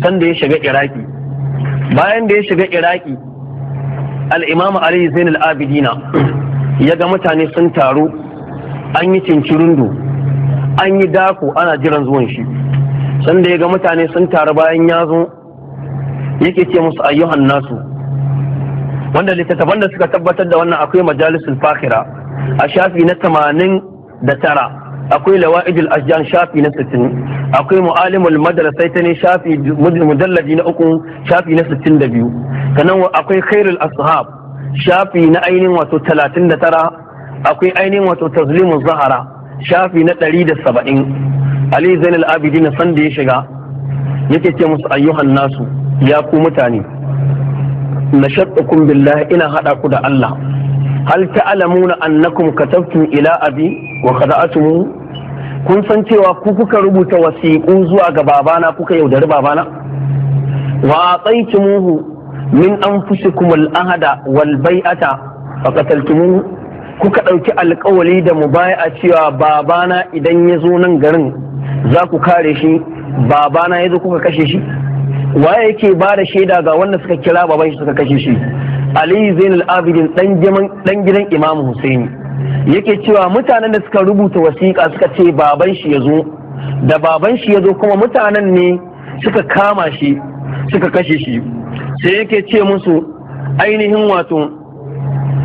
sanda ya shiga Iraki bayan da ya shiga Iraki al-Imam Ali Zainul Abidina ya ga mutane sun taru an yi cincirundu an yi dako ana jiran zuwan shi sanda ya ga mutane sun taru bayan ya zo yake ce musu ayyuhan nasu wanda littattafan da suka tabbatar da wannan akwai majalisul fakira a shafi na tamanin da tara akwai lawa'idul ashjan shafi na sittin akwai mu'alimul madrasai ta ne shafi mujalladi na uku shafi na sittin da biyu sannan akwai khairul ashab shafi na ainihin wato talatin da tara akwai ainihin wato tazlimul zahara shafi na ɗari da saba'in ali zainal abidin na sanda ya shiga yake ce musu ayyuhan nasu ya ku mutane na shaɗakun billahi ina haɗa ku da Allah hal ta'lamuna annakum katabtum ila abi wa qada'atumu kun san cewa ku kuka rubuta wasiƙu zuwa ga babana kuka yaudari babana wa ataytumuhu min anfusikum al-ahda wal bai'ata fa qataltumuhu kuka ɗauki alkawali da mu baya a cewa babana idan ya zo nan garin za ku kare shi babana ya zo kuka kashe shi waye yake ba da shaida ga wanda suka kira baban shi suka kashe shi aliyu zainul abidin dan gidan imamu husaini yake cewa mutanen da suka rubuta wasiƙa suka ce baban shi ya zo da baban shi ya zo kuma mutanen ne suka kama shi suka kashe shi sai yake ce musu ainihin wato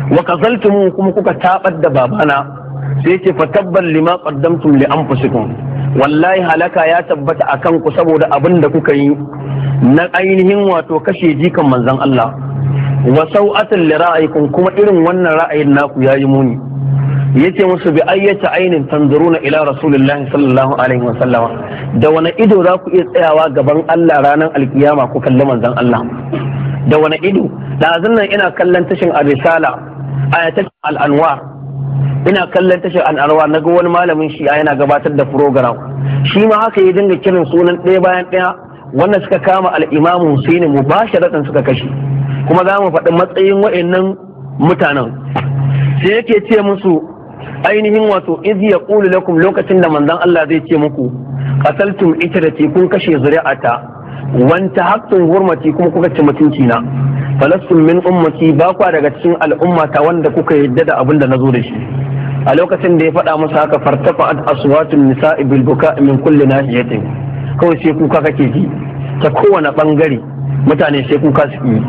wa mun kuma kuka tabar da babana sai yake fatabbar lima qaddamtum li anfusikum wallahi halaka ya tabbata akan ku saboda abin da kuka yi na ainihin wato kashe jikan manzon Allah wa sau'atan li ra'aykum kuma irin wannan ra'ayin naku yayi muni yace musu bi ayyata ainin tanzuruna ila rasulillahi sallallahu alaihi wa sallama da wani ido za ku iya tsayawa gaban Allah ranar alkiyama ku kalli manzon Allah da wani ido ɗazun nan ina kallon tashin a risala a tashin al'anwar ina kallon tashin al'anwar na ga wani malamin shi yana gabatar da program shi ma haka ya dinga kiran sunan ɗaya bayan ɗaya wannan suka kama al'imam Husaini mu ba suka kashe kuma za mu faɗi matsayin wa'annan mutanen sai yake ce musu ainihin wato iz yaqulu lakum lokacin da manzon Allah zai ce muku qataltum ita da kun kashe zuri'ata wanta haƙƙin hurmati kuma kuka ci mutunci na falastun min ummati ba kwa daga cikin al'ummata wanda kuka yadda da abin da nazo da shi a lokacin da ya faɗa masa haka fartafa ad aswatun nisa'i bil buka min kulli nahiyatin kawai sai kuka kake ji ta kowane bangare mutane sai kuka su yi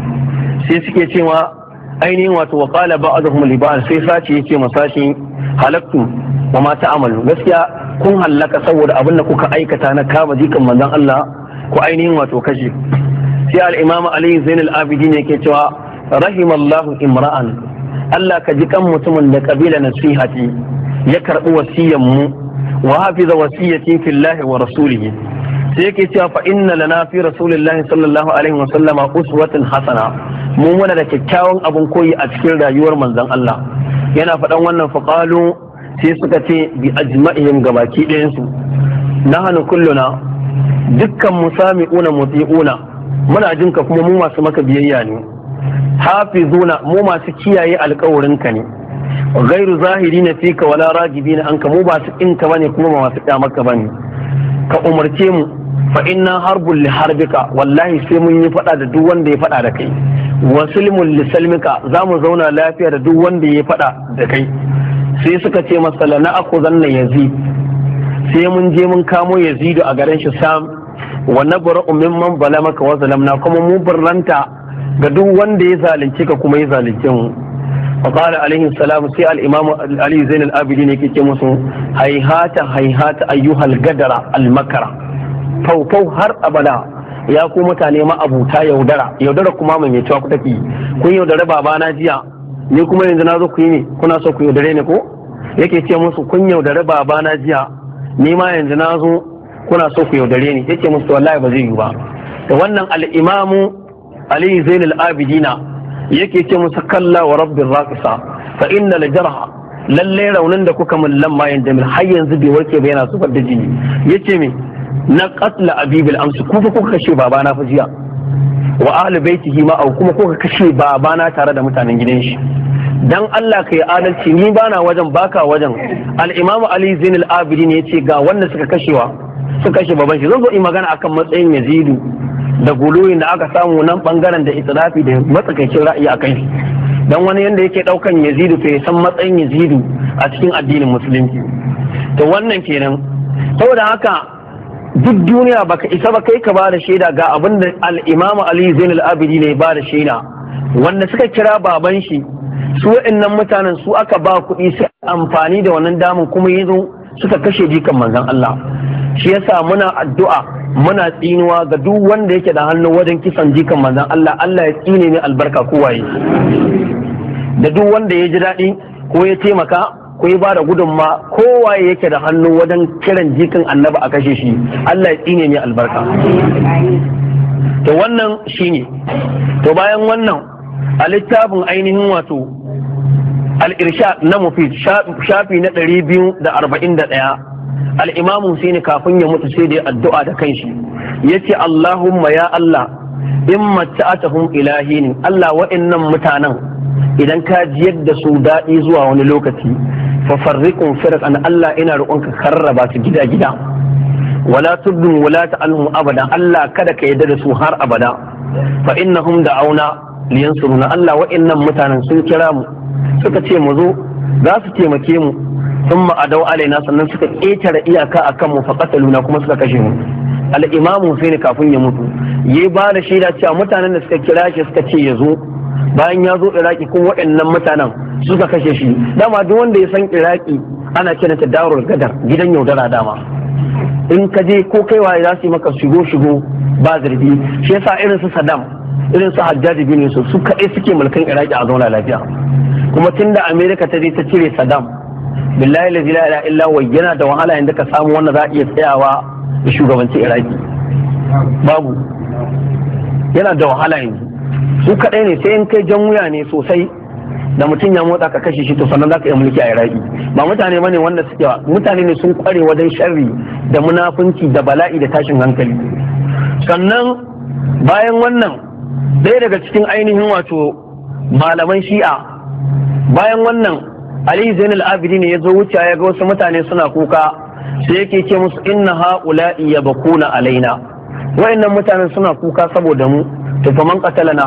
sai suke cewa ainihin wato wa qala ba'dhum li ba'd sai sace yake masashi halaktu wa ma ta'amalu gaskiya kun hallaka saboda abin da kuka aikata na kama jikan manzon Allah ko ainihin wato kashi. sai al Aliyu ali zainul ne yake cewa rahimallahu imra'an Allah ka ji kan mutumin da kabila nasihati ya karbi wasiyan mu wa hafiza wasiyati fillahi wa rasulihi sai yake cewa fa inna lana fi rasulillahi sallallahu alaihi wa sallama uswatun hasana mun muna da kyakkyawan abun koyi a cikin rayuwar manzon Allah yana faɗan wannan faqalu sai suka ce bi ajma'ihim gabaki ɗayan su nahnu kulluna dukkan mu sami una musami'una una, muna jin ka kuma mu masu maka biyayya ne hafizuna mu masu kiyaye ka ne gairu zahiri na fika wala ragibi na anka mu ba su ka bane kuma ba masu ba bane ka umarce mu fa inna harbul li harbika wallahi sai mun yi fada da duk wanda ya fada da kai wa sulmul li salmika za mu zauna lafiya da duk wanda ya fada da kai sai suka ce masa la na aku zanna yazi sai mun je mun kamo yazidu a garin shi sam wa man Bala maka wa zalamna kuma mu barranta ga duk wanda ya zalunce ka kuma ya zalunce mu fa qala alaihi salam sai al imam ali zain al abidin yake ce musu hayhata hayhata ayyuhal gadara al makara faufau har abada ya ku mutane ma abuta yaudara yaudara kuma mai mai cewa ku take kun yaudara babana jiya ni kuma yanzu na zo ku yi ne kuna so ku yaudare ni ko yake ce musu kun yaudare babana jiya ni ma yanzu na zo kuna so ku yaudare ni yake musu wallahi ba zai yi ba da wannan al-imamu ali zainul abidina yake ce musu kalla wa rabbin raqisa fa innal jarha lalle raunin da kuka min lamma yanda min har yanzu bai warke ba yana zubar da jini yace me na qatla abibil amsi ku fa kuka kashe babana fa jiya wa ahli baitihi ma kuma kuka kashe babana tare da mutanen gidan shi dan Allah ka yi adalci ni bana wajen baka wajen al Ali Zainul Abidin ya ce ga wanda suka kashewa suka kashe baban shi zan zo in magana akan matsayin Yazidu da guluyin da aka samu nan bangaren da itirafi da matsakaicin ra'ayi a kai. dan wani yanda yake daukan Yazidu fa san matsayin Yazidu a cikin addinin musulunci to wannan kenan saboda haka duk duniya baka isa ba kai ka ba da shaida ga abinda da al Ali Zainul Abidin ne ba da shaida wanda suka kira baban shi su waɗannan mutanen su aka ba kuɗi su amfani da wannan damun kuma yanzu suka kashe jikan manzan Allah shi yasa muna addu'a muna tsinuwa ga duk wanda yake da hannu wajen kisan jikan manzan Allah Allah ya tsine ne albarka kowaye da duk wanda ya ji daɗi ko ya taimaka ko ya bada gudunma kowaye yake da hannu wajen kiran jikan annabi a kashe shi Allah ya tsine ne albarka to wannan shine to bayan wannan a littafin ainihin wato al shafi na mufid shafi na 241 al-imam Husaini kafin ya mutu sai da addu'a da shi, yace Allahumma ya Allah in mace ilahi ne, Allah wa'annan mutanen idan ka jiyar da su daɗi zuwa wani lokaci fa farriqun an Allah ina roƙonka karraba su gida gida wala tuddun wala ta'alhum abada Allah kada ka yarda da su har abada fa innahum da'auna Liyan liyansuruna Allah wa'annan mutanen sun kira mu suka ce mu zo za su taimake mu sun ma'adau alaina sannan suka ƙetare iyaka a kanmu faƙasaluna kuma suka kashe mu al'imamu ni kafin ya mutu ya ba da shaida cewa mutanen da suka kira shi suka ce ya zo bayan ya zo iraki kuma waɗannan mutanen suka kashe shi dama duk wanda ya san iraki ana ta darul gadar gidan yaudara dama in ka je ko kaiwa za su yi maka shigo shigo ba zargi shi yasa irin su saddam irin su hajjaji bin yusuf su kaɗai suke mulkan iraki a zauna lafiya kuma tun da amerika ta je ta cire saddam billahi la ilaha illa wai, yana da wahala yadda ka samu wanda za a iya tsayawa da shugabancin iraki babu yana da wahala yanzu su kaɗai ne sai in kai jan wuya ne sosai da mutum ya motsa ka kashe shi to sannan za ka iya mulki a iraki ba mutane ne wanda suke mutane ne sun kware wajen sharri da munafunci da bala'i da tashin hankali sannan bayan wannan ɗaya daga cikin ainihin wato malaman shi'a bayan wannan ali zainul abidi ne ya zo wuce ya ga wasu mutane suna kuka sai yake ce musu inna ha'ula'i bakuna alaina wa'annan mutane suna kuka saboda mu to faman qatalana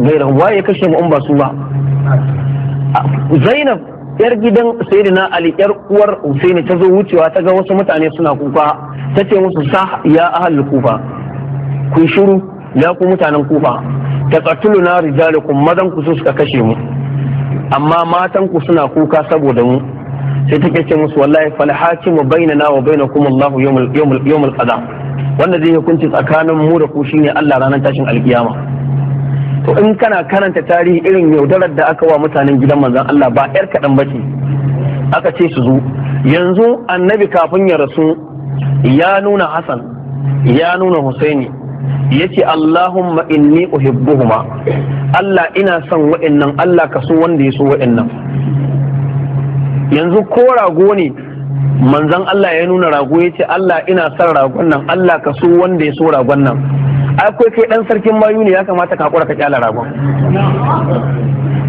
gaira waye kashe mu in ba su ba zainab yar gidan sayyidina ali yar uwar husaini ta zo wucewa ta ga wasu mutane suna kuka ta ce musu sa ya ahlul kufa ku shiru ya ku mutanen kufa ta katulu na rijalikum madan ku su suka kashe mu amma matan ku suna kuka saboda mu sai take ce musu wallahi fal hakimu bainana wa bainakum Allah yawmul yawmul qada wanda zai hukunci tsakanin mu da ku shine Allah ranar tashin alkiyama to in kana karanta tarihi irin yaudarar da aka wa mutanen gidan manzon Allah ba yar kadan bace aka ce su zo yanzu annabi kafin ya rasu ya nuna Hassan ya nuna Husaini yace Allahumma inni uhibbuhuma Allah ina son wa'annan Allah ka so wanda ya so wa'annan yanzu ko rago ne manzon Allah ya nuna rago yace Allah ina son ragon nan Allah ka so wanda ya so ragon nan akwai kai dan sarkin mayu ne ya kamata ka hakura ka kyala ragon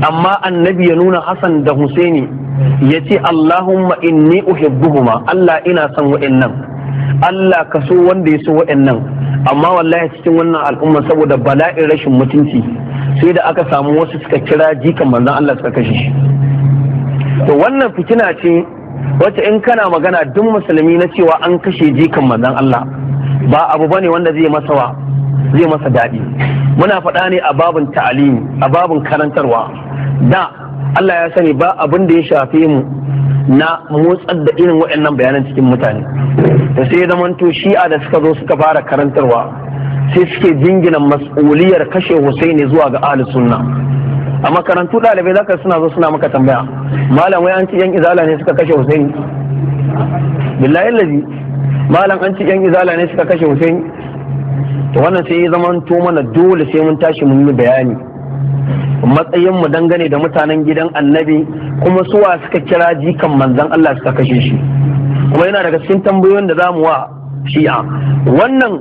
amma annabi ya nuna Hassan da Husaini yace Allahumma inni uhibbuhuma Allah ina son wa'annan Allah ka so wanda ya so waɗannan amma wallahi cikin wannan al'umma saboda bala'in rashin mutunci sai da aka samu wasu suka kira jikan manzon Allah suka kashe shi to wannan fitina ce wacce in kana magana duk musulmi na cewa an kashe jikan manzon Allah ba abu bane wanda zai masa zai masa daɗi muna faɗa ne a babin ta'alimi a babin karantarwa da Allah ya sani ba abin da ya shafe mu na motsar da irin waɗannan bayanan cikin mutane da sai manto shi'a da suka zo suka fara karantarwa sai suke jingina mas'uliyar kashe Husaini zuwa ga ahli sunna a makarantu ɗalibai zaka suna zo suna maka tambaya malam wai an ci yan izala ne suka kashe Husaini billahi lazi malam an ci yan izala ne suka kashe Husaini to wannan sai ya to mana dole sai mun tashi mun yi bayani matsayinmu dangane da mutanen gidan annabi kuma suwa suka kira jikan manzan Allah suka kashe shi kuma yana daga cikin tambayoyin da zamu wa shi'a wannan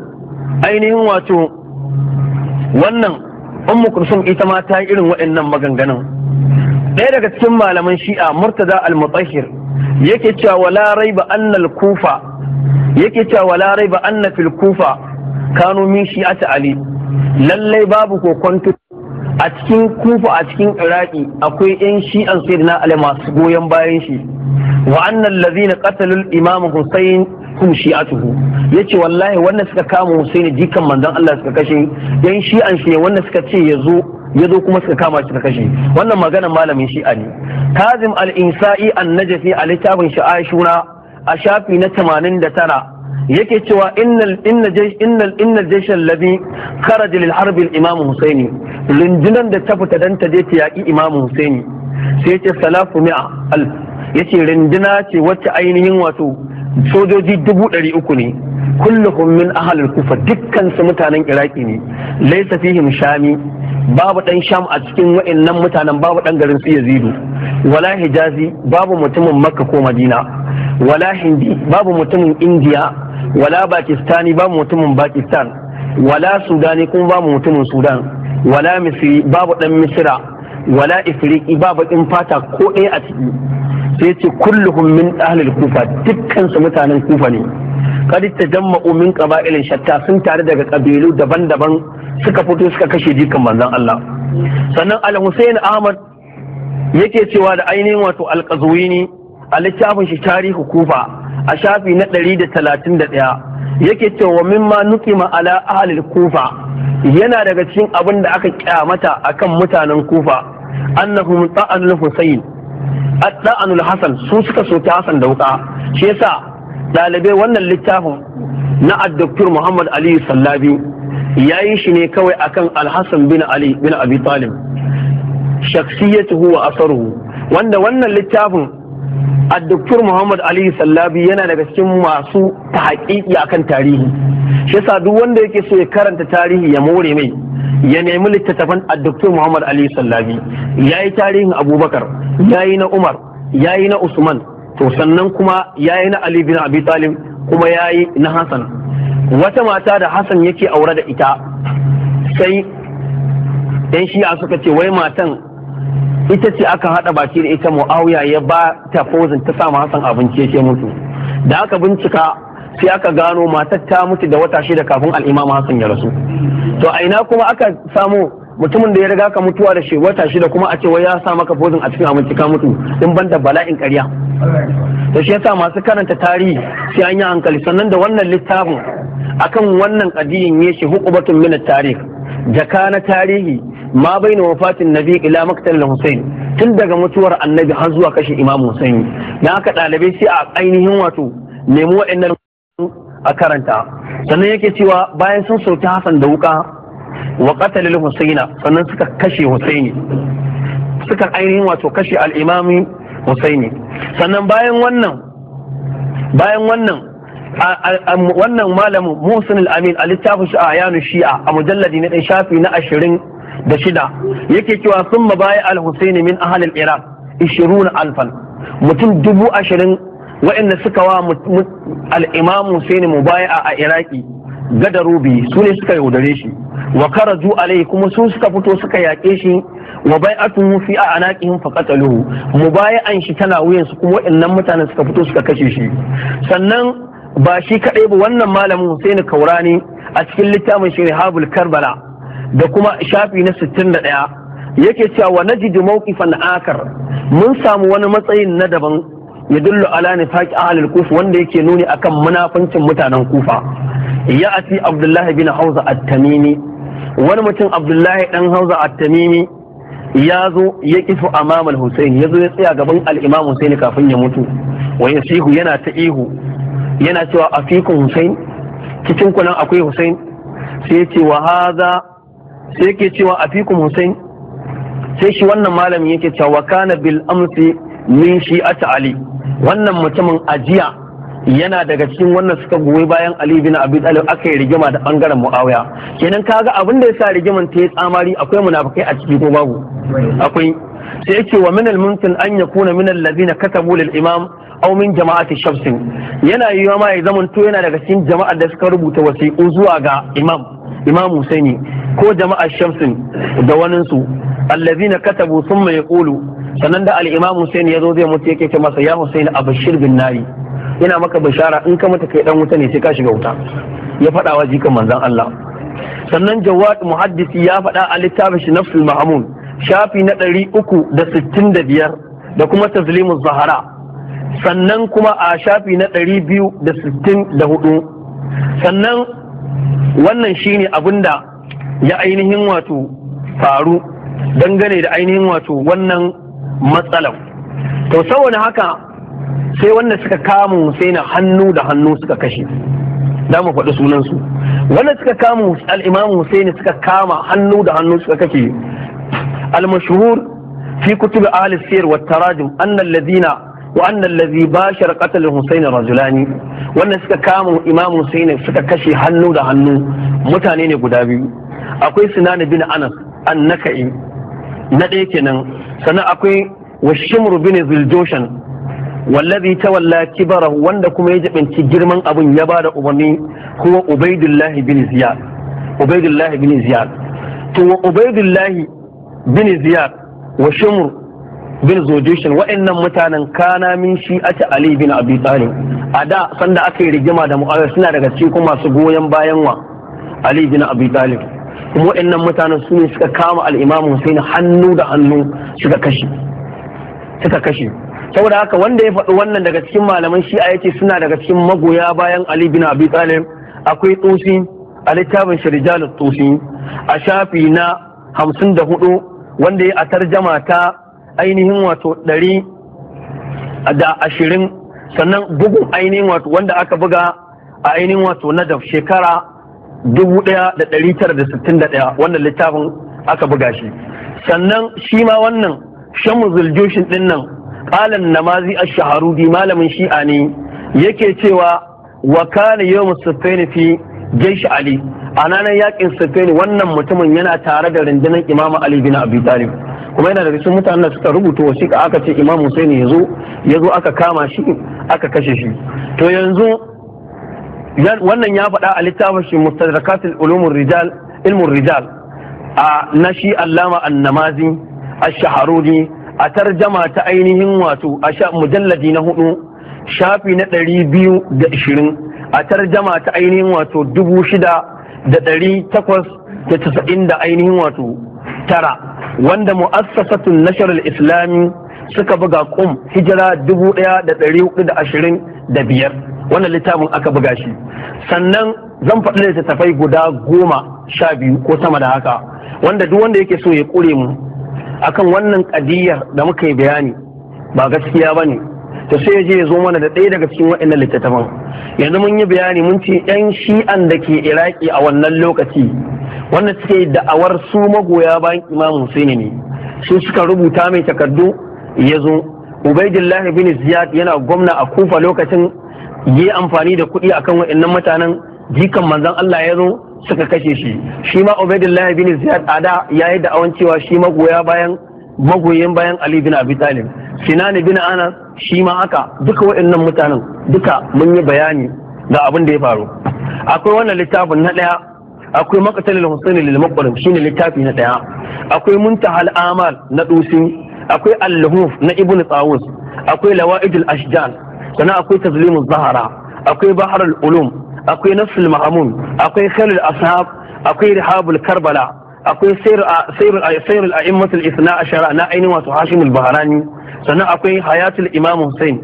ainihin wato wannan ummu kulsum ita ma ta irin waɗannan maganganun ɗaya daga cikin malaman shi'a murtaza al-mutahhir yake cewa wala raiba annal kufa yake cewa wala raiba anna fil kufa kanu min shi'ati ali lallai babu kokon a cikin kufa a cikin iraki akwai yan shi'an sayyidina ali masu goyon bayan shi wa annal ladhina qatalul imam husayn hum Ya yace wallahi wannan suka kama husayn jikan manzon Allah suka kashe yan shi'an shi wannan suka ce yazo yazo kuma suka kama shi suka kashe wannan maganar malamin shi'a ne kazim al-insa'i an-najfi a littafin shi'ashuna a shafi na tara, yake cewa innal innal innal innal jaysh alladhi kharaja lil al imam husaini rundunar da ta fita dan ta je ta yaƙi imamu husaini sai ce salafu mi'a al yace runduna ce wacce ainihin wato sojoji dubu ɗari uku ne kulluhum min ahalul kufa dukkan su mutanen iraki ne laysa fihim shami babu dan sham a cikin wa'annan mutanen babu dan garin su yazidu wala hijazi babu mutumin makka ko madina wala hindi babu mutumin indiya wala pakistani babu mutumin pakistan wala sudani kuma babu mutumin sudan wala Misiri babu dan misira wala ifriqi babu baƙin fata ko ɗaya a ciki sai ce kulluhum min ahlil kufa dukkan mutanen kufa ne ta tajamma'u min ƙaba'ilin shatta sun tare daga kabilu daban-daban suka fito suka kashe jikan manzon Allah sannan al-Husayn Ahmad yake cewa da ainihin wato al-Qazwini a littafin shi tarihi kufa a shafi na 131 yake cewa mimma ma ala ahli kufa yana daga cikin abin da aka kyamata akan mutanen kufa annahum ta'anul husayn at-ta'anul hasan su suka so Hassan hasan da wuka shi yasa dalibai wannan littafin na ad Muhammad Ali Sallabi yayi shi ne kawai akan Alhassan bin Ali bin Abi Talib shakhsiyatuhu wa asaruhu wanda wannan littafin addoktor muhammad ali sallabi yana daga cikin masu ta haƙiƙi akan tarihi shi yasa duk wanda yake so ya karanta tarihi ya more mai ya nemi littattafan addoktor muhammad ali sallabi ya yi tarihin abubakar ya yi na umar ya yi na usman to sannan kuma ya yi na ali bin abi talib kuma ya yi na hassan wata mata da hassan yake aure da ita sai yan shi'a suka ce wai matan ita ce aka haɗa baki da ita mu'awiya ya ba ta fozin ta samu hasan abinci ya mutu da aka bincika sai aka gano matar ta mutu da wata shida kafin al'imama hasan ya rasu to a ina kuma aka samu mutumin da ya riga ka mutuwa da shi wata shida kuma a ce wai ya sa maka fozin a cikin aminci ka mutu in banda bala'in ƙarya to shi yasa masu karanta tarihi sai an yi hankali sannan da wannan littafin akan wannan kadiyin ya shi hukubatun min tarihi jaka na tarihi ma na wafatin nabi ila maktal husain tun daga mutuwar annabi har zuwa kashe imam husaini dan haka ɗalibai sai a ainihin wato nemi wa'annan a karanta sannan yake cewa bayan sun sauti hasan da wuka wa qatalil husaina sannan suka kashe husaini suka ainihin wato kashe al-imami husaini sannan bayan wannan bayan wannan wannan malamin muhsin al-amin a littafin shi ayanu shi'a a mujalladi na shafi na ashirin da shida yake cewa sun mabaya al-husaini min ahalil iraq ishirun alfan mutum dubu ashirin wa'inda suka wa al'imamu sai ne mubaya a iraki Gada Robi su ne suka yaudare shi wa karaju alai kuma su suka fito suka yaƙe shi wa bai'atuhu fi anaqihim faqataluhu mubayi'an shi tana wuyan su kuma waɗannan mutanen suka fito suka kashe shi sannan ba shi kaɗai ba wannan malamin Hussein Kaurani a cikin littafin shi Rihabul Karbala da kuma shafi na 61 yake cewa wa najidu mawqifan akar mun samu wani matsayin na daban yadullu ala nifaqi ahli kufa wanda yake nuni akan munafincin mutanen kufa Ya ya'ati abdullahi bin hauza at-tamimi wani mutum abdullahi dan hauza at-tamimi ya zo ya kifu amam al-husayn ya zo ya tsaya gaban al-imam husayn kafin ya mutu wa yasihu yana ta ihu yana cewa afikun husayn cikin kunan akwai husayn sai ya ce wa hadha sai yake cewa afikun husayn sai shi wannan malamin yake cewa kana bil amsi min shi'ati ali wannan mutumin ajiya yana daga cikin wannan suka goyi bayan ali bin abi talib aka yi rigima da bangaren muawiya kenan kaga abin da sa rigiman ta yi tsamari akwai munafikai a ciki ko babu akwai sai yake wa minal al-mumkin an yakuna min na katabu lil imam aw min jama'ati shamsin yana yiwa ma ya zamanto yana daga cikin jama'ar da suka rubuta wasiƙu zuwa ga imam imam husaini ko jama'ar shamsin da waninsu allazina katabu sun mai Kulu. sannan da alimam imam ya zo zai mutu yake ce masa ya husaini Bashir bin nari yana maka bishara in ka mutu kai dan wuta ne sai ka shiga wuta ya faɗa wa jikan manzon Allah sannan jawad muhaddisi ya faɗa a littafin shi nafsul mahmud shafi na ɗari uku da sittin da biyar da kuma tazlimu zahara sannan kuma a shafi na ɗari biyu da sittin da hudu sannan wannan shine da ya ainihin wato faru dangane da ainihin wato wannan matsalar to saboda haka sai wanda suka kamu sai hannu da hannu suka kashe da mu faɗi sunansu wanda suka kamu al'imamu Hussein suka kama hannu da hannu suka kashe al-mashhur fi kutubi ahli sir wa tarajum Annan lazina wa annal ladhi bashara qatl Husayn rajulani wannan suka kama Imam Husayn suka kashe hannu da hannu mutane ne guda biyu akwai Sinan bin Anas annaka'i na ɗaya kenan sannan akwai Washimr bin Zuljoshan wallazi tawalla kibarahu wanda kuma ya jibinci girman abun ya bada umarni huwa Ubaidullah bin Ziyad Ubaidullah bin Ziyad to wa bin Ziyad wa Shumr bin zojushin wa'annan mutanen kana min shi'ati ali bin abi talib a da sanda aka yi rigima da mu'awiya suna daga cikin masu goyon bayan wa ali bin abi talib kuma wa'annan mutanen su ne suka kama al-imam husaini hannu da hannu suka kashe suka kashe saboda haka wanda ya faɗi wannan daga cikin malaman shi'a yake suna daga cikin magoya bayan ali bin abi talib akwai tusi a littafin shirjalul tusi a shafi na hamsin da hudu wanda ya a tarjama ta ainihin wato ɗari da ashirin sannan bugun ainihin wato wanda aka buga a ainihin wato nadaf shekara dubu ɗaya da ɗari tara da sittin da ɗaya wannan littafin aka buga shi sannan shi ma wannan shamu joshin ɗin nan ƙalan namazi a shaharudi malamin shi'a ne yake cewa wa kana yawmu sufaini fi jaish ali a ranar yakin sufaini wannan mutumin yana tare da rundunar imam ali bin abi talib kuma yana daga cikin mutanen da suka rubuta wasiƙa aka ce imam husaini ya zo ya zo aka kama shi aka kashe shi to yanzu wannan ya faɗa a littafin shi mustadrakatul ulumur rijal ilmur rijal a nashi allama annamazi ash-shaharudi a tarjama ta ainihin wato a mujalladi na hudu shafi na ɗari biyu da ishirin a tarjama ta ainihin wato dubu shida da ɗari takwas da casa'in da ainihin wato tara wanda mu'assasatun nashar islami suka buga kum hijira dubu ɗaya da da ashirin da biyar wannan littafin aka buga shi sannan zan faɗi littattafai guda goma sha biyu ko sama da haka wanda duk wanda yake so ya kure mu akan wannan ƙadiyar da muka yi bayani ba gaskiya ba ne to sai ya je ya zo mana da ɗaya daga cikin waɗannan littattafan yanzu mun yi bayani mun ce yan shi'an da ke iraki a wannan lokaci wanda suke da'awar su magoya bayan imam husaini ne su suka rubuta mai takardu ya zo ubaidillah ziyad yana gwamna a kufa lokacin yi amfani da kuɗi akan waɗannan mutanen jikan manzon Allah ya zo suka kashe shi shi ma ubaidillah ziyad a da yayi da'awan cewa shi magoya bayan magoyin bayan Ali bin Abi Talib Sinan bin Anas shi ma haka duka waɗannan mutanen duka mun yi bayani ga abin da ya faru akwai wannan littafin na ɗaya akwai maqtalul husaini lil maqbarin shine littafi na ɗaya akwai muntahal amal na dusi akwai al-luhuf na ibnu tsawus akwai lawaidul ashjan sannan akwai tazlimuz zahara akwai baharul ulum akwai nasul ma'amun akwai Khalil ashab akwai rihabul karbala akwai sayrul a'immatul isna ashara na ainihin wato hashim al-baharani sannan akwai hayatul imam hussein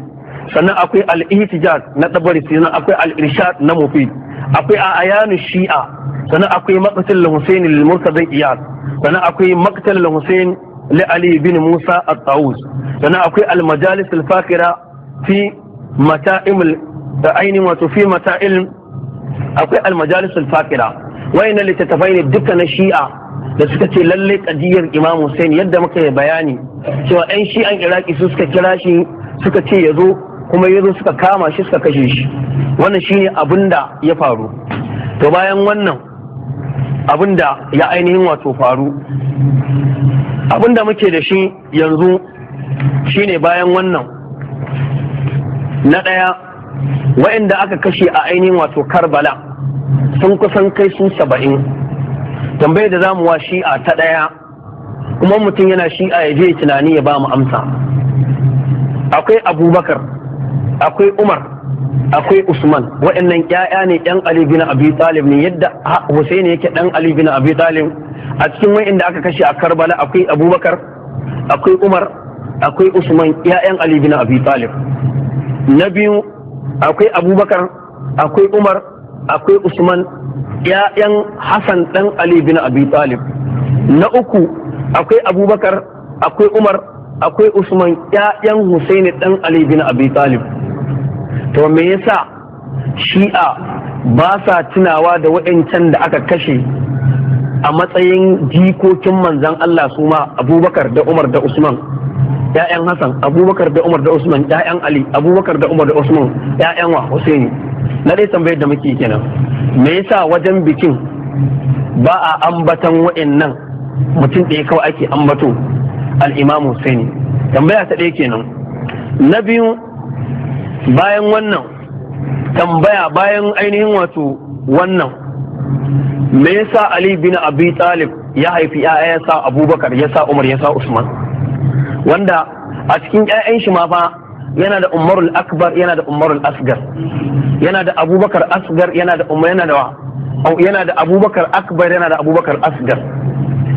sannan akwai al-ihtijaj na tabari sannan akwai al-irshad na mufid akwai a ayanu shi'a sannan akwai maqtal al-husayn al-murtadin iyad sannan akwai maqtal al-husayn لعلي Musa موسى الطاووس sannan akwai Al-Majalis Al-Fakira fi mata'im ainihin wato fi mata'il akwai almajalis alfakira wayannan littattafai ne duka na shi'a da suka ce lalle kadiyar imam Hussein yadda muka yi bayani cewa yan shi an iraki su suka kira shi suka ce ya zo kuma ya zo suka kama shi suka kashe shi wannan shi ne abin da ya faru to bayan wannan abin da ya ainihin wato faru abin da muke da shi yanzu shine bayan wannan na ɗaya wa'inda aka kashe a ainihin wato karbala sun kusan kai su saba'in tambayar da zamu wa shi'a ta ɗaya kuma mutum yana shi'a ya je tunani ya ba mu amsa akwai abubakar akwai umar akwai Usman waɗannan ƴaƴa ne ɗan Ali bin Abi Talib ne yadda Hussein yake ɗan Ali bin Abi Talib a cikin waɗanda aka kashe a Karbala akwai Abubakar akwai Umar akwai Usman ƴaƴan Ali bin Abi Talib na biyu akwai Abubakar akwai Umar akwai usman ‘ya'yan hassan ɗan ali bin abi talib na uku akwai abubakar akwai umar akwai usman ‘ya'yan husaini ɗan ali bin abi talib to me yasa shi'a ba sa tunawa da wa’yancan da aka kashe a matsayin jikokin manzan Allah su ma abubakar da umar da usman ‘ya'yan hassan abubakar da umar da usman ‘ya'yan ali abubakar da umar da usman ‘ya'yan wa husaini na dai tambayar da muke kenan me yasa wajen bikin ba a ambatan wa'annan mutum ɗaya kawai ake ambato al-imam Husaini tambaya ta ɗaya kenan na biyu bayan wannan tambaya bayan ainihin wato wannan me yasa Ali bin Abi Talib ya haifi ya sa Abubakar ya sa Umar ya sa Usman wanda a cikin 'ya'yan shi ma fa yana da umarul akbar yana da umarul asgar yana da abubakar asgar yana da umar yana da yana da abubakar akbar yana da abubakar asgar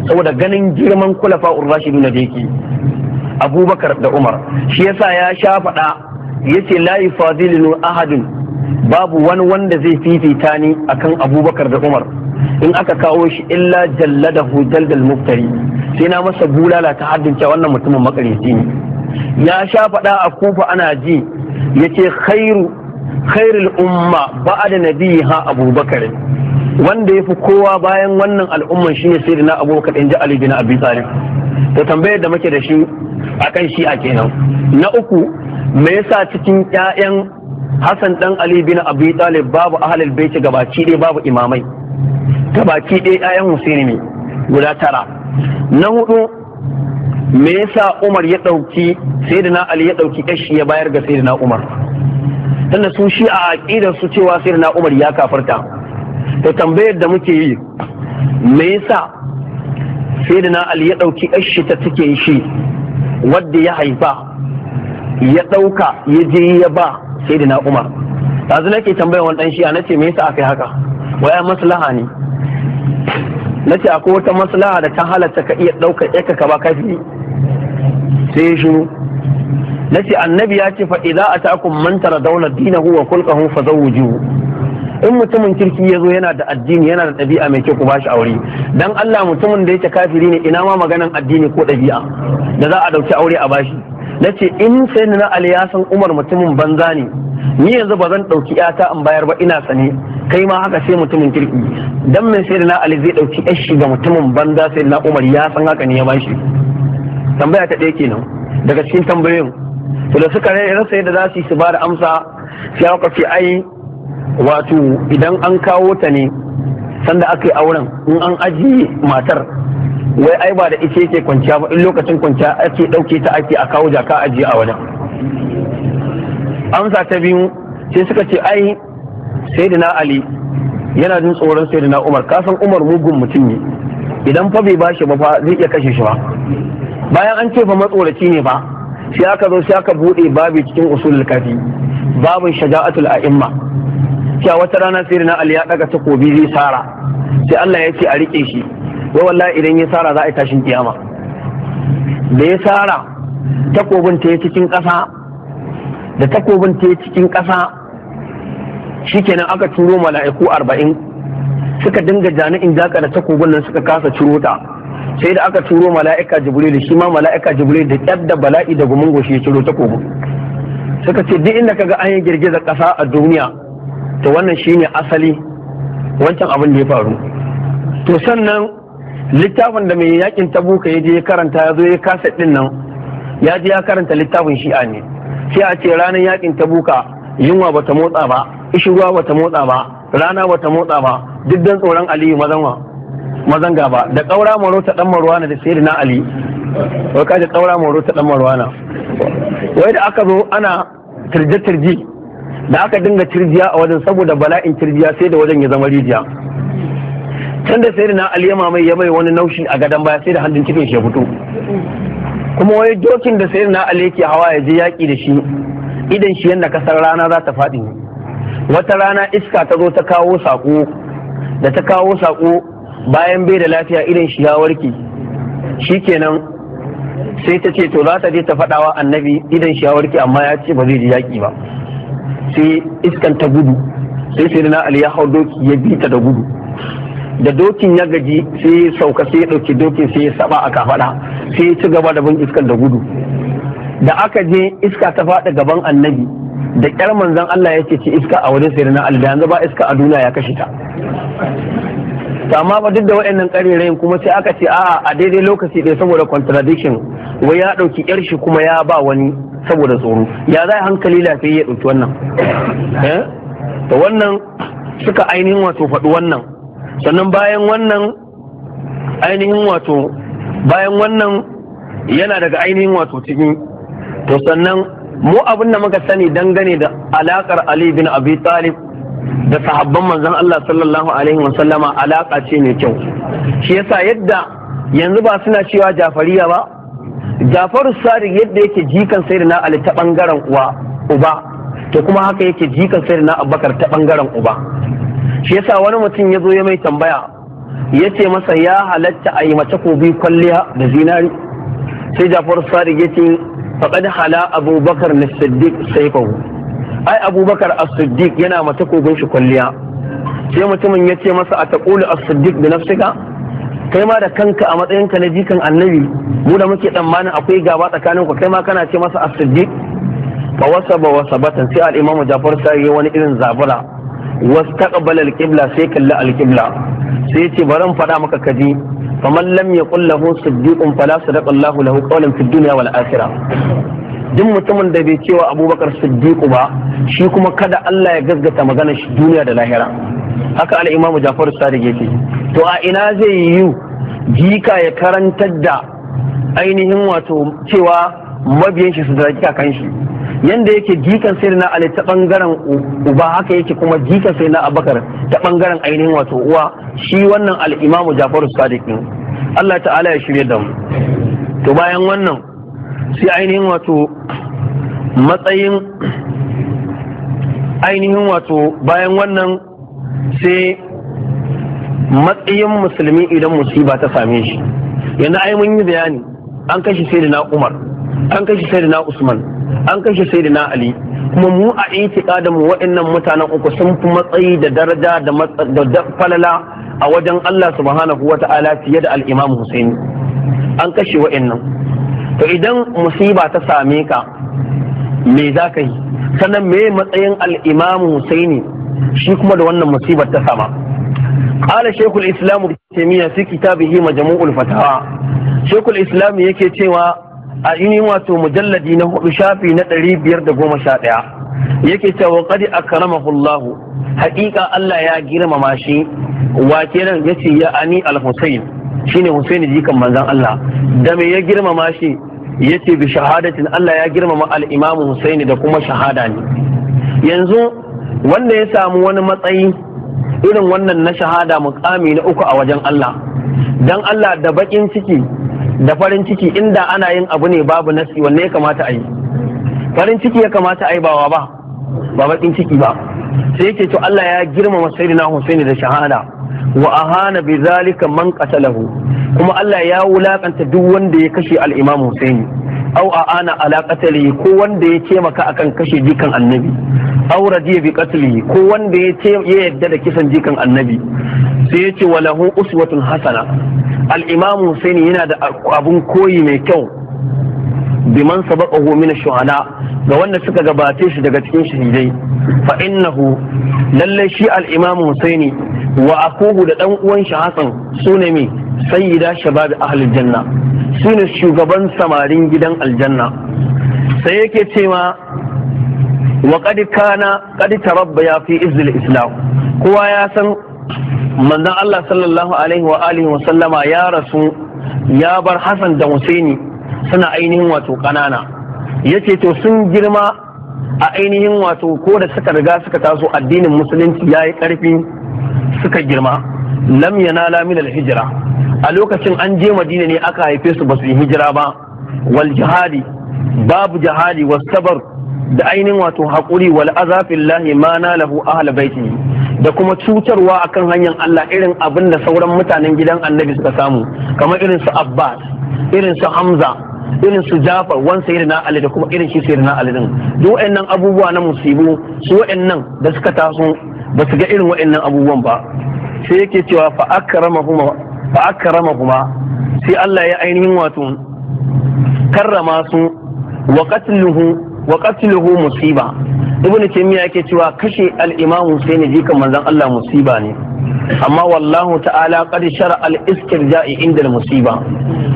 saboda ganin girman kulafa urrashidun da yake abubakar da umar shi yasa ya sha faɗa ce layi yufadilu ahadun babu wani wanda zai fifita ni akan abubakar da umar in aka kawo shi illa jalladahu jaldal muftari sai na masa bulala ta haddin cewa wannan mutumin makareci ne ya sha faɗa a kufa ana ji ya ce khairu khairul umma ba'a da ha abubakar wanda ya fi kowa bayan wannan al'umman shine sai da na abubakar ɗin ji ali bin abi talib to tambayar da muke da shi akan shi a kenan na uku me yasa cikin ƴaƴan Hassan ɗan Ali bin Abi Talib babu ahlul bait gabaci ɗaya babu imamai gabaci ɗaya ƴaƴan Husaini ne guda tara na hudu me yasa Umar ya ɗauki Sayyidina Ali ya ɗauki kashi ya bayar ga Sayyidina Umar tunda su shi a aƙidar su cewa Sayyidina Umar ya kafarta to tambayar da muke yi me yasa Sayyidina Ali ya ɗauki kashi ta take shi wadda ya haifa ya ɗauka ya je ya ba Sayyidina Umar yanzu nake tambayar wani dan shi a nace me yasa aka yi haka waya maslaha ne na ce akwai wata maslaha da ta halatta ka iya ɗaukar yaka ka ba kafi sai ya shiru na ce annabi ya ce faɗi, za a takun mantara daular dina huwa hun fa zawujihu in mutumin kirki ya zo yana da addini yana da ɗabi'a mai kyau ku ba shi aure dan Allah mutumin da yake kafiri ne ina ma maganan addini ko ɗabi'a da za a ɗauki aure a bashi na ce in sai na ali ya san umar mutumin banza ne ni yanzu ba zan ɗauki yata in bayar ba ina sane kai ma haka sai mutumin kirki dan mai sai na ali zai ɗauki yar shi ga mutumin banza sai na umar ya san haka ne ya shi tambaya ta ɗaya kenan daga cikin tambayoyin to da suka rasa yadda za su yi su ba da amsa sai aka ce ai wato idan an kawo ta ne sanda aka yi auren in an ajiye matar wai ai ba da ita yake kwanciya ba in lokacin kwanciya ake ɗauke ta ake a kawo jaka ajiye a wajen amsa ta biyu sai suka ce ai sai na ali yana jin tsoron sai na umar kasan umar mugun mutum ne idan fa bai bashi ba fa zai iya kashe shi ba bayan an ce fa matsoraci ne ba sai aka zo sai aka buɗe babi cikin usulul kafi babin shaja'atul a'imma cewa wata rana sai na ali ya daga takobi zai sara sai Allah ya ce a rike shi wai wallahi idan ya sara za a yi tashin kiyama da ya sara takobin ta cikin ƙasa da takobin ta cikin ƙasa shikenan aka turo mala'iku arba'in suka dinga jani'in jaka da takobin nan suka kasa ciro ta sai da aka turo mala'ika jibril shi ma mala'ika jibril da kyar da bala'i da gumin goshi ya ciro takobin suka ce duk inda kaga an yi girgizar ƙasa a duniya to wannan shine asali wancan abin da ya faru to sannan littafin da mai yakin tabuka ya je ya karanta ya zo ya kasa din nan ya je ya karanta littafin shi'a ne sai a ce ranar yakin tabuka yunwa bata motsa ba ishirwa bata motsa ba rana bata motsa ba duk dan tsoron aliyu mazanwa mazan gaba da ƙaura maro ta dan marwana da sai na ali wai ka da ƙaura maro ta dan marwana wai da aka zo ana tirje tirji da aka dinga tirjiya a wajen saboda bala'in tirjiya sai da wajen ya zama rijiya can da sayyidina ali ya mai ya bai wani naushi a gadon baya sai da hannun cikin shi ya fito kuma wani dokin da sayyidina ali ke hawa ya je yaƙi da shi idan shi yadda kasar rana za ta faɗi wata rana iska ta zo ta kawo saƙo da ta kawo saƙo bayan bai da lafiya idan shi ya warke shikenan sai ta ce to za ta je ta faɗawa annabi idan shi ya warke amma ya ce ba zai je yaƙi ba sai iskan ta gudu sai sai na ali ya hau doki ya bi ta da gudu da dokin ya gaji sai ya sauka sai ya dauki dokin sai ya saba a kafaɗa sai ya ci gaba da bin iskar da gudu da aka je iska ta faɗi gaban annabi da ƙyar manzan Allah ya ce ci iska a wurin sayar na da yanzu ba iska a duniya ya kashe ta amma ba duk da waɗannan ƙarerayin kuma sai aka ce a a daidai lokaci ɗaya saboda contradiction wai ya ɗauki ƴar shi kuma ya ba wani saboda tsoro ya za hankali lafiya ya ɗauki wannan eh? to wannan suka ainihin wato faɗi wannan sannan bayan wannan ainihin wato bayan wannan yana daga ainihin wato ciki, to sannan mu abin da muka sani dangane da alakar Ali bin Abi Talib da sahabban manzon Allah sallallahu alaihi wa sallama alaka ce mai kyau shi yasa yadda yanzu ba suna cewa Jafariya ba Jafaru Sadiq yadda yake jikan sayyidina Ali ta bangaren uba to kuma haka yake jikan sayyidina Abubakar ta bangaren uba shi yasa wani mutum ya zo ya mai tambaya ya ce masa ya halatta a yi mace ko bi kwalliya da zinari sai jafar Sadi ya ce faqad hala abubakar na siddiq fahu ai abubakar a siddiq yana mace ko shi kwalliya sai mutumin ya ce masa a taƙoli a siddiq da nafsika kai ma da kanka a matsayinka na jikan annabi mu da muke tsammanin akwai gaba tsakanin ku kai ma kana ce masa a siddiq ba wasa batan sai al'imamu jafar sadiq wani irin zabura wastaqbala alqibla sai kalli alqibla sai yace bari in faɗa maka kaji faman lam yaqul lahu siddiqun fala sadaqa Allahu lahu qawlan fid dunya wal akhirah Jin mutumin da bai cewa abubakar siddiqu ba shi kuma kada Allah ya gaskata magana shi duniya da lahira haka al imam jafaru sadiq yake to a ina zai yi jika ya karantar da ainihin wato cewa mabiyan shi su zaki kan shi yanda yake jikan sai na ali ta bangaren uba haka yake kuma jikan sai na abakar ta bangaren ainihin wato uwa shi wannan al'imamu jafaru sadiq Allah ta'ala ya shirya da mu to bayan wannan sai ainihin wato matsayin ainihin wato bayan wannan sai matsayin musulmi idan musiba ta same shi yanzu ai mun yi bayani an kashi sai da na umar an kashe na Usman an kashe na Ali kuma mu a da mu waɗannan mutanen uku sun fi matsayi da daraja da falala a wajen Allah subhanahu wata'ala fiye da al-Imam Husaini an kashe waɗannan to idan musiba ta same ka me za ka yi sannan me matsayin al-Imam Husaini shi kuma da wannan musibar ta sama قال شيخ الإسلام ابن تيمية في كتابه مجموع الفتاوى شيخ الإسلام yake cewa a ini wato mujalladi na hudu shafi na ɗari biyar da goma sha ɗaya yake cewa kadi a karamahullahu haƙiƙa Allah ya girmama shi wa ya ce ya ani al-Husayn shine Husaini jikan manzon Allah da me ya girmama shi ya ce bi shahadatin Allah ya girmama al-Imam Husaini da kuma shahada ne yanzu wanda ya samu wani matsayi irin wannan na shahada mukami na uku a wajen Allah dan Allah da bakin ciki da farin ciki inda ana yin abu ne babu nasi wanne ya kamata a yi farin ciki ya kamata a yi bawa ba ba bakin ciki ba sai yake to Allah ya girmama sayyidina Husaini da shahada wa ahana bi zalika man qatalahu kuma Allah ya wulakanta duk wanda ya kashe al-Imam Husaini au a ana ala ko wanda ya taimaka akan kashe jikan annabi au radiya bi qatli ko wanda ya ya yadda da kisan jikan annabi sai ya ce walahu uswatun hasana al-imamu husaini yana da abun koyi mai kyau biman sabaqahu min shuhada ga wanda suka gabace shi daga cikin shahidai fa innahu lalle shi al-imamu husaini wa akuhu da dan uwan shi hasan sune me sayyida shabab ahli janna sune shugaban samarin gidan aljanna sai yake cewa wa qad kana qad tarabbaya fi izil islam kowa ya san manzon Allah sallallahu alaihi wa alihi wa sallama ya rasu ya bar Hassan da Husaini suna ainihin wato ƙanana yace to sun girma a ainihin wato ko da suka riga suka taso addinin musulunci ya yi ƙarfi suka girma lam yanala min hijira a lokacin an je madina ne aka haife su basu yi hijira ba wal jihadi babu jihadi was sabar da ainihin wato hakuri, wal azafin lahi ma na lahu ahal baiti da kuma cutarwa akan hanyar Allah irin abin da sauran mutanen gidan annabi suka samu kamar irin su Abbas irin su hamza irin su jafar wan na ali da kuma irin shi sayyidina ali din duk wa'annan abubuwa na musibu su wayannan da suka taso ba su ga irin wa'annan abubuwan ba sai yake cewa fa akramahuma fa akramahuma sai Allah ya ainihin wato karrama su wa qatluhu wa musiba ibn taymiya yake cewa kashe al-imam husaini jikan manzon Allah musiba ne amma wallahu ta'ala qad sharar al-istirja'i inda al-musiba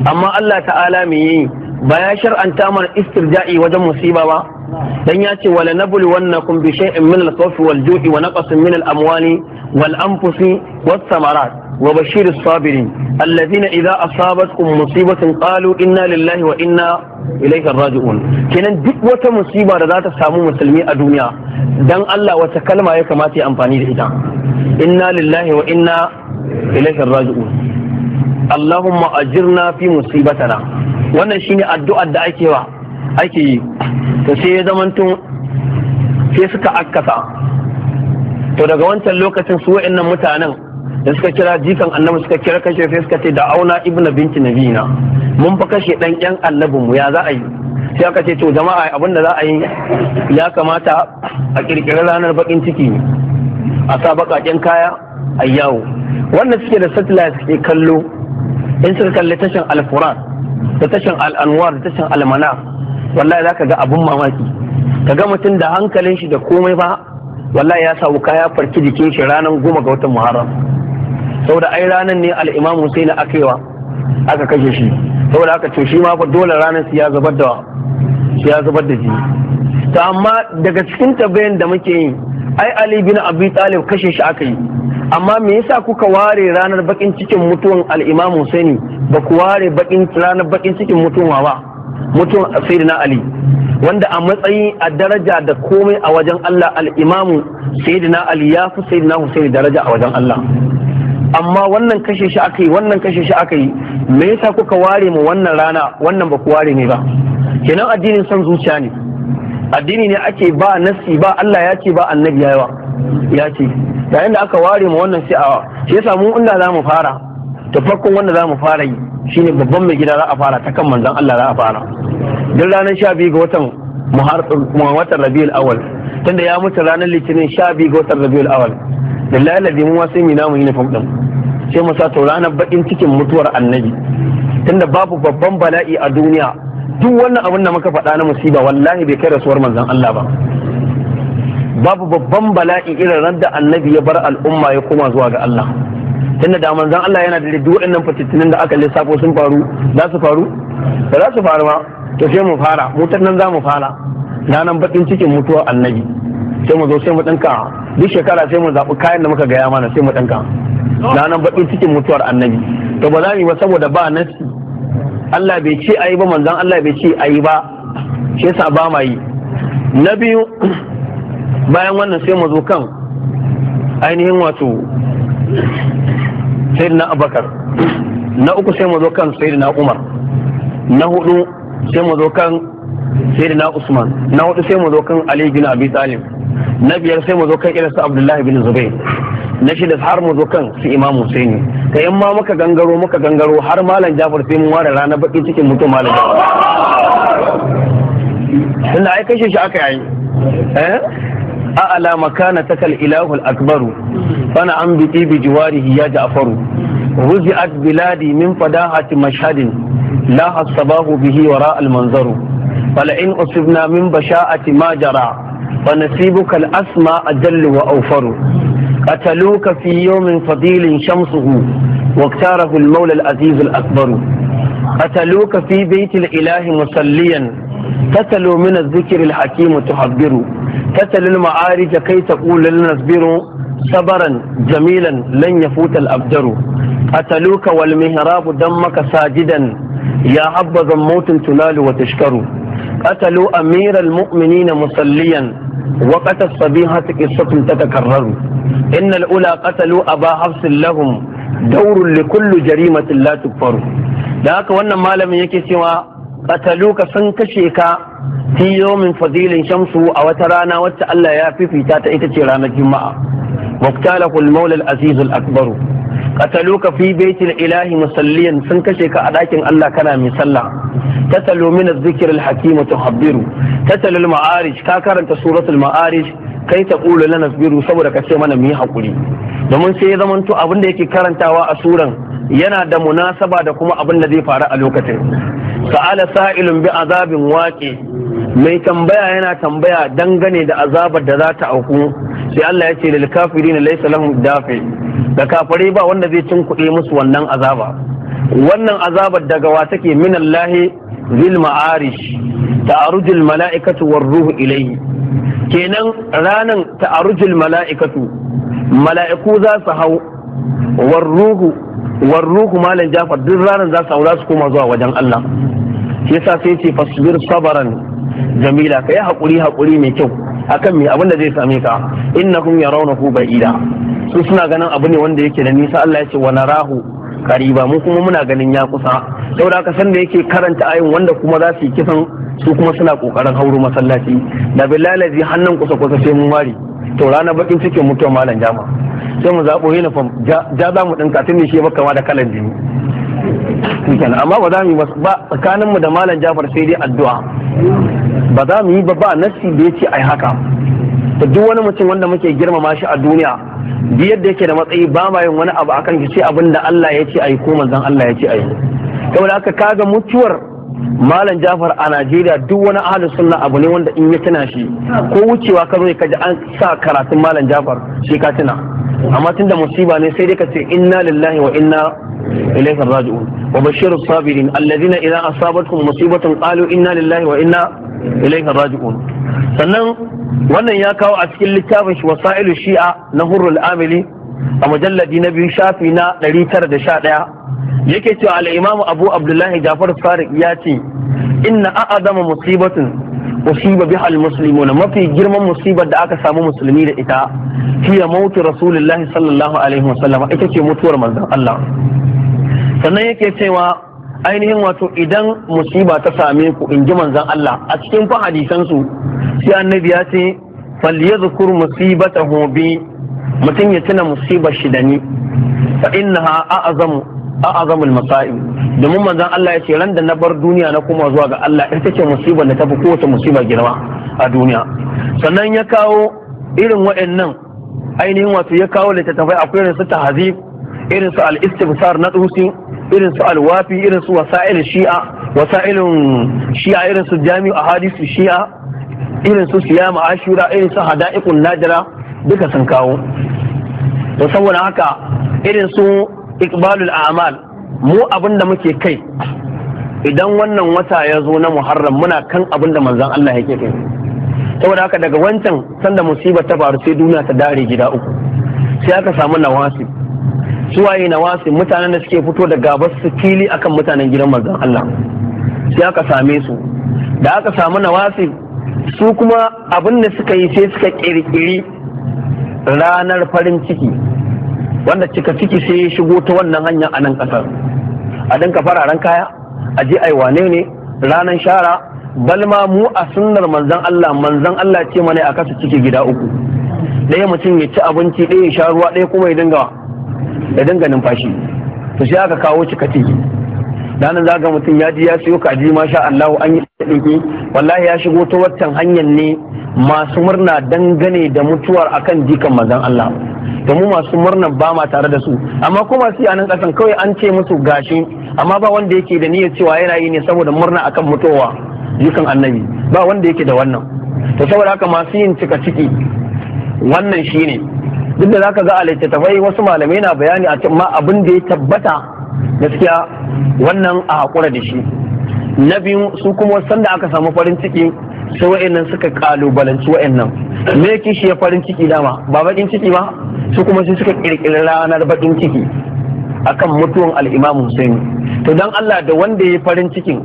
amma Allah ta'ala me yi ba ya shar'anta mana istirja'i wajen musiba ba dan ya ce wala nabul wannakum bi shay'in min al-khawfi wal ju'i wa naqsin min al-amwali wal anfusi was samarat wa bashir as-sabirin alladhina idza asabatkum musibatun qalu inna lillahi wa inna ilayhi raji'un kenan duk wata musiba da za ta samu musulmi a duniya dan Allah wata kalma ya kamata ya amfani da ita inna lillahi wa inna ilayhi raji'un Allahumma ajirna fi musibatana wannan shine addu'ar da ake wa ake yi to sai ya tun sai suka akasa to daga wancan lokacin su wa'annan mutanen da suka kira jikan annabi suka kira kashe sai suka ce da auna ibnu binti nabina mun fa kashe dan yan annabin mu ya za a yi sai aka ce to jama'a abin da za a yi ya kamata a kirkiri ranar baƙin ciki a sa kaya a yawo Wannan suke da satellite ke kallo in suka kalli tashin alfuran da tashin al'anwar da tashin almana wallahi za ka ga abun mamaki ka ga mutum da hankalin shi da komai ba wallahi ya sa wuka ya farki jikin shi ranar goma ga watan muharram saboda ai ranar ne al'imam na akewa aka kashe shi saboda aka to shi ma dole ranar su ya zubar da su ya zubar da jini to amma daga cikin tabbayan da muke yi ai ali bin abi talib kashe shi aka yi amma me yasa kuka ware ranar bakin cikin mutuwan al-imam husaini ba ku ware bakin ranar bakin cikin mutuwa ba mutuwan sayyidina ali wanda a matsayi a daraja da komai a wajen Allah al-imam sayyidina ali ya fi sayyidina husaini daraja a wajen Allah amma wannan kashe shi aka yi wannan kashe shi aka yi me yasa kuka ware mu wannan rana wannan ba ku ware ne ba kenan addinin son zuciya ne addini ne ake ba nasi ba Allah ya ce ba annabi yawa ya ce yayin da aka ware mu wannan sai a sai yasa mu inda za mu fara ta farkon wanda za mu fara yi shine babban mai gida za a fara ta kan manzon Allah za a fara duk ranar sha ga watan watan rabiul awal tunda ya mutu ranar litinin sha biyu ga watan rabiul awal lillahi ladhi mu sai mu namu yi na sai mu sa to ranar bakin cikin mutuwar annabi tunda babu babban bala'i a duniya duk wannan abin da muka faɗa na musiba wallahi bai kai rasuwar manzon Allah ba babu babban bala'i irin ran da annabi ya bar al'umma ya koma zuwa ga Allah tunda da manzon Allah yana da duk waɗannan fitinin da aka lissafo sun faru za su faru ba za su faru ba to sai mu fara mutar nan za mu fara ranan bakin cikin mutuwar annabi sai mu zo sai mu ɗinka duk shekara sai mu zaɓi kayan da muka gaya mana sai mu ɗinka ranar bakin cikin mutuwar annabi to ba za mu yi ba saboda ba nasi Allah bai ce ayi ba manzon Allah bai ce ayi ba shi yasa ba ma yi na biyu bayan wannan sai mu zo kan ainihin wato sayyidina abakar na uku sai mu zo kan sayyidina umar na hudu sai mu zo kan sayyidina usman na hudu sai mu zo kan ali bin abi talib na biyar sai mu zo kan irinsu abdullahi bin zubair na shida har mu zo kan su imam husaini ta yamma muka gangaro muka gangaro har malam jafar sai mun ware rana baki cikin mutum malam jafar tunda ai kashe shi aka yi eh a'ala makana takal ilahul akbaru fana an bi bi jiwarihi ya ja'faru رجعت بلادي من فداهة مشهد لاها الصباح به وراء المنظر ولئن أصبنا من بشاءة ما جرى فنسيبك jallu أجل وأوفر قتلوك في يوم فضيل شمسه واختاره المولى العزيز الأكبر قتلوك في بيت الإله مصليا تتلو من الذكر الحكيم تحبر تتلو المعارج كي تقول اصبروا صبرا جميلا لن يفوت الأبدر قتلوك والمهراب دمك ساجدا يا حبذا موت تنال وتشكر قتلوا أمير المؤمنين مصليا وقت الصبيحة قصة تتكرر إن الأولى قتلوا أبا حفص لهم دور لكل جريمة لا تكفر ذاك وأن ما لم يكسوا قتلوك سنكشيك في يوم فضيل شمس أو ترانا وتألا يا في في تاتا إتتي رانا جمعة واقتاله المولى العزيز الأكبر qataluka fi baitil ilahi musalliyan sun kashe ka a dakin Allah kana mai sallah tatalu min az-zikr al-hakim tuhabbiru tatalu al-ma'arij ka karanta suratul ma'arij kai ta qulu lana sabiru saboda ka ce mana mu yi hakuri domin sai ya zamanto abin da yake karantawa a suran yana da munasaba da kuma abin da zai faru a lokacin sa'ala sa'ilun bi azabin waƙi mai tambaya yana tambaya dangane da azabar da za ta auku sai Allah ya ce lil kafirin laysa lahum dafi da kafare ba wanda zai cin kuɗi musu wannan azaba wannan azabar daga wa take min Allah zil ma'arish ta'arujul mala'ikatu war ruhu ilayhi kenan ranan ta'arujul mala'ikatu mala'iku za su hau war ruhu war ruhu malam Jafar duk ranan za su hau za su koma zuwa wajen Allah shi yasa sai ce fasbir sabaran jamila kai hakuri hakuri mai kyau akan mai abin da zai same ka innahum yarawnahu ba'ida su suna ganin abu ne wanda yake da nisa Allah ya ce wa narahu kariba mu kuma muna ganin ya kusa saboda haka san da yake karanta ayin wanda kuma za su yi kisan su kuma suna kokarin hauru masallaci da billahi hannun kusa kusa sai mun ware to rana bakin cikin mutuwa malam jama sai mu zaɓo yunifom ja za mu ɗinka tun da shi ya kama da kalan jini shikenan amma ba za mu yi ba tsakanin mu da malam Jafar sai dai addu'a ba za mu yi ba ba nassi da yace ai haka to duk wani mutum wanda muke girmama shi a duniya duk yadda yake da matsayi ba ma yin wani abu akan ki ce abin da Allah ya ce ai ko manzon Allah ya ce ai saboda haka kaga mutuwar malam jafar a najeriya duk wani ahalin sunna abu ne wanda in ya tuna shi ko wucewa ka zo ka ji an sa karatun malam jafar shi ka tuna amma tun da musiba ne sai dai ka ce inna lillahi wa inna ilaihi raji'un wa bashiru sabirin alladhina idza asabatkum musibatun qalu inna lillahi wa inna ilaihi raji'un sannan wannan ya kawo a cikin littafin shi wasailu shi'a na hurrul amili a mujalladi na biyu shafi na 911 yake cewa al-imam abu abdullahi jafar farik ya ce inna a'adama musibatin musiba biha al-muslimun mafi girman musibar da aka samu musulmi da ita hiya mautu rasulullahi sallallahu alaihi wasallam ita ce mutuwar manzon Allah sannan yake cewa ainihin wato idan musiba ta same ku in ji manzan Allah a cikin fa hadisan sai annabi ya ce musiba ta bi mutum ya tuna musibar shi da ni fa innaha a'zamu a'zamul masa'ib domin manzon Allah ya ce ran da na bar duniya na kuma zuwa ga Allah ta ce musibar da tafi kowace musiba girma a duniya sannan ya kawo irin waɗannan ainihin wato ya kawo littattafai akwai irin su tahazib irin su al na dusi irin su alwafi irin su wasa'il shi'a wasa'ilun shi'a irin su jami'u ahadisu shi'a irin su siyama ashura irin su hada'ikun nadira duka sun kawo to saboda haka irin su iqbalul a'mal mu abin da muke kai idan wannan wata ya zo na muharram muna kan abin da manzon Allah yake kai saboda haka daga wancan sanda musiba ta faru sai duniya ta dare gida uku sai aka samu nawasi suwaye nawasi mutanen da suke fito da gabas su fili akan mutanen gidan manzon Allah sai aka same su da aka samu nawasi su kuma abin da suka yi sai suka ƙirƙiri ranar farin ciki wanda cika ciki sai ya shigo ta wannan hanyar a nan ƙasar a dinka fararen kaya a je ai wane ne ranar shara balma mu a sunnar manzan Allah manzan Allah ce mana a kasa ciki gida uku ɗaya mutum ya ci abinci ɗaya ya sha ruwa ɗaya kuma ya ya dinga numfashi to sai aka kawo cika ciki za ga mutum ya ji ya siyo kaji masha Allah, an yi ɗinki wallahi ya shigo ta waccan hanyar ne masu murna dangane da mutuwar akan jikan mazan Allah da mu masu murna ba ma tare da su amma kuma su nan kasan kawai an ce musu gashi amma ba wanda yake da niyyar cewa yana yi ne saboda murna akan mutuwa jikan annabi ba wanda yake da wannan to saboda haka masu yin cika ciki wannan shine duk da zaka ga a littattafai wasu malamai na bayani a ma abin da ya tabbata gaskiya wannan a haƙura da shi na biyu su kuma sanda aka samu farin ciki sai wa'annan suka kalubalanci wa'annan me yake shi ya farin ciki dama ba bakin ciki ba su kuma sai suka kirkiri ranar bakin ciki akan mutuwan al-Imam Hussein to dan Allah da wanda ya farin cikin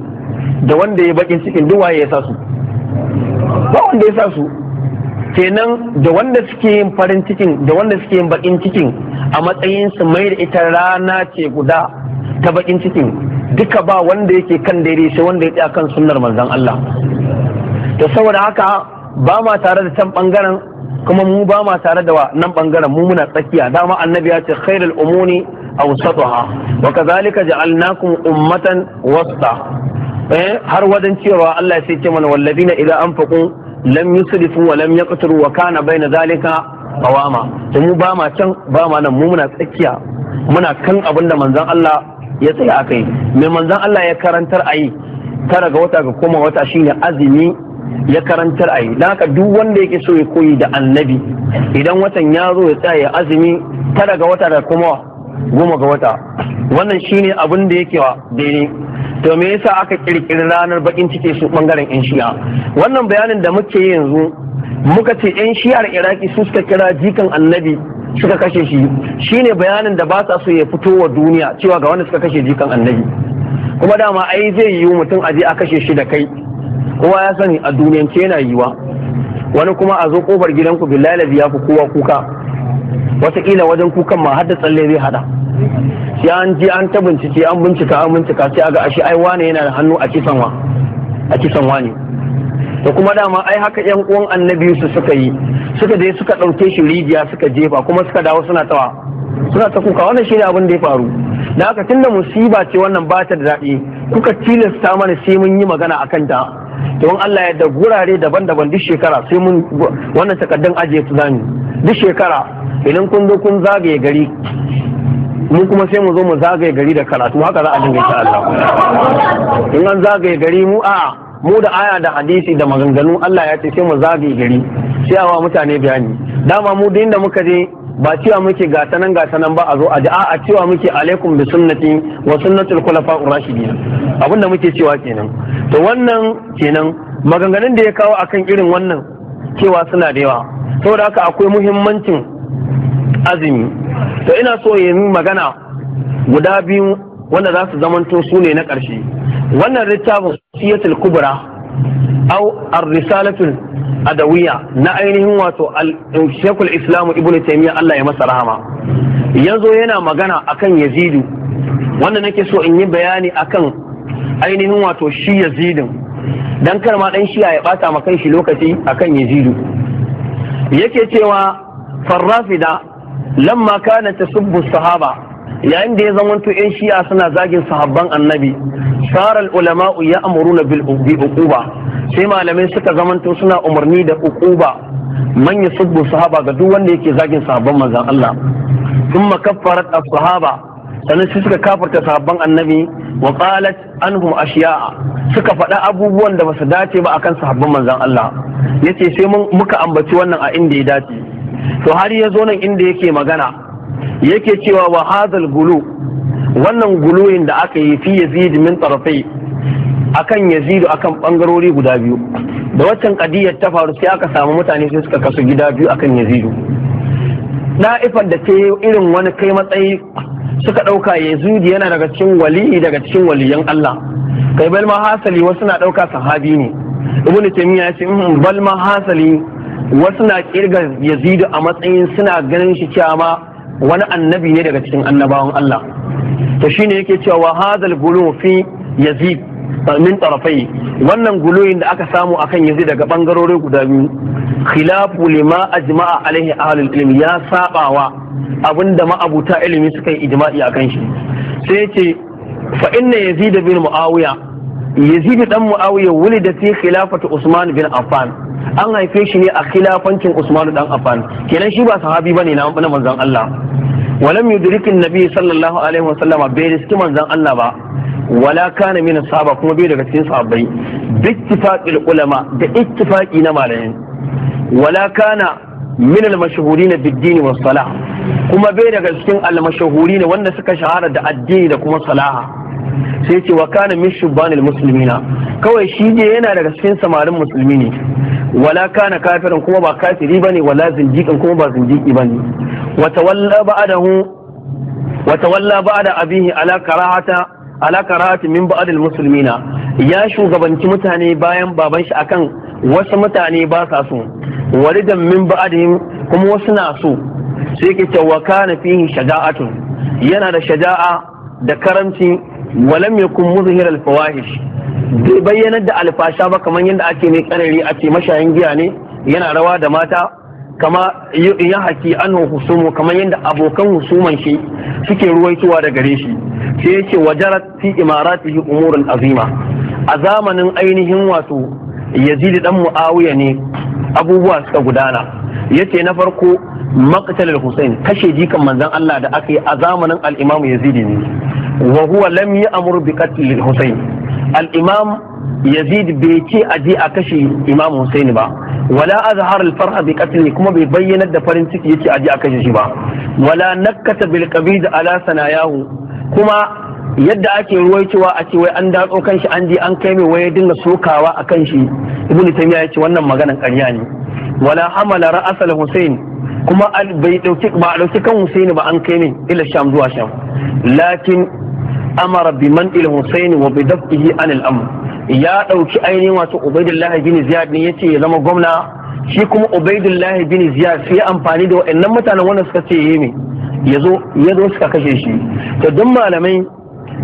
da wanda ya bakin cikin duk waye ya sa su ba wanda ya sa su kenan da wanda suke yin farin cikin da wanda suke yin bakin cikin a matsayin su mai da ita rana ce guda Ta bakin cikin duka ba wanda yake kan daidai sai wanda ya tsaya kan sunnar manzon Allah to saboda haka ba ma tare da can bangaren kuma mu ba ma tare da nan bangaren mu muna tsakiya dama annabi ya ce khairul umuni awsatuha wa kadhalika ja'alnakum ummatan wasta eh har wadan cewa Allah sai ce mana walladina idza anfaqu lam yusrifu wa lam yaqturu wa kana baina zalika qawama to mu ba ma can ba ma nan mu muna tsakiya muna kan abinda manzon Allah ya tsaya aka yi mai manzan Allah ya karantar a yi tara ga wata ga koma wata shine azumi ya karantar a yi don haka duk wanda yake so ya koyi da annabi idan watan ya zo ya tsaya azumi tara ga wata da koma goma ga wata wannan shine abin da yake wa daidai to me yasa aka kirkiri ranar bakin cike su bangaren yan shi'a wannan bayanin da muke yanzu muka ce yan shi'ar iraki su suka kira jikan annabi suka kashe shi Shi ne bayanin da ba sa so ya fito wa duniya cewa ga wanda suka kashe jikan annabi kuma dama ai zai yiwu mutum aje a kashe shi da kai kowa ya sani a duniyan duniyance yana yiwa wani kuma a zo kofar gidanku billahi ya fi kowa kuka wataƙila wajen kukan ma hadda tsalle zai hada sai an je an ta bincike an bincika an bincika sai a ga ashe ai wane yana da hannu a kisan wa a da kuma dama ai haka yan uwan annabi su suka yi suka je suka ɗauke shi rijiya suka jefa kuma suka dawo suna tawa suna ta kuka wannan shine abin da ya faru da haka tunda musiba ce wannan ba ta da daɗi kuka tilasta mana sai mun yi magana akan ta don Allah ya da gurare daban-daban duk shekara sai mun wannan takaddun ajiye ta zani duk shekara idan kun zo kun zagaye gari mu kuma sai mu zo mu zagaye gari da karatu haka za a dinga insha Allah in an zagaye gari mu a'a mu da aya da hadisi da maganganu Allah ya ce sai mu zabi gari sai awa mutane bayani dama mu da inda muka je ba cewa muke gasa nan gasa nan ba a zo a ji a cewa muke alaikum bi sunnati wa sunnatul khulafa ar-rashidin abinda muke cewa kenan to wannan kenan maganganun da ya kawo akan irin wannan cewa suna da yawa saboda haka akwai muhimmancin azumi to ina so yin magana guda biyu wanda za su zamanto su ne na ƙarshe wannan littafin siyatul kubra au ar-risalatul adawiya na ainihin wato shekul islamu ibn taimiyya Allah ya masa rahama yanzu yana magana akan yazidu wanda nake so in yi bayani akan ainihin wato shi yazidin dan kar ma dan shiya ya bata ma shi lokaci akan yazidu yake cewa farrafida lamma kana tasubbu sahaba yayin da ya zamanto yan shi'a suna zagin sahabban annabi saral ulama'u ya amuruna bil uquba sai malamai suka zamanto suna umarni da uquba man subbu sahaba ga duk wanda yake zagin sahabban manzon Allah thumma kaffarat as-sahaba sannan sai suka kafarta sahabban annabi wa qalat anhum ashiya'a suka faɗa abubuwan da basu dace ba akan sahabban manzon Allah yace sai muka ambaci wannan a inda ya dace to har ya zo nan inda yake magana yake cewa wa hadal gulu wannan guluyin da aka yi fi yazid min tarafai akan yazidu akan bangarori guda biyu da waccan kadiyar ta faru sai aka samu mutane sai suka kasu gida biyu akan yazidu daifan da ta yi irin wani kai matsayi suka ɗauka yazidu yana daga cikin waliyi daga cikin waliyan Allah kai bal ma hasali wasu na ɗauka sahabi ne ibn taymiya ya ce hmm, bal ma hasali wasu na kirga yazidu a matsayin suna ganin shi kyama wani annabi ne daga cikin annabawan Allah to shine yake cewa hadal gulu fi yazid min tarafai wannan guluyin da aka samu akan yazid daga bangarori guda biyu khilafu lima ajma'a alaihi ahlul ilmi ya sabawa abinda ma'abuta ilimi suka yi ijma'i akan shi sai yace fa inna yazid bin muawiya yazid dan muawiya wulida fi khilafatu usman bin affan an haife shi ne a khilafancin usman dan affan kenan shi ba sahabi bane na manzon Allah walam yudrikin nabi sallallahu alaihi wasallama bai riski manzon Allah ba wala kana min sahaba kuma bai daga cikin sahabbai bi ittifaqil ulama da ittifaqi na malamin wala kana min al na bid-din wa salah kuma bai daga cikin al na wanda suka shahara da addini da kuma salaha sai ce wa kana min shubbanil muslimina kawai shi ne yana daga cikin samarin musulmi ne wala kana kafirin kuma ba kafiri bane wala zindiqin kuma ba zindiki bane wa tawalla ba'dahu wa tawalla ba'da abihi ala karahata ala karatu min ba'd muslimina ya shugabanci mutane bayan baban shi akan wasu mutane ba sa so walidan min ba'dihim kuma wasu na so sai ke cewa kana fihi shaja'atun yana da shaja'a da karamci walam yakun muzhir fawahish bai bayyanar da alfasha ba kamar yadda ake ne karari a ce mashayin giya ne yana rawa da mata kama ya haki an husumu kamar yadda abokan husuman shi suke ruwaitowa da gare shi sai ya ce wajarat fi imaratihi umurin azima a zamanin ainihin wato yazid ɗan muawiya ne abubuwa suka gudana yace na farko maqtal al-husayn kashe jikan manzon Allah da aka yi a zamanin al-imam yazid ne wa huwa lam ya'mur bi qatl al-husayn al yazid bai ce a je a kashe imam husaini ba wala azhar al farha bi qatli kuma bai bayyanar da farin ciki yace a je a kashe shi ba wala nakata bil qabid ala sanayahu kuma yadda ake ruwaicewa a ce wai an datso kan shi an je an kai mai waye dinga sokawa a kan shi ibnu taymiya yace wannan maganan ƙarya ne wala hamala ra'as al husayn kuma bai dauki ba dauki kan husaini ba an kai ne ila sham zuwa sham lakin amara bi man il husaini wa bi dafihi an al amr ya ɗauki ainihin wato Ubaidullah bin Ziyad ne yace ya zama gwamna shi kuma Ubaidullah bin Ziyad sai amfani da waɗannan mutanen wanda suka ce yi eh me yazo yazo suka kashe shi to duk malamai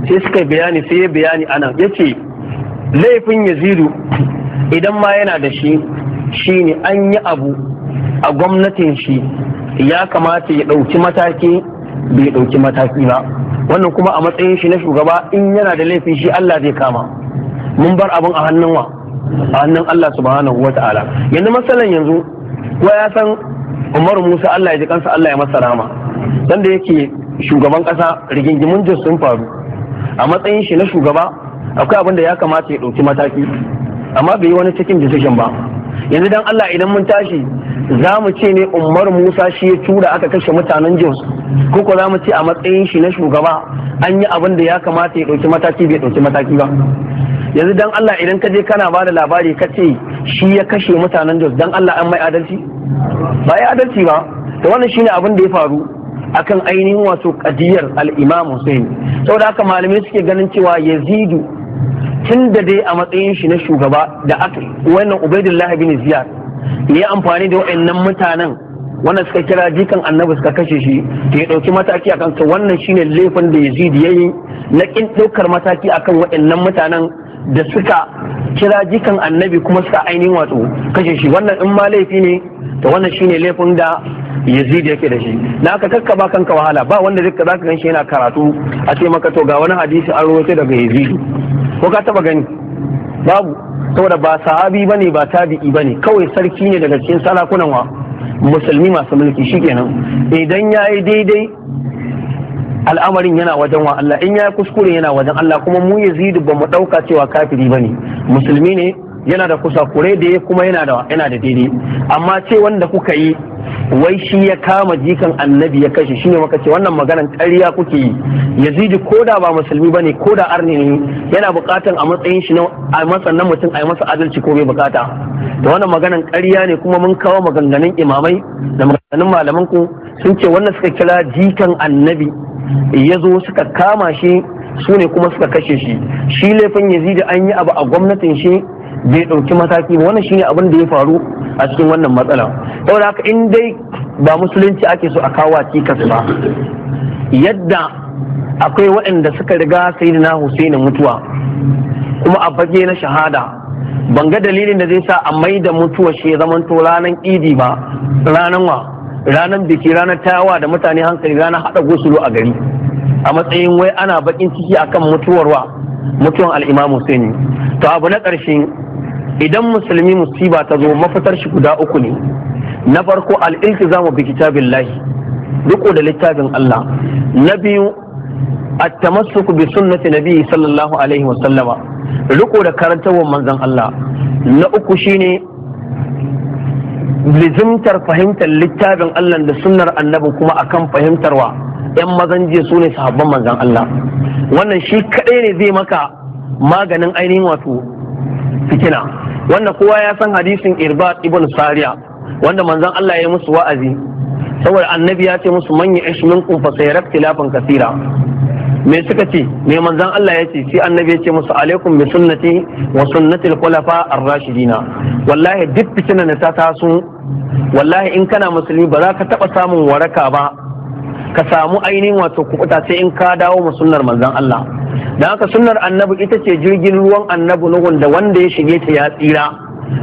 sai suka bayani sai ya bayani ana yace laifin Yazidu idan ma yana da shi shine an yi abu a gwamnatin shi ya kamata ya ɗauki mataki bai ɗauki mataki ba wannan kuma a matsayin shi na shugaba in yana da laifin shi Allah zai kama mun bar abin a hannun wa a hannun Allah subhanahu wa ta'ala yanzu masalan yanzu ko ya san Umaru Musa Allah ya ji kansa Allah ya masa rama dan da yake shugaban kasa rigingimin jin sun faru a matsayin shi na shugaba akwai abin da ya kamata ya ɗauki mataki amma bai yi wani cikin decision ba yanzu dan Allah idan mun tashi za mu ce ne Umar Musa shi ya tura aka kashe mutanen Jos ko ko za mu ce a matsayin shi na shugaba an yi abin da ya kamata ya ɗauki mataki bai ɗauki mataki ba yanzu dan Allah idan ka je kana bada labari ka ce shi ya kashe mutanen Jos dan Allah an mai adalci ba ya adalci ba Da wannan shine abin da ya faru akan ainihin wato kadiyar al-Imam Hussein saboda haka malamai suke ganin cewa Yazidu tun da dai a matsayin shi na shugaba da aka wannan Ubaidullah bin Ziyad ne amfani da waɗannan mutanen wanda suka kira jikan annabi suka kashe shi to ya ɗauki mataki a kansa wannan shine laifin da yazid ya yi na kin ɗaukar mataki akan waɗannan mutanen da suka kira jikan annabi kuma suka ainihin wato kashe shi wannan in ma laifi ne to wannan shine laifin da yazid yake da shi na aka kakka ba kanka wahala ba wanda zaka ka ganshi yana karatu a ce maka to ga wani hadisi an rawaito daga yazid ko ka taba gani babu saboda ba sahabi bane ba tabi'i bane kawai sarki ne daga cikin salakunan wa musulmi masu mulki shikenan idan ya yi daidai al'amarin yana wajen wa Allah in ya kuskure yana wajen Allah kuma mu yazidu ba mu ɗauka cewa kafiri ba ne musulmi ne yana da kusa kure da ya kuma yana da yana da daidai amma ce wanda kuka yi wai shi ya kama jikan annabi ya kashe shine maka ce wannan maganan ƙarya kuke yi yazidi ko da ba musulmi bane ko da arni ne yana buƙatan a matsayin shi na matsan nan mutum a yi masa adalci ko bai buƙata da wannan maganan ƙarya ne kuma mun kawo maganganun imamai da maganganun malaman ku sun ce wannan suka kira jikan annabi ya zo suka kama shi su ne kuma suka kashe shi shi laifin yazidi an yi abu a gwamnatin shi bai ɗauki mataki ba wannan shine abin da ya faru a cikin wannan matsala saboda haka in dai ba musulunci ake so a kawo cikas ba yadda akwai waɗanda suka riga sayyidina Husaini mutuwa kuma a fage na shahada ban ga dalilin da zai sa a mai da mutuwa shi ya zamanto ranar idi ba ranar wa ranar biki ranar tawa da mutane hankali ranar haɗa gosulo a gari a matsayin wai ana bakin ciki akan mutuwar wa mutuwan al-Imam to abu na ƙarshe idan musulmi musiba ta zo mafitar shi guda uku ne na farko al-iltizamu bi kitabillahi riko da littafin Allah na biyu التمسك بسنة نبي Sallallahu alaihi wa sallama. رقو da karantarwar manzon Allah na uku shine lizimtar fahimtar littafin Allah da sunnar annabi kuma akan fahimtarwa yan mazan jiya su ne sahabban manzan Allah wannan shi kadai ne zai maka maganin ainihin wato fitina wannan kowa ya san hadisin irbat ibn sariya wanda manzan Allah ya musu wa'azi saboda annabi ya ce musu manya ish minkum fa sayara lafin kaseera me suka ce me manzan Allah ya ce sai annabi ya ce musu alaikum bi sunnati wa sunnati al-khulafa ar-rashidina wallahi duk fitinan da ta taso wallahi in kana musulmi ba za ka taba samun waraka ba ka samu ainihin wato kubuta sai in ka dawo ma sunnar manzon Allah Da haka sunnar annabi ita ce jirgin ruwan annabi na wanda wanda ya shige ta ya tsira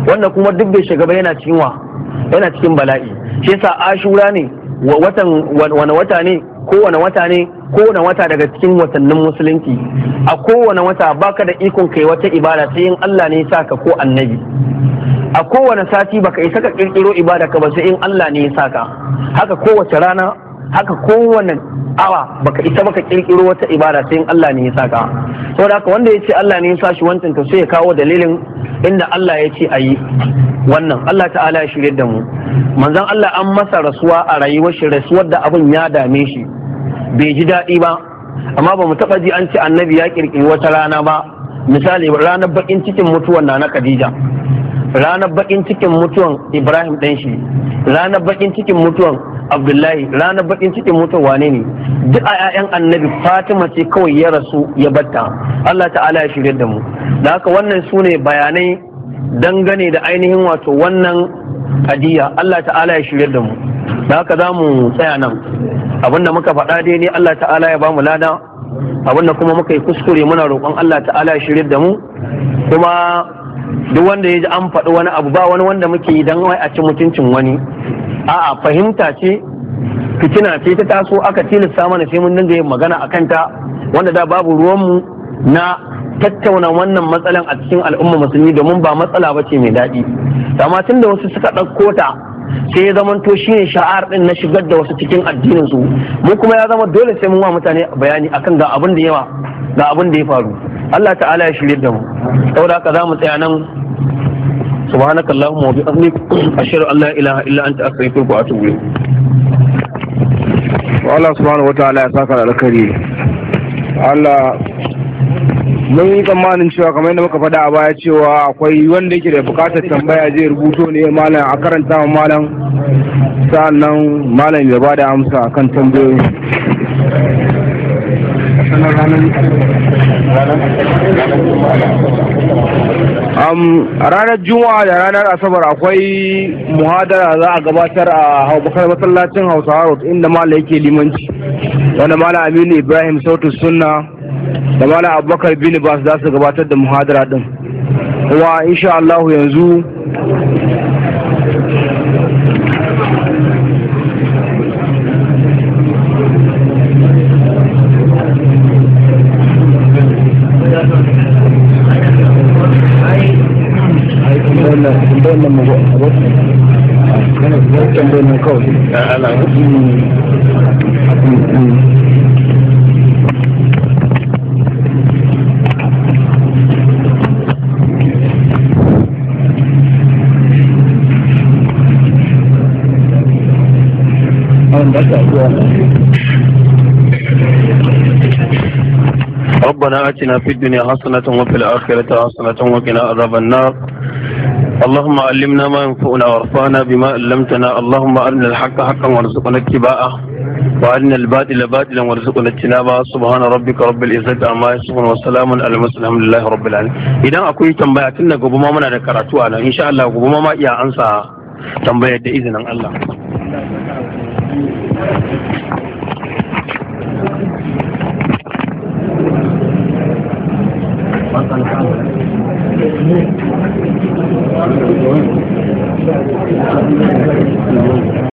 wanda kuma duk bai shiga ba yana cikin yana cikin bala'i shi yasa ashura ne watan wani wata ne kowane wata ne kowane wata daga cikin watannin musulunci a kowane wata baka da ikon kai wata ibada sai in Allah ne ya saka ko annabi a kowane sati baka isa ka kirkiro ibada ka ba sai in Allah ne ya saka haka kowace rana haka kowane awa baka isa baka kirkiro wata ibada sai in Allah ne ya saka saboda haka wanda ya ce Allah ne ya sa shi wancan to sai ya kawo dalilin inda Allah ya ce ayi wannan Allah ta'ala ya shirye da mu manzon Allah an masa rasuwa a rayuwar shi rasuwar da abun ya dame shi bai ji daɗi ba amma ba mu taɓa ji an ce annabi ya kirkiri wata rana ba misali ranar bakin cikin mutuwar na na Khadija ranar bakin cikin mutuwan ibrahim dan shi ranar bakin cikin mutuwan abdullahi ranar bakin cikin mutuwan wane ne duk a 'ya'yan annabi fatima ce kawai ya rasu ya batta allah ta'ala ya shirya da mu da haka wannan su ne bayanai dangane da ainihin wato wannan hadiya allah ta'ala ya shirya da mu da haka za mu tsaya nan abinda muka faɗa dai ne allah ta'ala ya bamu mu lada abinda kuma muka yi kuskure muna roƙon allah ta'ala ya shirya da mu kuma duk wanda ya ji an faɗi wani abu ba wani wanda muke yi don wai a ci mutuncin wani a'a fahimta ce fitina ce ta taso aka tilasta mana sai mun dinga yin magana a kanta wanda da babu ruwanmu na tattauna wannan matsalan a cikin al'umma musulmi domin ba matsala ba ce mai daɗi amma tun da wasu suka ɗauko ta sai ya zama to shine sha'ar din na shigar da wasu cikin addinin su mu kuma ya zama dole sai mun wa mutane bayani akan ga abin da yawa ga abin da ya faru Allah ta'ala ya shirye da mu saboda haka za mu tsaya nan subhanakallahumma wa bihamdik ashhadu an la ilaha illa anta astaghfiruka wa atubu ilayk Allah subhanahu wa ta'ala ya saka da Allah mun yi tsammanin cewa kamar yadda muka faɗa a baya cewa akwai wanda yake da buƙatar tambaya zai rubuto ne malam a karanta wa malam sa'annan malam ya bada amsa kan tambayoyi ranar juma'a da ranar asabar akwai muhadara za a gabatar a bakar masallacin hausawa inda malam yake limanci wanda malam aminu ibrahim sautu sunna da malam abubakar bin za su gabatar da muhadara din kuma insha Allah yanzu ربنا آتنا في الدنيا حسنة وفي الآخرة حسنة وقنا عذاب النار اللهم علمنا ما ينفعنا وارفعنا بما علمتنا اللهم أرنا الحق حقا وارزقنا اتباعه وأرنا الباطل باطلا وارزقنا اجتنابه سبحان ربك رب العزة عما يصفون وسلام على المرسلين الحمد لله رب العالمين إذا أكون تنبيه تنا gobe ma muna da karatu a nan insha Allah gobe ma ma iya ansa tambayar da izinin Allah